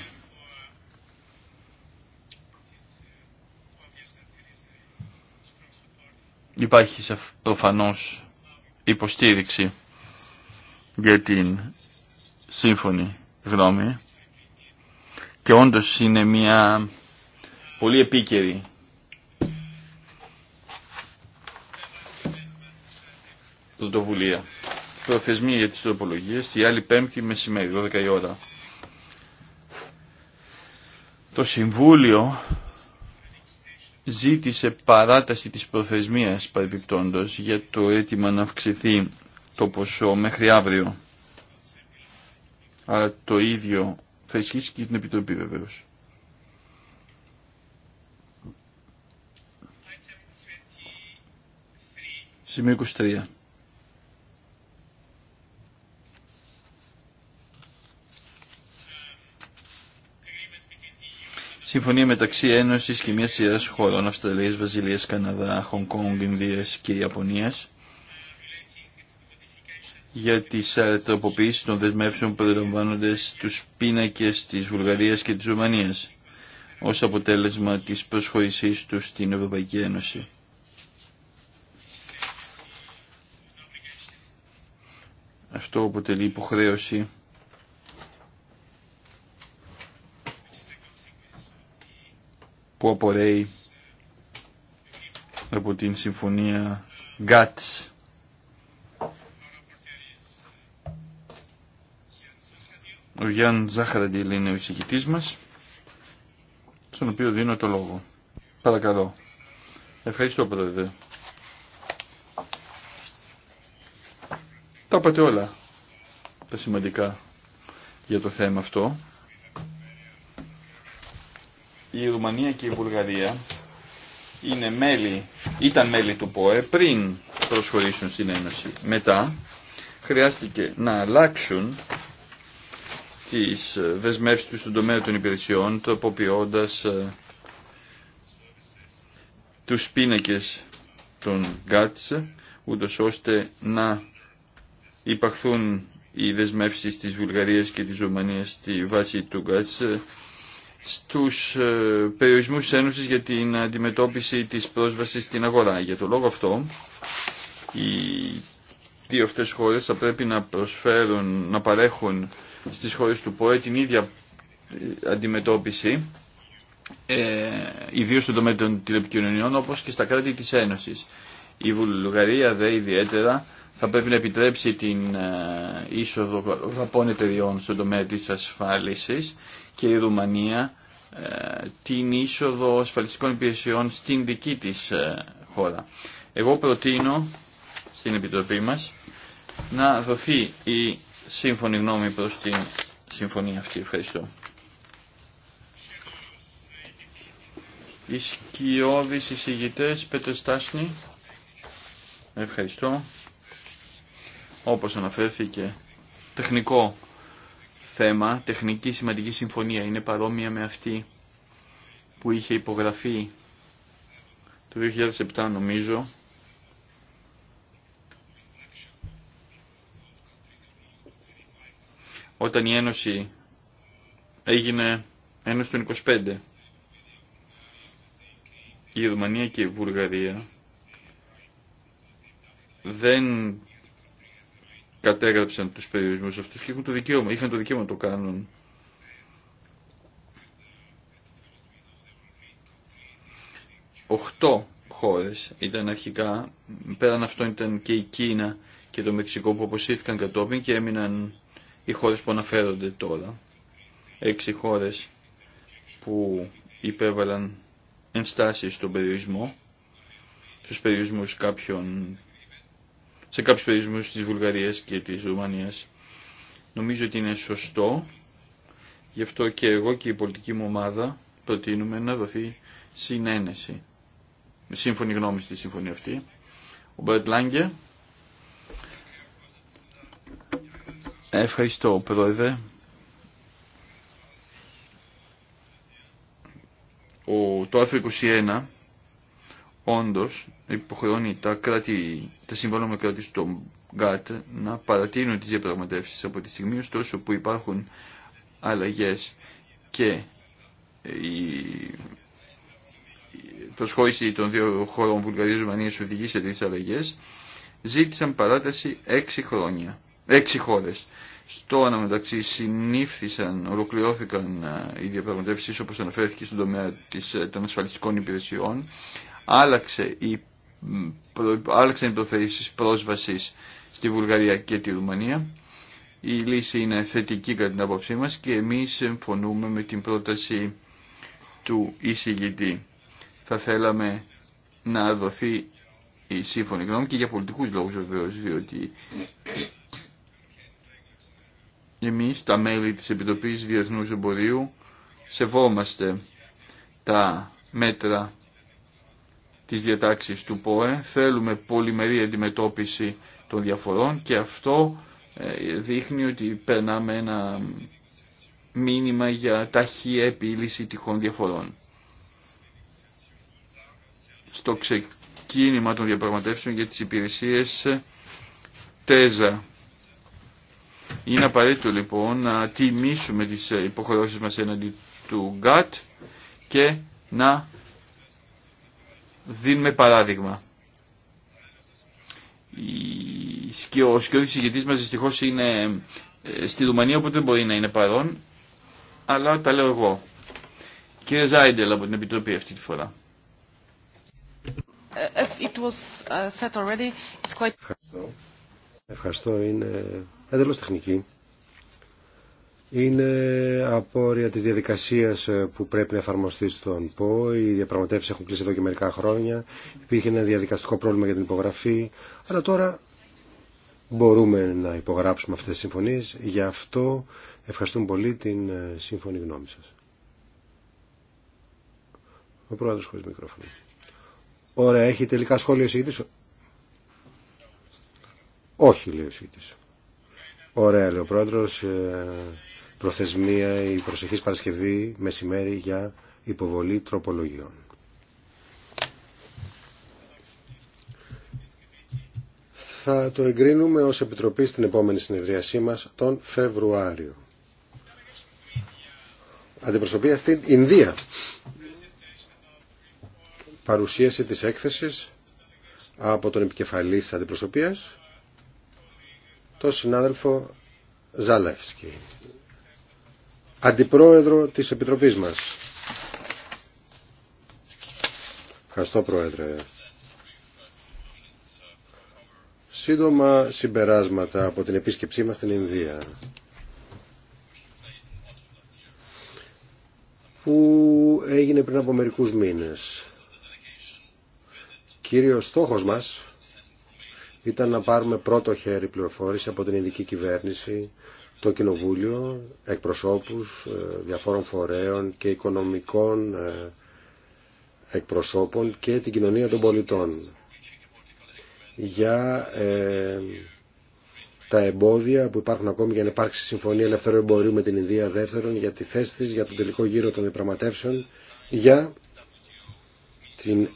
Υπάρχει προφανώς υποστήριξη για την σύμφωνη γνώμη και όντως είναι μια πολύ επίκαιρη πρωτοβουλία. Προθεσμία για τις τροπολογίες, η άλλη πέμπτη μεσημέρι, 12 η ώρα. Το Συμβούλιο ζήτησε παράταση της προθεσμίας παρεπιπτόντος για το αίτημα να αυξηθεί το ποσό μέχρι αύριο. Αλλά το ίδιο θα ισχύσει και την Επιτροπή βεβαίω. Σημείο 23. συμφωνία μεταξύ Ένωση και μια σειρά χωρών Αυστραλία, Βαζιλία, Καναδά, Χονγκ Ινδία και Ιαπωνίας για τι τροποποιήσεις των δεσμεύσεων που περιλαμβάνονται στους πίνακες της Βουλγαρίας και της Ρουμανία ως αποτέλεσμα της προσχωρησή του στην Ευρωπαϊκή Ένωση. Αυτό αποτελεί υποχρέωση που απορρέει από την συμφωνία GATS. Ο Γιάνν Ζάχαραντιλ είναι ο εισηγητής μας, στον οποίο δίνω το λόγο. Παρακαλώ. Ευχαριστώ πρόεδρε. Τα είπατε όλα τα σημαντικά για το θέμα αυτό η Ρουμανία και η Βουλγαρία είναι μέλη, ήταν μέλη του ΠΟΕ πριν προσχωρήσουν στην Ένωση. Μετά χρειάστηκε να αλλάξουν τις ε, δεσμεύσεις του στον τομέα των υπηρεσιών, τροποποιώντας ε, τους πίνακες των ΓΚΑΤΣ, ούτω ώστε να υπαχθούν οι δεσμεύσεις της Βουλγαρίας και της Ρουμανίας στη βάση του ΓΚΑΤΣ στους ε, περιορισμούς της Ένωσης για την αντιμετώπιση της πρόσβασης στην αγορά. Για τον λόγο αυτό, οι δύο αυτές χώρες θα πρέπει να προσφέρουν, να παρέχουν στις χώρες του ΠΟΕ την ίδια ε, αντιμετώπιση, ε, ιδίως στον τομέα των τηλεπικοινωνιών, όπως και στα κράτη της Ένωσης. Η Βουλγαρία δε ιδιαίτερα θα πρέπει να επιτρέψει την ε, είσοδο δαπών εταιριών στον τομέα της ασφάλισης και η Ρουμανία ε, την είσοδο ασφαλιστικών υπηρεσιών στην δική της ε, χώρα. Εγώ προτείνω στην Επιτροπή μας να δοθεί η σύμφωνη γνώμη προς την συμφωνία αυτή. Ευχαριστώ. Οι σκιώδεις εισηγητές, Πέτρε Στάσνη. Ευχαριστώ όπως αναφέρθηκε, τεχνικό θέμα, τεχνική σημαντική συμφωνία. Είναι παρόμοια με αυτή που είχε υπογραφεί το 2007 νομίζω όταν η Ένωση έγινε Ένωση των 25. Η Ρουμανία και η Βουλγαρία δεν κατέγραψαν τους περιορισμούς αυτούς και έχουν το δικαίωμα, είχαν το δικαίωμα να το κάνουν. Οχτώ χώρες ήταν αρχικά, πέραν αυτών ήταν και η Κίνα και το Μεξικό που αποσύρθηκαν κατόπιν και έμειναν οι χώρες που αναφέρονται τώρα. Έξι χώρες που υπέβαλαν ενστάσεις στον περιορισμό, στους περιορισμούς κάποιων σε κάποιους περιορισμούς της Βουλγαρίας και της Ρουμανίας. Νομίζω ότι είναι σωστό, γι' αυτό και εγώ και η πολιτική μου ομάδα προτείνουμε να δοθεί συνένεση, σύμφωνη γνώμη στη σύμφωνη αυτή. Ο Μπερτ Λάγκε. Ευχαριστώ, Πρόεδρε. Ο, το άρθρο 21 Όντω, υποχρεώνει τα, κράτη, τα με κράτη στον ΓΑΤ να παρατείνουν τις διαπραγματεύσεις από τη στιγμή ωστόσο που υπάρχουν αλλαγές και η προσχώρηση των δύο χωρών Βουλγαρίας Ρουμανίας οδηγεί σε τέτοιες αλλαγές ζήτησαν παράταση έξι χρόνια, έξι χώρες. Στο αναμεταξύ συνήφθησαν, ολοκληρώθηκαν ε, οι διαπραγματεύσει όπως αναφέρθηκε στον τομέα της, ε, των ασφαλιστικών υπηρεσιών, άλλαξε η, άλλαξαν οι προθέσεις πρόσβασης στη Βουλγαρία και τη Ρουμανία. Η λύση είναι θετική κατά την άποψή μας και εμείς συμφωνούμε με την πρόταση του εισηγητή. Θα θέλαμε να δοθεί η σύμφωνη γνώμη και για πολιτικούς λόγους βεβαίω, διότι εμείς τα μέλη της Επιτροπής Διεθνούς Εμπορίου σεβόμαστε τα μέτρα της διατάξεις του ΠΟΕ, θέλουμε πολυμερή αντιμετώπιση των διαφορών και αυτό ε, δείχνει ότι περνάμε ένα μήνυμα για ταχύ επίλυση τυχών διαφορών. Στο ξεκίνημα των διαπραγματεύσεων για τις υπηρεσίες τέζα. Είναι απαραίτητο λοιπόν να τιμήσουμε τις υποχρεώσεις μας έναντι του ΓΚΑΤ και να δίνουμε παράδειγμα. Ο σκιώδης ηγετής μας δυστυχώς είναι ε, στη Ρουμανία οπότε δεν μπορεί να είναι παρόν αλλά τα λέω εγώ. Κύριε Ζάιντελ από την Επιτροπή αυτή τη φορά. Ε, ε, Ευχαριστώ. Ευχαριστώ. Είναι εντελώ τεχνική είναι απόρρια της διαδικασίας ε, που πρέπει να εφαρμοστεί στον ΠΟ. Οι διαπραγματεύσεις έχουν κλείσει εδώ και μερικά χρόνια. Υπήρχε ένα διαδικαστικό πρόβλημα για την υπογραφή. Αλλά τώρα μπορούμε να υπογράψουμε αυτές τις συμφωνίες. Γι' αυτό ευχαριστούμε πολύ την ε, σύμφωνη γνώμη σας. Ο πρόεδρος χωρίς μικρόφωνο. Ωραία, έχει τελικά σχόλιο εισηγητής. Όχι, λέει ο Ωραία, λέει ο πρόεδρος. Ε, προθεσμία η προσεχής Παρασκευή μεσημέρι για υποβολή τροπολογιών. Θα το εγκρίνουμε ως Επιτροπή στην επόμενη συνεδρίασή μας τον Φεβρουάριο. Αντιπροσωπεία στην Ινδία. Παρουσίαση της έκθεσης από τον επικεφαλής της αντιπροσωπείας, τον συνάδελφο Ζαλεύσκη αντιπρόεδρο της Επιτροπής μας. Ευχαριστώ Πρόεδρε. Σύντομα συμπεράσματα από την επίσκεψή μας στην Ινδία. που έγινε πριν από μερικούς μήνες. Κύριος στόχος μας ήταν να πάρουμε πρώτο χέρι πληροφόρηση από την Ινδική κυβέρνηση το Κοινοβούλιο, εκπροσώπους ε, διαφόρων φορέων και οικονομικών ε, εκπροσώπων και την κοινωνία των πολιτών για ε, τα εμπόδια που υπάρχουν ακόμη για να υπάρξει συμφωνία ελευθερού εμπορίου με την Ινδία δεύτερον για τη θέση της, για τον τελικό γύρο των διπραγματεύσεων για την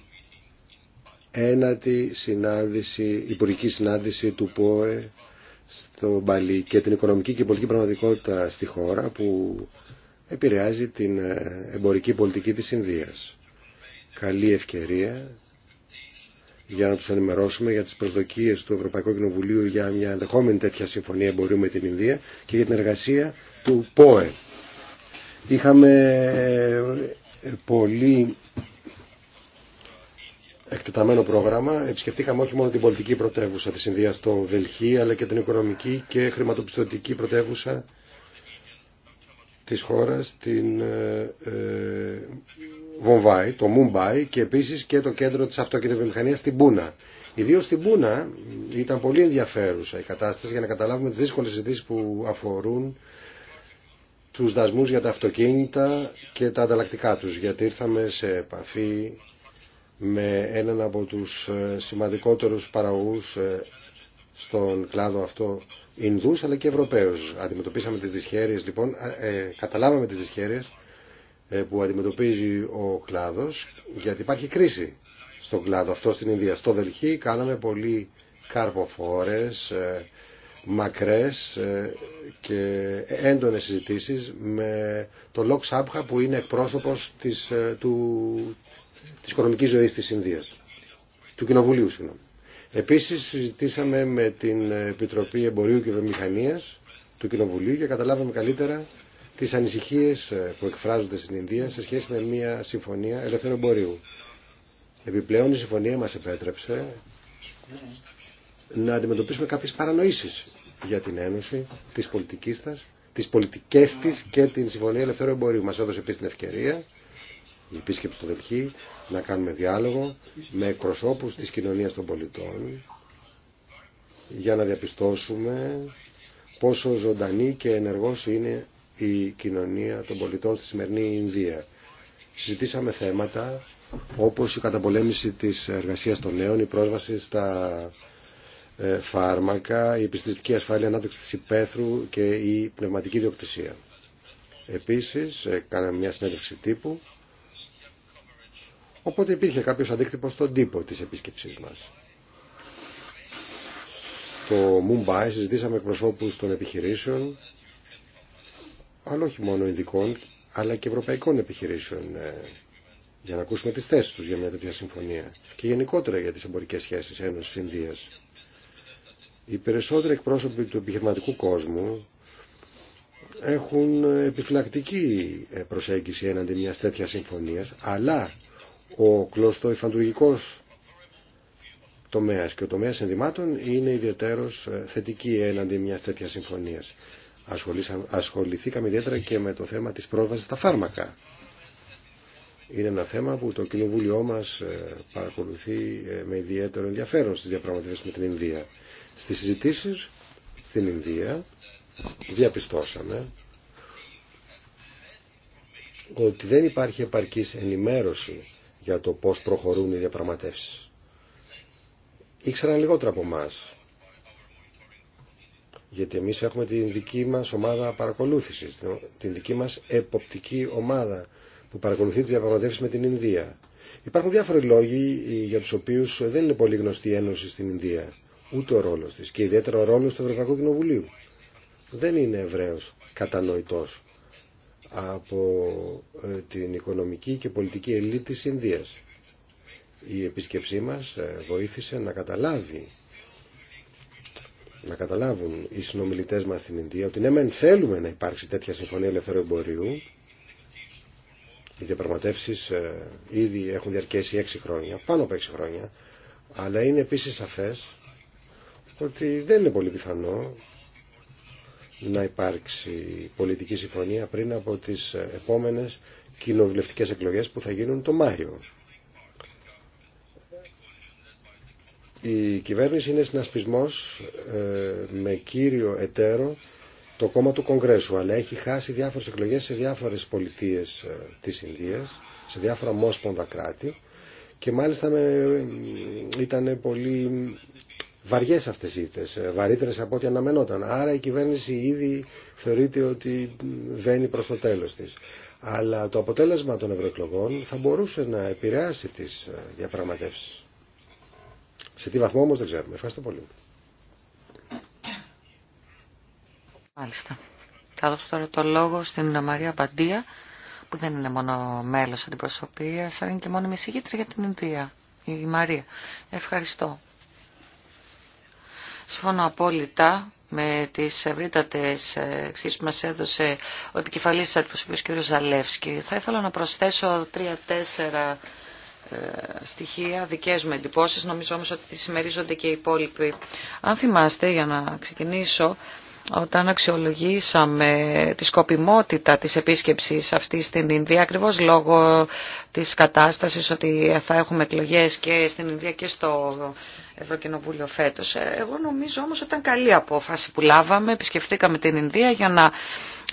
ένατη συνάντηση, υπουργική συνάντηση του ΠΟΕ στο Μπαλί και την οικονομική και πολιτική πραγματικότητα στη χώρα που επηρεάζει την ε, εμπορική πολιτική της Ινδίας. Καλή ευκαιρία για να τους ενημερώσουμε για τις προσδοκίες του Ευρωπαϊκού Κοινοβουλίου για μια ενδεχόμενη τέτοια συμφωνία εμπορίου με την Ινδία και για την εργασία του ΠΟΕ. Είχαμε ε, πολύ εκτεταμένο πρόγραμμα. Επισκεφτήκαμε όχι μόνο την πολιτική πρωτεύουσα της Ινδίας, το Δελχή, αλλά και την οικονομική και χρηματοπιστωτική πρωτεύουσα της χώρας, την ε, ε Βομβάη, το Μουμπάι και επίσης και το κέντρο της αυτοκινητοβιομηχανίας στην Πούνα. Ιδίως στην Πούνα ήταν πολύ ενδιαφέρουσα η κατάσταση για να καταλάβουμε τις δύσκολες ειδήσεις που αφορούν τους δασμούς για τα αυτοκίνητα και τα ανταλλακτικά τους, γιατί ήρθαμε σε επαφή με έναν από τους ε, σημαντικότερους παραγωγούς ε, στον κλάδο αυτό Ινδούς αλλά και Ευρωπαίους. Αντιμετωπίσαμε τις δυσχέρειες λοιπόν, ε, καταλάβαμε τις δυσχέρειες ε, που αντιμετωπίζει ο κλάδος γιατί υπάρχει κρίση στον κλάδο αυτό στην Ινδία. Στο Δελχή κάναμε πολύ καρποφόρες, μακρές και έντονες συζητήσεις με τον Λόξ που είναι εκπρόσωπος της, του, της οικονομικής ζωής της Ινδίας, του Κοινοβουλίου. Συγγνώμη. Επίσης συζητήσαμε με την Επιτροπή Εμπορίου και Βιομηχανίας του Κοινοβουλίου και καταλάβαμε καλύτερα τις ανησυχίες ε, που εκφράζονται στην Ινδία σε σχέση με μια συμφωνία ελεύθερου εμπορίου. Επιπλέον η συμφωνία μας επέτρεψε να αντιμετωπίσουμε κάποιες παρανοήσεις για την Ένωση, τις, πολιτικές της και την Συμφωνία Ελευθερού Εμπορίου. Μας έδωσε επίσης την ευκαιρία η επίσκεψη στο Δελχή, να κάνουμε διάλογο με εκπροσώπους της κοινωνίας των πολιτών για να διαπιστώσουμε πόσο ζωντανή και ενεργός είναι η κοινωνία των πολιτών στη σημερινή Ινδία. Συζητήσαμε θέματα όπως η καταπολέμηση της εργασίας των νέων, η πρόσβαση στα ε, φάρμακα, η επιστηστική ασφάλεια ανάπτυξη της υπαίθρου και η πνευματική διοκτησία. Επίσης, ε, κάναμε μια συνέντευξη τύπου Οπότε υπήρχε κάποιο αντίκτυπο στον τύπο τη επισκέψή μα. Στο Μουμπάι συζητήσαμε εκπροσώπου των επιχειρήσεων, αλλά όχι μόνο ειδικών, αλλά και ευρωπαϊκών επιχειρήσεων, ε, για να ακούσουμε τι θέσει του για μια τέτοια συμφωνία και γενικότερα για τι εμπορικέ σχέσει Ένωσης Ένωση-Ινδία. Οι περισσότεροι εκπρόσωποι του επιχειρηματικού κόσμου έχουν επιφυλακτική ε, προσέγγιση έναντι μια τέτοια συμφωνία, αλλά ο το τομέας και ο τομέας ενδυμάτων είναι ιδιαίτερος ε, θετική έναντι μια τέτοια συμφωνίας. Ασχοληθήκαμε ιδιαίτερα και με το θέμα της πρόβασης στα φάρμακα. Είναι ένα θέμα που το κοινοβούλιο μας ε, παρακολουθεί ε, με ιδιαίτερο ενδιαφέρον στις διαπραγματεύσεις με την Ινδία. Στις συζητήσεις στην Ινδία διαπιστώσαμε ότι δεν υπάρχει επαρκής ενημέρωση για το πώς προχωρούν οι διαπραγματεύσεις. Ήξεραν λιγότερα από εμά. Γιατί εμείς έχουμε την δική μας ομάδα παρακολούθησης, την δική μας εποπτική ομάδα που παρακολουθεί τις διαπραγματεύσεις με την Ινδία. Υπάρχουν διάφοροι λόγοι για τους οποίους δεν είναι πολύ γνωστή η Ένωση στην Ινδία, ούτε ο ρόλος της και ιδιαίτερα ο ρόλος του Ευρωπαϊκού Κοινοβουλίου. Δεν είναι ευρέως κατανοητός από ε, την οικονομική και πολιτική ελίτ της Ινδίας. Η επίσκεψή μας ε, βοήθησε να καταλάβει να καταλάβουν οι συνομιλητές μας στην Ινδία ότι ναι θέλουμε να υπάρξει τέτοια συμφωνία ελευθερού εμπορίου οι διαπραγματεύσει ε, ήδη έχουν διαρκέσει 6 χρόνια, πάνω από έξι χρόνια, αλλά είναι επίσης σαφές ότι δεν είναι πολύ πιθανό να υπάρξει πολιτική συμφωνία πριν από τις επόμενες κοινοβουλευτικές εκλογές που θα γίνουν το Μάιο. Η κυβέρνηση είναι συνασπισμός ε, με κύριο εταίρο το κόμμα του Κογκρέσου, αλλά έχει χάσει διάφορες εκλογές σε διάφορες πολιτείες ε, της Ινδίας, σε διάφορα μόσπονδα κράτη και μάλιστα με... Ε, ήταν πολύ βαριές αυτές οι ήττες, ε, βαρύτερες από ό,τι αναμενόταν. Άρα η κυβέρνηση ήδη θεωρείται ότι βαίνει προς το τέλος της. Αλλά το αποτέλεσμα των ευρωεκλογών θα μπορούσε να επηρεάσει τις ε, διαπραγματεύσεις. Σε τι βαθμό όμως δεν ξέρουμε. Ευχαριστώ πολύ. Μάλιστα. Θα δώσω τώρα το λόγο στην Μαρία Παντία, που δεν είναι μόνο μέλος αντιπροσωπείας, αλλά είναι και μόνο εισηγήτρια για την Ινδία. Η Μαρία. Ευχαριστώ. Συμφωνώ απόλυτα με τις ευρύτατες ε, εξής που μας έδωσε ο επικεφαλής της αντιπροσωπής κ. Ζαλεύσκη. Θα ήθελα να προσθέσω τρία-τέσσερα ε, στοιχεία, δικές μου εντυπώσεις, νομίζω όμως ότι τις συμμερίζονται και οι υπόλοιποι. Αν θυμάστε, για να ξεκινήσω, όταν αξιολογήσαμε τη σκοπιμότητα της επίσκεψης αυτή στην Ινδία, ακριβώς λόγω της κατάστασης ότι θα έχουμε εκλογές και στην Ινδία και στο Ευρωκοινοβούλιο φέτος. Ε, εγώ νομίζω όμως ήταν καλή απόφαση που λάβαμε, επισκεφτήκαμε την Ινδία για να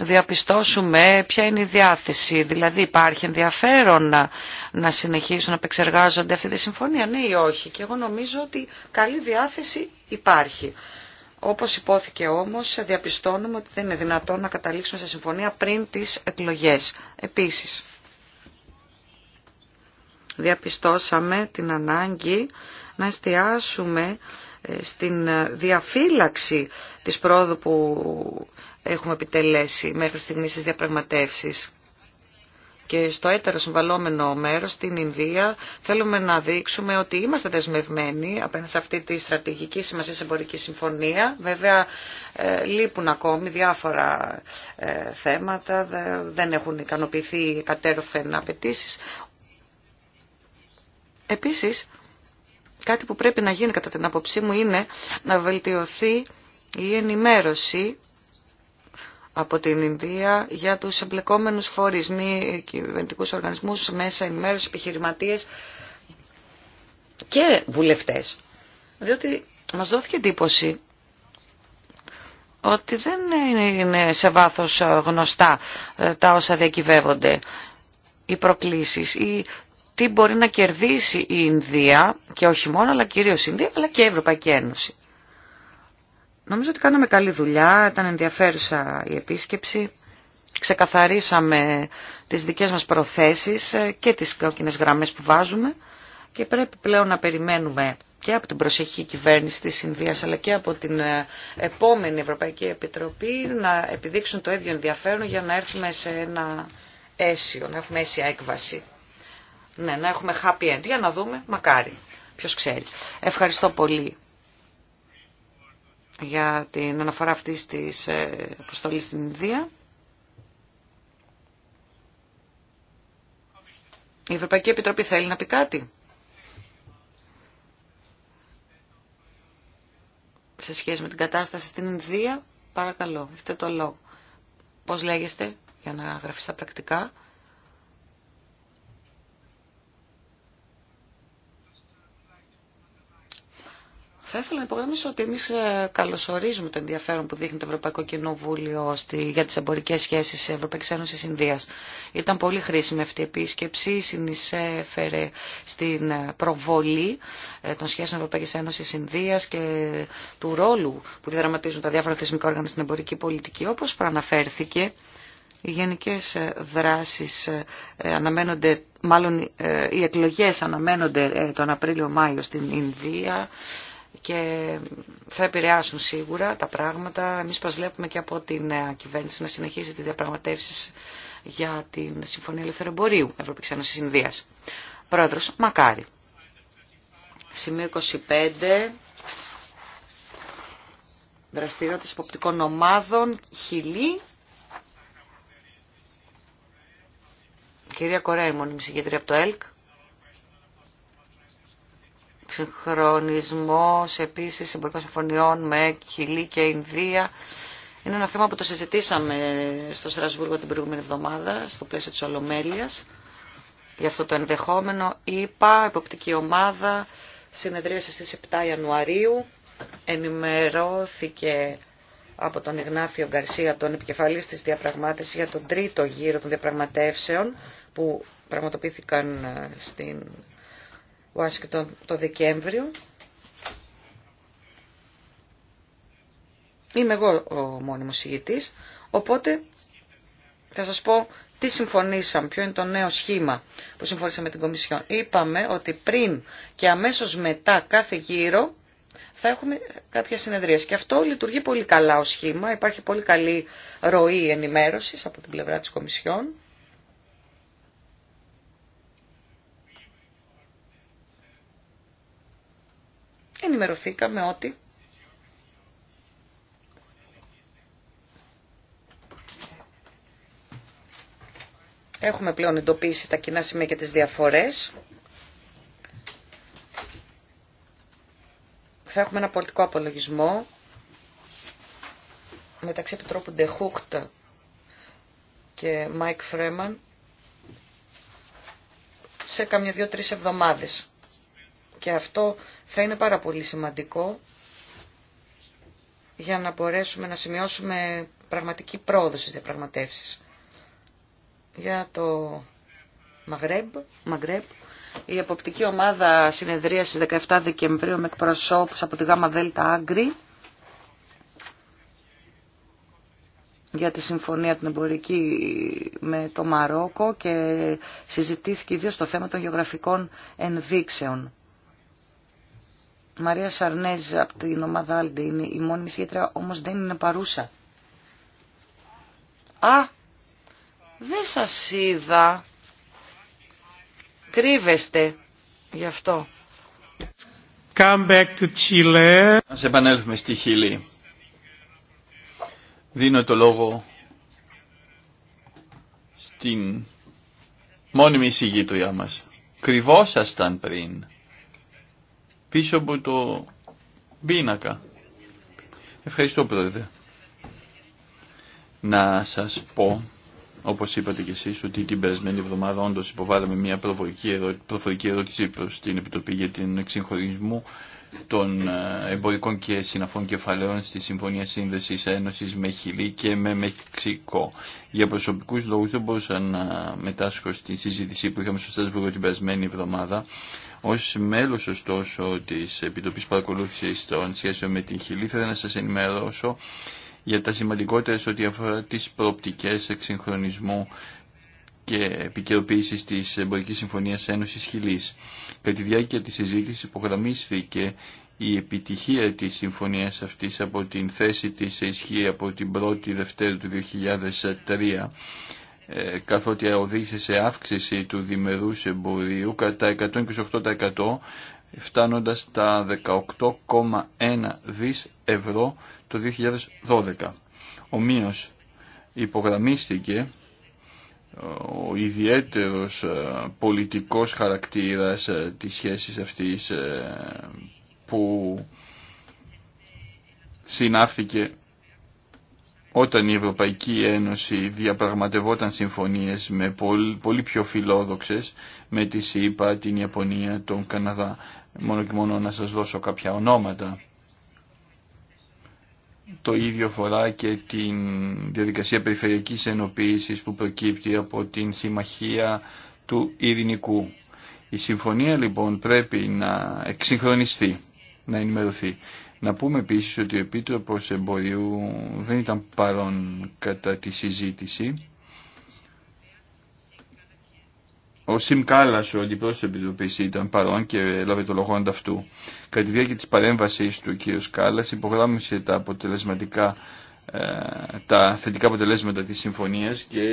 διαπιστώσουμε ποια είναι η διάθεση. Δηλαδή υπάρχει ενδιαφέρον να, να συνεχίσουν να επεξεργάζονται αυτή τη συμφωνία, ναι ή όχι. Και εγώ νομίζω ότι καλή διάθεση υπάρχει. Όπως υπόθηκε όμως, διαπιστώνουμε ότι δεν είναι δυνατόν να καταλήξουμε σε συμφωνία πριν τις εκλογές. Επίσης, διαπιστώσαμε την ανάγκη να εστιάσουμε ε, στην διαφύλαξη της πρόοδου που έχουμε επιτελέσει μέχρι στιγμής στις διαπραγματεύσεις και στο έτερο συμβαλόμενο μέρος, την Ινδία, θέλουμε να δείξουμε ότι είμαστε δεσμευμένοι απέναντι σε αυτή τη στρατηγική σημασία εμπορική συμφωνία. Βέβαια, ε, λείπουν ακόμη διάφορα ε, θέματα, δεν έχουν ικανοποιηθεί κατέρωθεν απαιτήσει. Επίσης, κάτι που πρέπει να γίνει κατά την άποψή μου είναι να βελτιωθεί η ενημέρωση από την Ινδία για τους εμπλεκόμενους φορείς, μη κυβερνητικούς οργανισμούς, μέσα ενημέρωση, επιχειρηματίες και βουλευτές. Διότι μας δόθηκε εντύπωση ότι δεν είναι σε βάθος γνωστά ε, τα όσα διακυβεύονται οι προκλήσεις ή τι μπορεί να κερδίσει η Ινδία και όχι μόνο αλλά κυρίως η Ινδία αλλά και η Ευρωπαϊκή Ένωση. Νομίζω ότι κάναμε καλή δουλειά, ήταν ενδιαφέρουσα η επίσκεψη. Ξεκαθαρίσαμε τις δικές μας προθέσεις ε, και τις κόκκινες γραμμές που βάζουμε και πρέπει πλέον να περιμένουμε και από την προσεχή κυβέρνηση της Ινδίας αλλά και από την ε, επόμενη Ευρωπαϊκή Επιτροπή να επιδείξουν το ίδιο ενδιαφέρον για να έρθουμε σε ένα αίσιο, να έχουμε αίσια έκβαση. Ναι, να έχουμε happy end. Για να δούμε, μακάρι. Ποιος ξέρει. Ευχαριστώ πολύ για την αναφορά αυτή της ε, αποστολή στην Ινδία. Η Ευρωπαϊκή Επιτροπή θέλει να πει κάτι. Σε σχέση με την κατάσταση στην Ινδία, παρακαλώ, έχετε το λόγο. Πώς λέγεστε, για να γραφεί τα πρακτικά. Θα ήθελα να υπογραμμίσω ότι εμεί ε, καλωσορίζουμε το ενδιαφέρον που δείχνει το Ευρωπαϊκό Κοινοβούλιο στη, για τι εμπορικέ σχέσει Ευρωπαϊκή Ένωση Ινδία. Ήταν πολύ χρήσιμη αυτή η επίσκεψη, συνεισέφερε στην ε, προβολή ε, των σχέσεων Ευρωπαϊκή Ένωση Ινδία και του ρόλου που διδραματίζουν τα διάφορα θεσμικά όργανα στην εμπορική πολιτική. Όπω προαναφέρθηκε, οι γενικές δράσεις αναμένονται, μάλλον οι εκλογές αναμένονται τον Απρίλιο-Μάιο στην Ινδία και θα επηρεάσουν σίγουρα τα πράγματα. Εμείς βλέπουμε και από την κυβέρνηση να συνεχίζει τη διαπραγματεύσεις για την Συμφωνία Ελευθερομπορίου Ευρωπαϊκής Ένωσης Ινδίας. Πρόεδρος, μακάρι. Σημείο 25. της υποπτικών ομάδων. Χιλή. Κυρία Κορέα, η μόνιμη συγκέντρια από το ΕΛΚ. Συγχρονισμός επίσης εμπορικών συμφωνιών με Χιλή και Ινδία. Είναι ένα θέμα που το συζητήσαμε στο Στρασβούργο την προηγούμενη εβδομάδα, στο πλαίσιο της Ολομέλειας. Γι' αυτό το ενδεχόμενο είπα, υποπτική ομάδα, συνεδρίασε στις 7 Ιανουαρίου, ενημερώθηκε από τον Ιγνάθιο Γκαρσία, τον επικεφαλής της διαπραγμάτευσης, για τον τρίτο γύρο των διαπραγματεύσεων που πραγματοποιήθηκαν ε, στην Ουάσιγκτον το Δεκέμβριο. Είμαι εγώ ο μόνιμος ηγητής, οπότε θα σας πω τι συμφωνήσαμε, ποιο είναι το νέο σχήμα που συμφωνήσαμε με την Κομισιόν. Είπαμε ότι πριν και αμέσως μετά κάθε γύρο θα έχουμε κάποια συνεδρίες. Και αυτό λειτουργεί πολύ καλά ως σχήμα, υπάρχει πολύ καλή ροή ενημέρωσης από την πλευρά της Κομισιόν. ενημερωθήκαμε ότι έχουμε πλέον εντοπίσει τα κοινά σημεία και τις διαφορές. Θα έχουμε ένα πολιτικό απολογισμό μεταξύ Επιτρόπου Ντεχούχτ και Μάικ Φρέμαν σε καμιά δύο-τρεις εβδομάδες. Και αυτό θα είναι πάρα πολύ σημαντικό για να μπορέσουμε να σημειώσουμε πραγματική πρόοδο στις διαπραγματεύσεις. Για το Μαγρέμπ, Μαγρέμπ η εποπτική ομάδα συνεδρίασης 17 Δεκεμβρίου με εκπροσώπους από τη ΓΑΜΑ ΔΕΛΤΑ Άγκρη για τη συμφωνία την εμπορική με το Μαρόκο και συζητήθηκε ιδίως το θέμα των γεωγραφικών ενδείξεων. Μαρία Σαρνέζ από την ομάδα Άλντε είναι η μόνιμη σχέτρα, όμως δεν είναι παρούσα. Α, δεν σας είδα. Κρύβεστε γι' αυτό. Come back to Chile. Ας επανέλθουμε στη Χιλή. Δίνω το λόγο στην μόνιμη εισηγήτριά μας. Κρυβόσασταν πριν πίσω από το πίνακα. Ευχαριστώ πρόεδρε. Να σας πω, όπως είπατε και εσείς, ότι την περασμένη εβδομάδα όντως υποβάλαμε μια προφορική ερώτηση προς την Επιτροπή για την εξυγχωρισμού των ε, εμπορικών και συναφών κεφαλαίων στη Συμφωνία Σύνδεσης Ένωσης με Χιλή και με Μεξικό. Για προσωπικούς λόγους δεν μπορούσα να μετάσχω στη συζήτηση που είχαμε στο Στρασβούργο την περασμένη εβδομάδα ως μέλος ωστόσο της επιτροπή Παρακολούθησης των σχέσεων με την Χιλή θέλω να σας ενημερώσω για τα σημαντικότερα σε ό,τι αφορά τις προοπτικές εξυγχρονισμού και επικαιροποίησης της Εμπορικής Συμφωνίας Ένωσης Χιλής. Κατά τη διάρκεια της συζήτησης υπογραμμίστηκε η επιτυχία της συμφωνίας αυτής από την θέση της σε ισχύ από την 1η Δευτέρα του 2003 ε, καθότι οδήγησε σε αύξηση του διμερούς εμπορίου κατά 128% φτάνοντας τα 18,1 δις ευρώ το 2012. Ομοίως υπογραμμίστηκε ο ιδιαίτερος ε, πολιτικός χαρακτήρας ε, της σχέσης αυτής που συνάφθηκε όταν η Ευρωπαϊκή Ένωση διαπραγματευόταν συμφωνίες με πολύ, πολύ πιο φιλόδοξες με τη ΣΥΠΑ, την Ιαπωνία, τον Καναδά. Μόνο και μόνο να σας δώσω κάποια ονόματα. Το ίδιο φορά και τη διαδικασία περιφερειακής ενοποίησης που προκύπτει από την Συμμαχία του Ειρηνικού. Η συμφωνία λοιπόν πρέπει να εξυγχρονιστεί, να ενημερωθεί. Να πούμε επίση ότι ο Επίτροπος Εμπορίου δεν ήταν παρόν κατά τη συζήτηση. Ο Σιμ Κάλλας, ο αντιπρόσωπος της Επιτροπής, ήταν παρόν και έλαβε το λόγο ανταυτού. Κατά τη διάρκεια της παρέμβασης του κ. Κάλλας υπογράμμισε τα αποτελεσματικά ε, τα θετικά αποτελέσματα της συμφωνίας και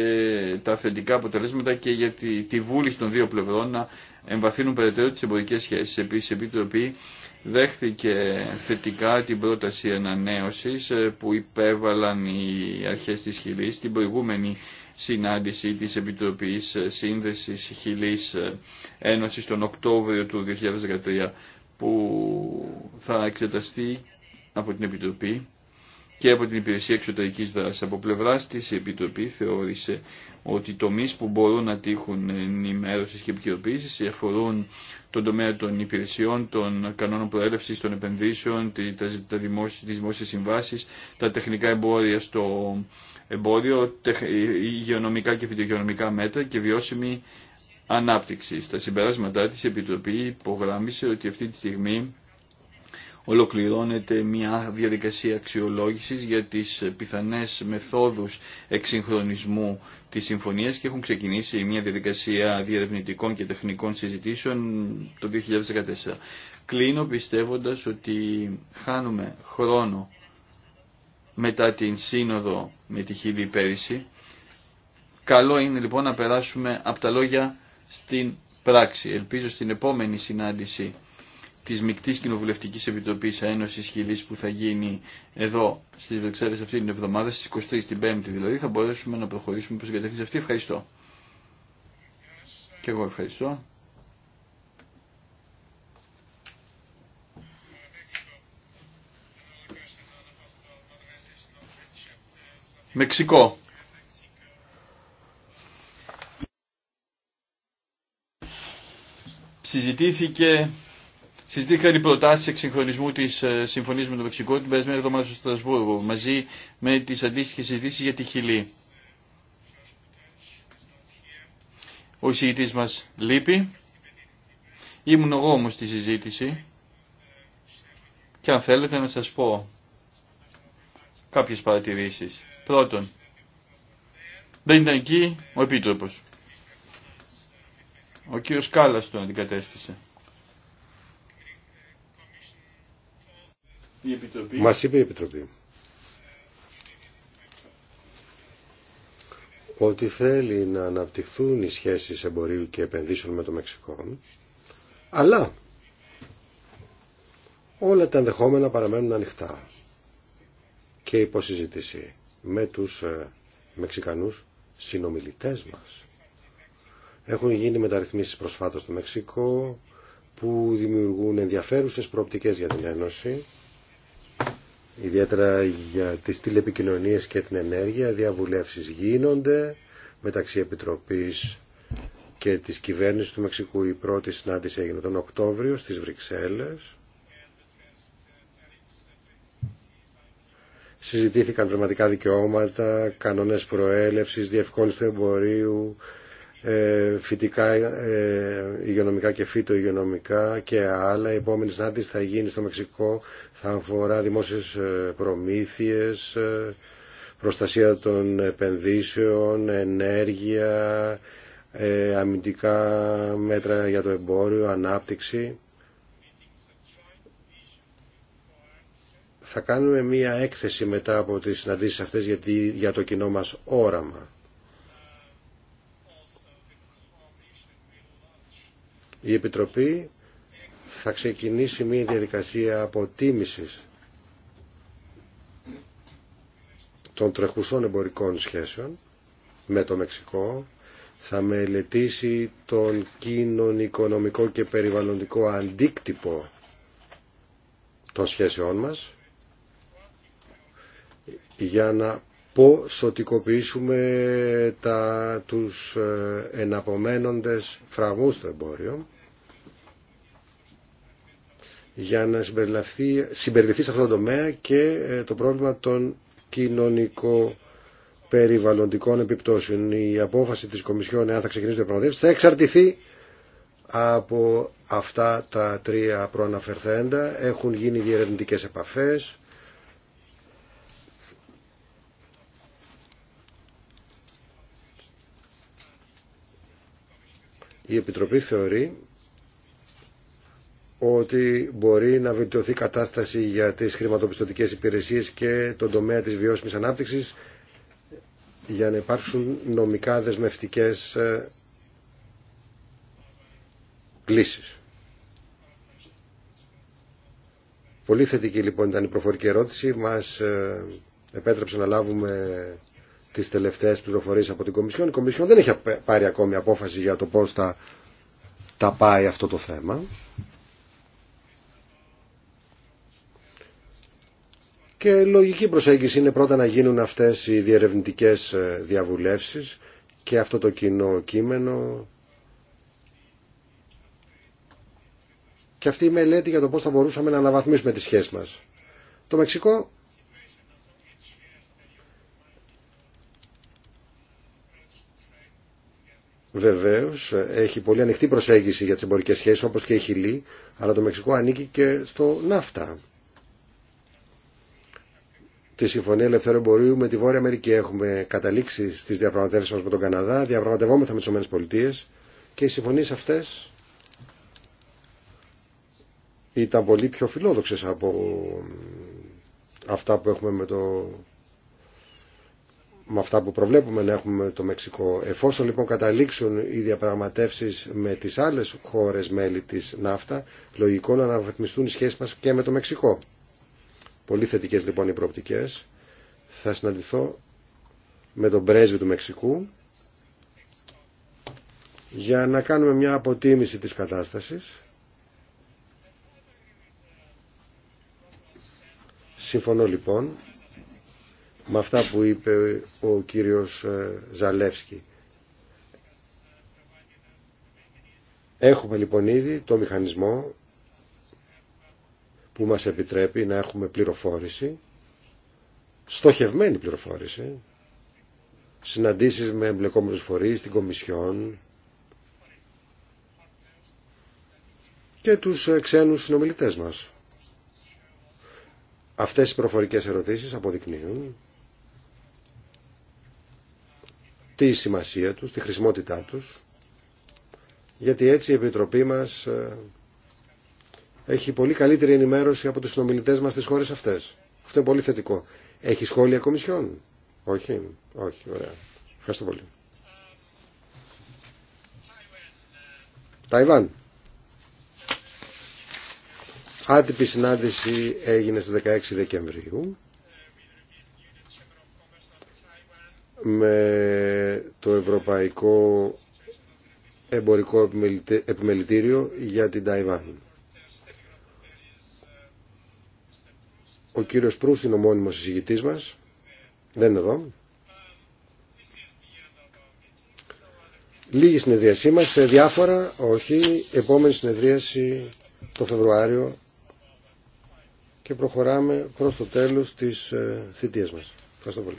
τα θετικά αποτελέσματα και για τη, τη βούληση των δύο πλευρών να εμβαθύνουν περαιτέρω τις εμπορικές σχέσεις. Επίσης, η Επιτροπή δέχθηκε θετικά την πρόταση ανανέωσης ε, που υπέβαλαν οι αρχές της Χιλής στην προηγούμενη συνάντηση της Επιτροπής ε, Σύνδεσης Χιλής ε, Ένωσης τον Οκτώβριο του 2013 που θα εξεταστεί από την Επιτροπή και από την Υπηρεσία Εξωτερικής Δράσης. Από πλευράς της Επιτροπή θεώρησε ότι τομεί που μπορούν να τύχουν ενημέρωση και επικαιροποίηση αφορούν τον τομέα των υπηρεσιών, των κανόνων προέλευση, των επενδύσεων, τι δημόσιε συμβάσει, τα τεχνικά εμπόρια στο εμπόριο, υγειονομικά και φυτογειονομικά μέτρα και βιώσιμη ανάπτυξη. Στα συμπεράσματά της η Επιτροπή υπογράμμισε ότι αυτή τη στιγμή ολοκληρώνεται μια διαδικασία αξιολόγησης για τις πιθανές μεθόδους εξυγχρονισμού της συμφωνίας και έχουν ξεκινήσει μια διαδικασία διερευνητικών και τεχνικών συζητήσεων το 2014. Κλείνω πιστεύοντας ότι χάνουμε χρόνο μετά την σύνοδο με τη Χίλη πέρυσι. Καλό είναι λοιπόν να περάσουμε από τα λόγια στην πράξη. Ελπίζω στην επόμενη συνάντηση της Μικτής Κοινοβουλευτικής Επιτροπής Ένωσης Χιλής που θα γίνει εδώ στις Βρυξέλλες αυτή την εβδομάδα, στις 23 την Πέμπτη δηλαδή, θα μπορέσουμε να προχωρήσουμε προς την κατεύθυνση αυτή. Ευχαριστώ. Και εγώ ευχαριστώ. Μεξικό. Συζητήθηκε Συζητήθηκαν οι προτάσει εξυγχρονισμού τη ε, συμφωνία με το Μεξικό την περασμένη εβδομάδα στο Στρασβούργο, μαζί με τι αντίστοιχε συζητήσει για τη Χιλή. Ο εισηγητή μα λείπει. Ήμουν εγώ όμω στη συζήτηση. Και αν θέλετε να σα πω κάποιε παρατηρήσει. Πρώτον, δεν ήταν εκεί ο επίτροπο. Ο κύριος Κάλλας τον αντικατέστησε. Μα Μας είπε η Επιτροπή ότι θέλει να αναπτυχθούν οι σχέσεις εμπορίου και επενδύσεων με το Μεξικό, αλλά όλα τα ενδεχόμενα παραμένουν ανοιχτά και υποσυζήτηση με τους ε, Μεξικανούς συνομιλητές μας. Έχουν γίνει μεταρρυθμίσεις προσφάτως στο Μεξικό που δημιουργούν ενδιαφέρουσες προοπτικές για την Ένωση ιδιαίτερα για τις τηλεπικοινωνίες και την ενέργεια, διαβουλεύσεις γίνονται μεταξύ Επιτροπής και της κυβέρνησης του Μεξικού. Η πρώτη συνάντηση έγινε τον Οκτώβριο στις Βρυξέλλες. Συζητήθηκαν πνευματικά δικαιώματα, κανόνες προέλευσης, διευκόλυνση του εμπορίου, ε, φυτικά, ε, υγειονομικά και φυτο-υγειονομικά και άλλα. Η επόμενη συνάντηση θα γίνει στο Μεξικό, θα αφορά δημόσιες ε, προμήθειες, προστασία των επενδύσεων, ενέργεια, αμυντικά μέτρα για το εμπόριο, ανάπτυξη. Θα κάνουμε μία έκθεση μετά από τις συναντήσεις αυτές για το κοινό μας όραμα Η Επιτροπή θα ξεκινήσει μια διαδικασία αποτίμησης των τρεχουσών εμπορικών σχέσεων με το Μεξικό, θα μελετήσει τον κοινωνικονομικό και περιβαλλοντικό αντίκτυπο των σχέσεών μας για να ποσοτικοποιήσουμε τα, τους ε, εναπομένοντες φραγμούς στο εμπόριο για να συμπεριληφθεί σε αυτό το τομέα και ε, το πρόβλημα των κοινωνικό περιβαλλοντικών επιπτώσεων. Η απόφαση της Κομισιόν, αν θα ξεκινήσει το πραγματεύσεις, θα εξαρτηθεί από αυτά τα τρία προαναφερθέντα. Έχουν γίνει διερευνητικές επαφές Η Επιτροπή θεωρεί ότι μπορεί να βελτιωθεί η κατάσταση για τις χρηματοπιστωτικές υπηρεσίες και τον τομέα της βιώσιμης ανάπτυξης για να υπάρξουν νομικά δεσμευτικές κλίσεις. Ε, Πολύ θετική λοιπόν ήταν η προφορική ερώτηση. Μας ε, επέτρεψε να λάβουμε τι τελευταίε πληροφορίε από την Κομισιόν. Η Κομισιόν δεν έχει πάρει ακόμη απόφαση για το πώ θα τα πάει αυτό το θέμα. Και λογική προσέγγιση είναι πρώτα να γίνουν αυτές οι διερευνητικές ε, διαβουλεύσεις και αυτό το κοινό κείμενο και αυτή η μελέτη για το πώς θα μπορούσαμε να αναβαθμίσουμε τις σχέσεις μας. Το Μεξικό Βεβαίω έχει πολύ ανοιχτή προσέγγιση για τι εμπορικέ σχέσει όπω και η Χιλή, αλλά το Μεξικό ανήκει και στο ναύτα. Τη Συμφωνία ελευθερών Εμπορίου με τη Βόρεια Αμερική έχουμε καταλήξει στι διαπραγματεύσει μα με τον Καναδά, διαπραγματευόμεθα με τι ΗΠΑ και οι συμφωνίε αυτέ ήταν πολύ πιο φιλόδοξε από αυτά που έχουμε με το με αυτά που προβλέπουμε να έχουμε το Μεξικό. Εφόσον λοιπόν καταλήξουν οι διαπραγματεύσεις με τις άλλες χώρες μέλη της ΝΑΦΤΑ, λογικό να αναβαθμιστούν οι σχέσεις μας και με το Μεξικό. Πολύ θετικέ λοιπόν οι προοπτικές. Θα συναντηθώ με τον πρέσβη του Μεξικού για να κάνουμε μια αποτίμηση της κατάστασης. Συμφωνώ λοιπόν με αυτά που είπε ο κύριος ε, Ζαλεύσκη. Έχουμε λοιπόν ήδη το μηχανισμό που μας επιτρέπει να έχουμε πληροφόρηση, στοχευμένη πληροφόρηση, συναντήσεις με εμπλεκόμενους φορείς, την Κομισιόν και τους ε, ξένους συνομιλητές μας. Αυτές οι προφορικές ερωτήσεις αποδεικνύουν Η σημασία τους, τη χρησιμότητά τους, γιατί έτσι η Επιτροπή μας ε, έχει πολύ καλύτερη ενημέρωση από τους συνομιλητές μας στις χώρες αυτές. Αυτό είναι πολύ θετικό. Έχει σχόλια κομισιόν. Όχι, όχι, ωραία. Ευχαριστώ πολύ. Ταϊβάν. Άτυπη συνάντηση έγινε στις 16 Δεκεμβρίου. με το Ευρωπαϊκό Εμπορικό Επιμελητήριο για την Ταϊβάν. Ο κύριος Προύς είναι ο μόνιμος συζητητής μας. Δεν είναι εδώ. Λίγη συνεδρίασή μας σε διάφορα, όχι, επόμενη συνεδρίαση το Φεβρουάριο και προχωράμε προς το τέλος της ε, θητείας μας. Ευχαριστώ πολύ.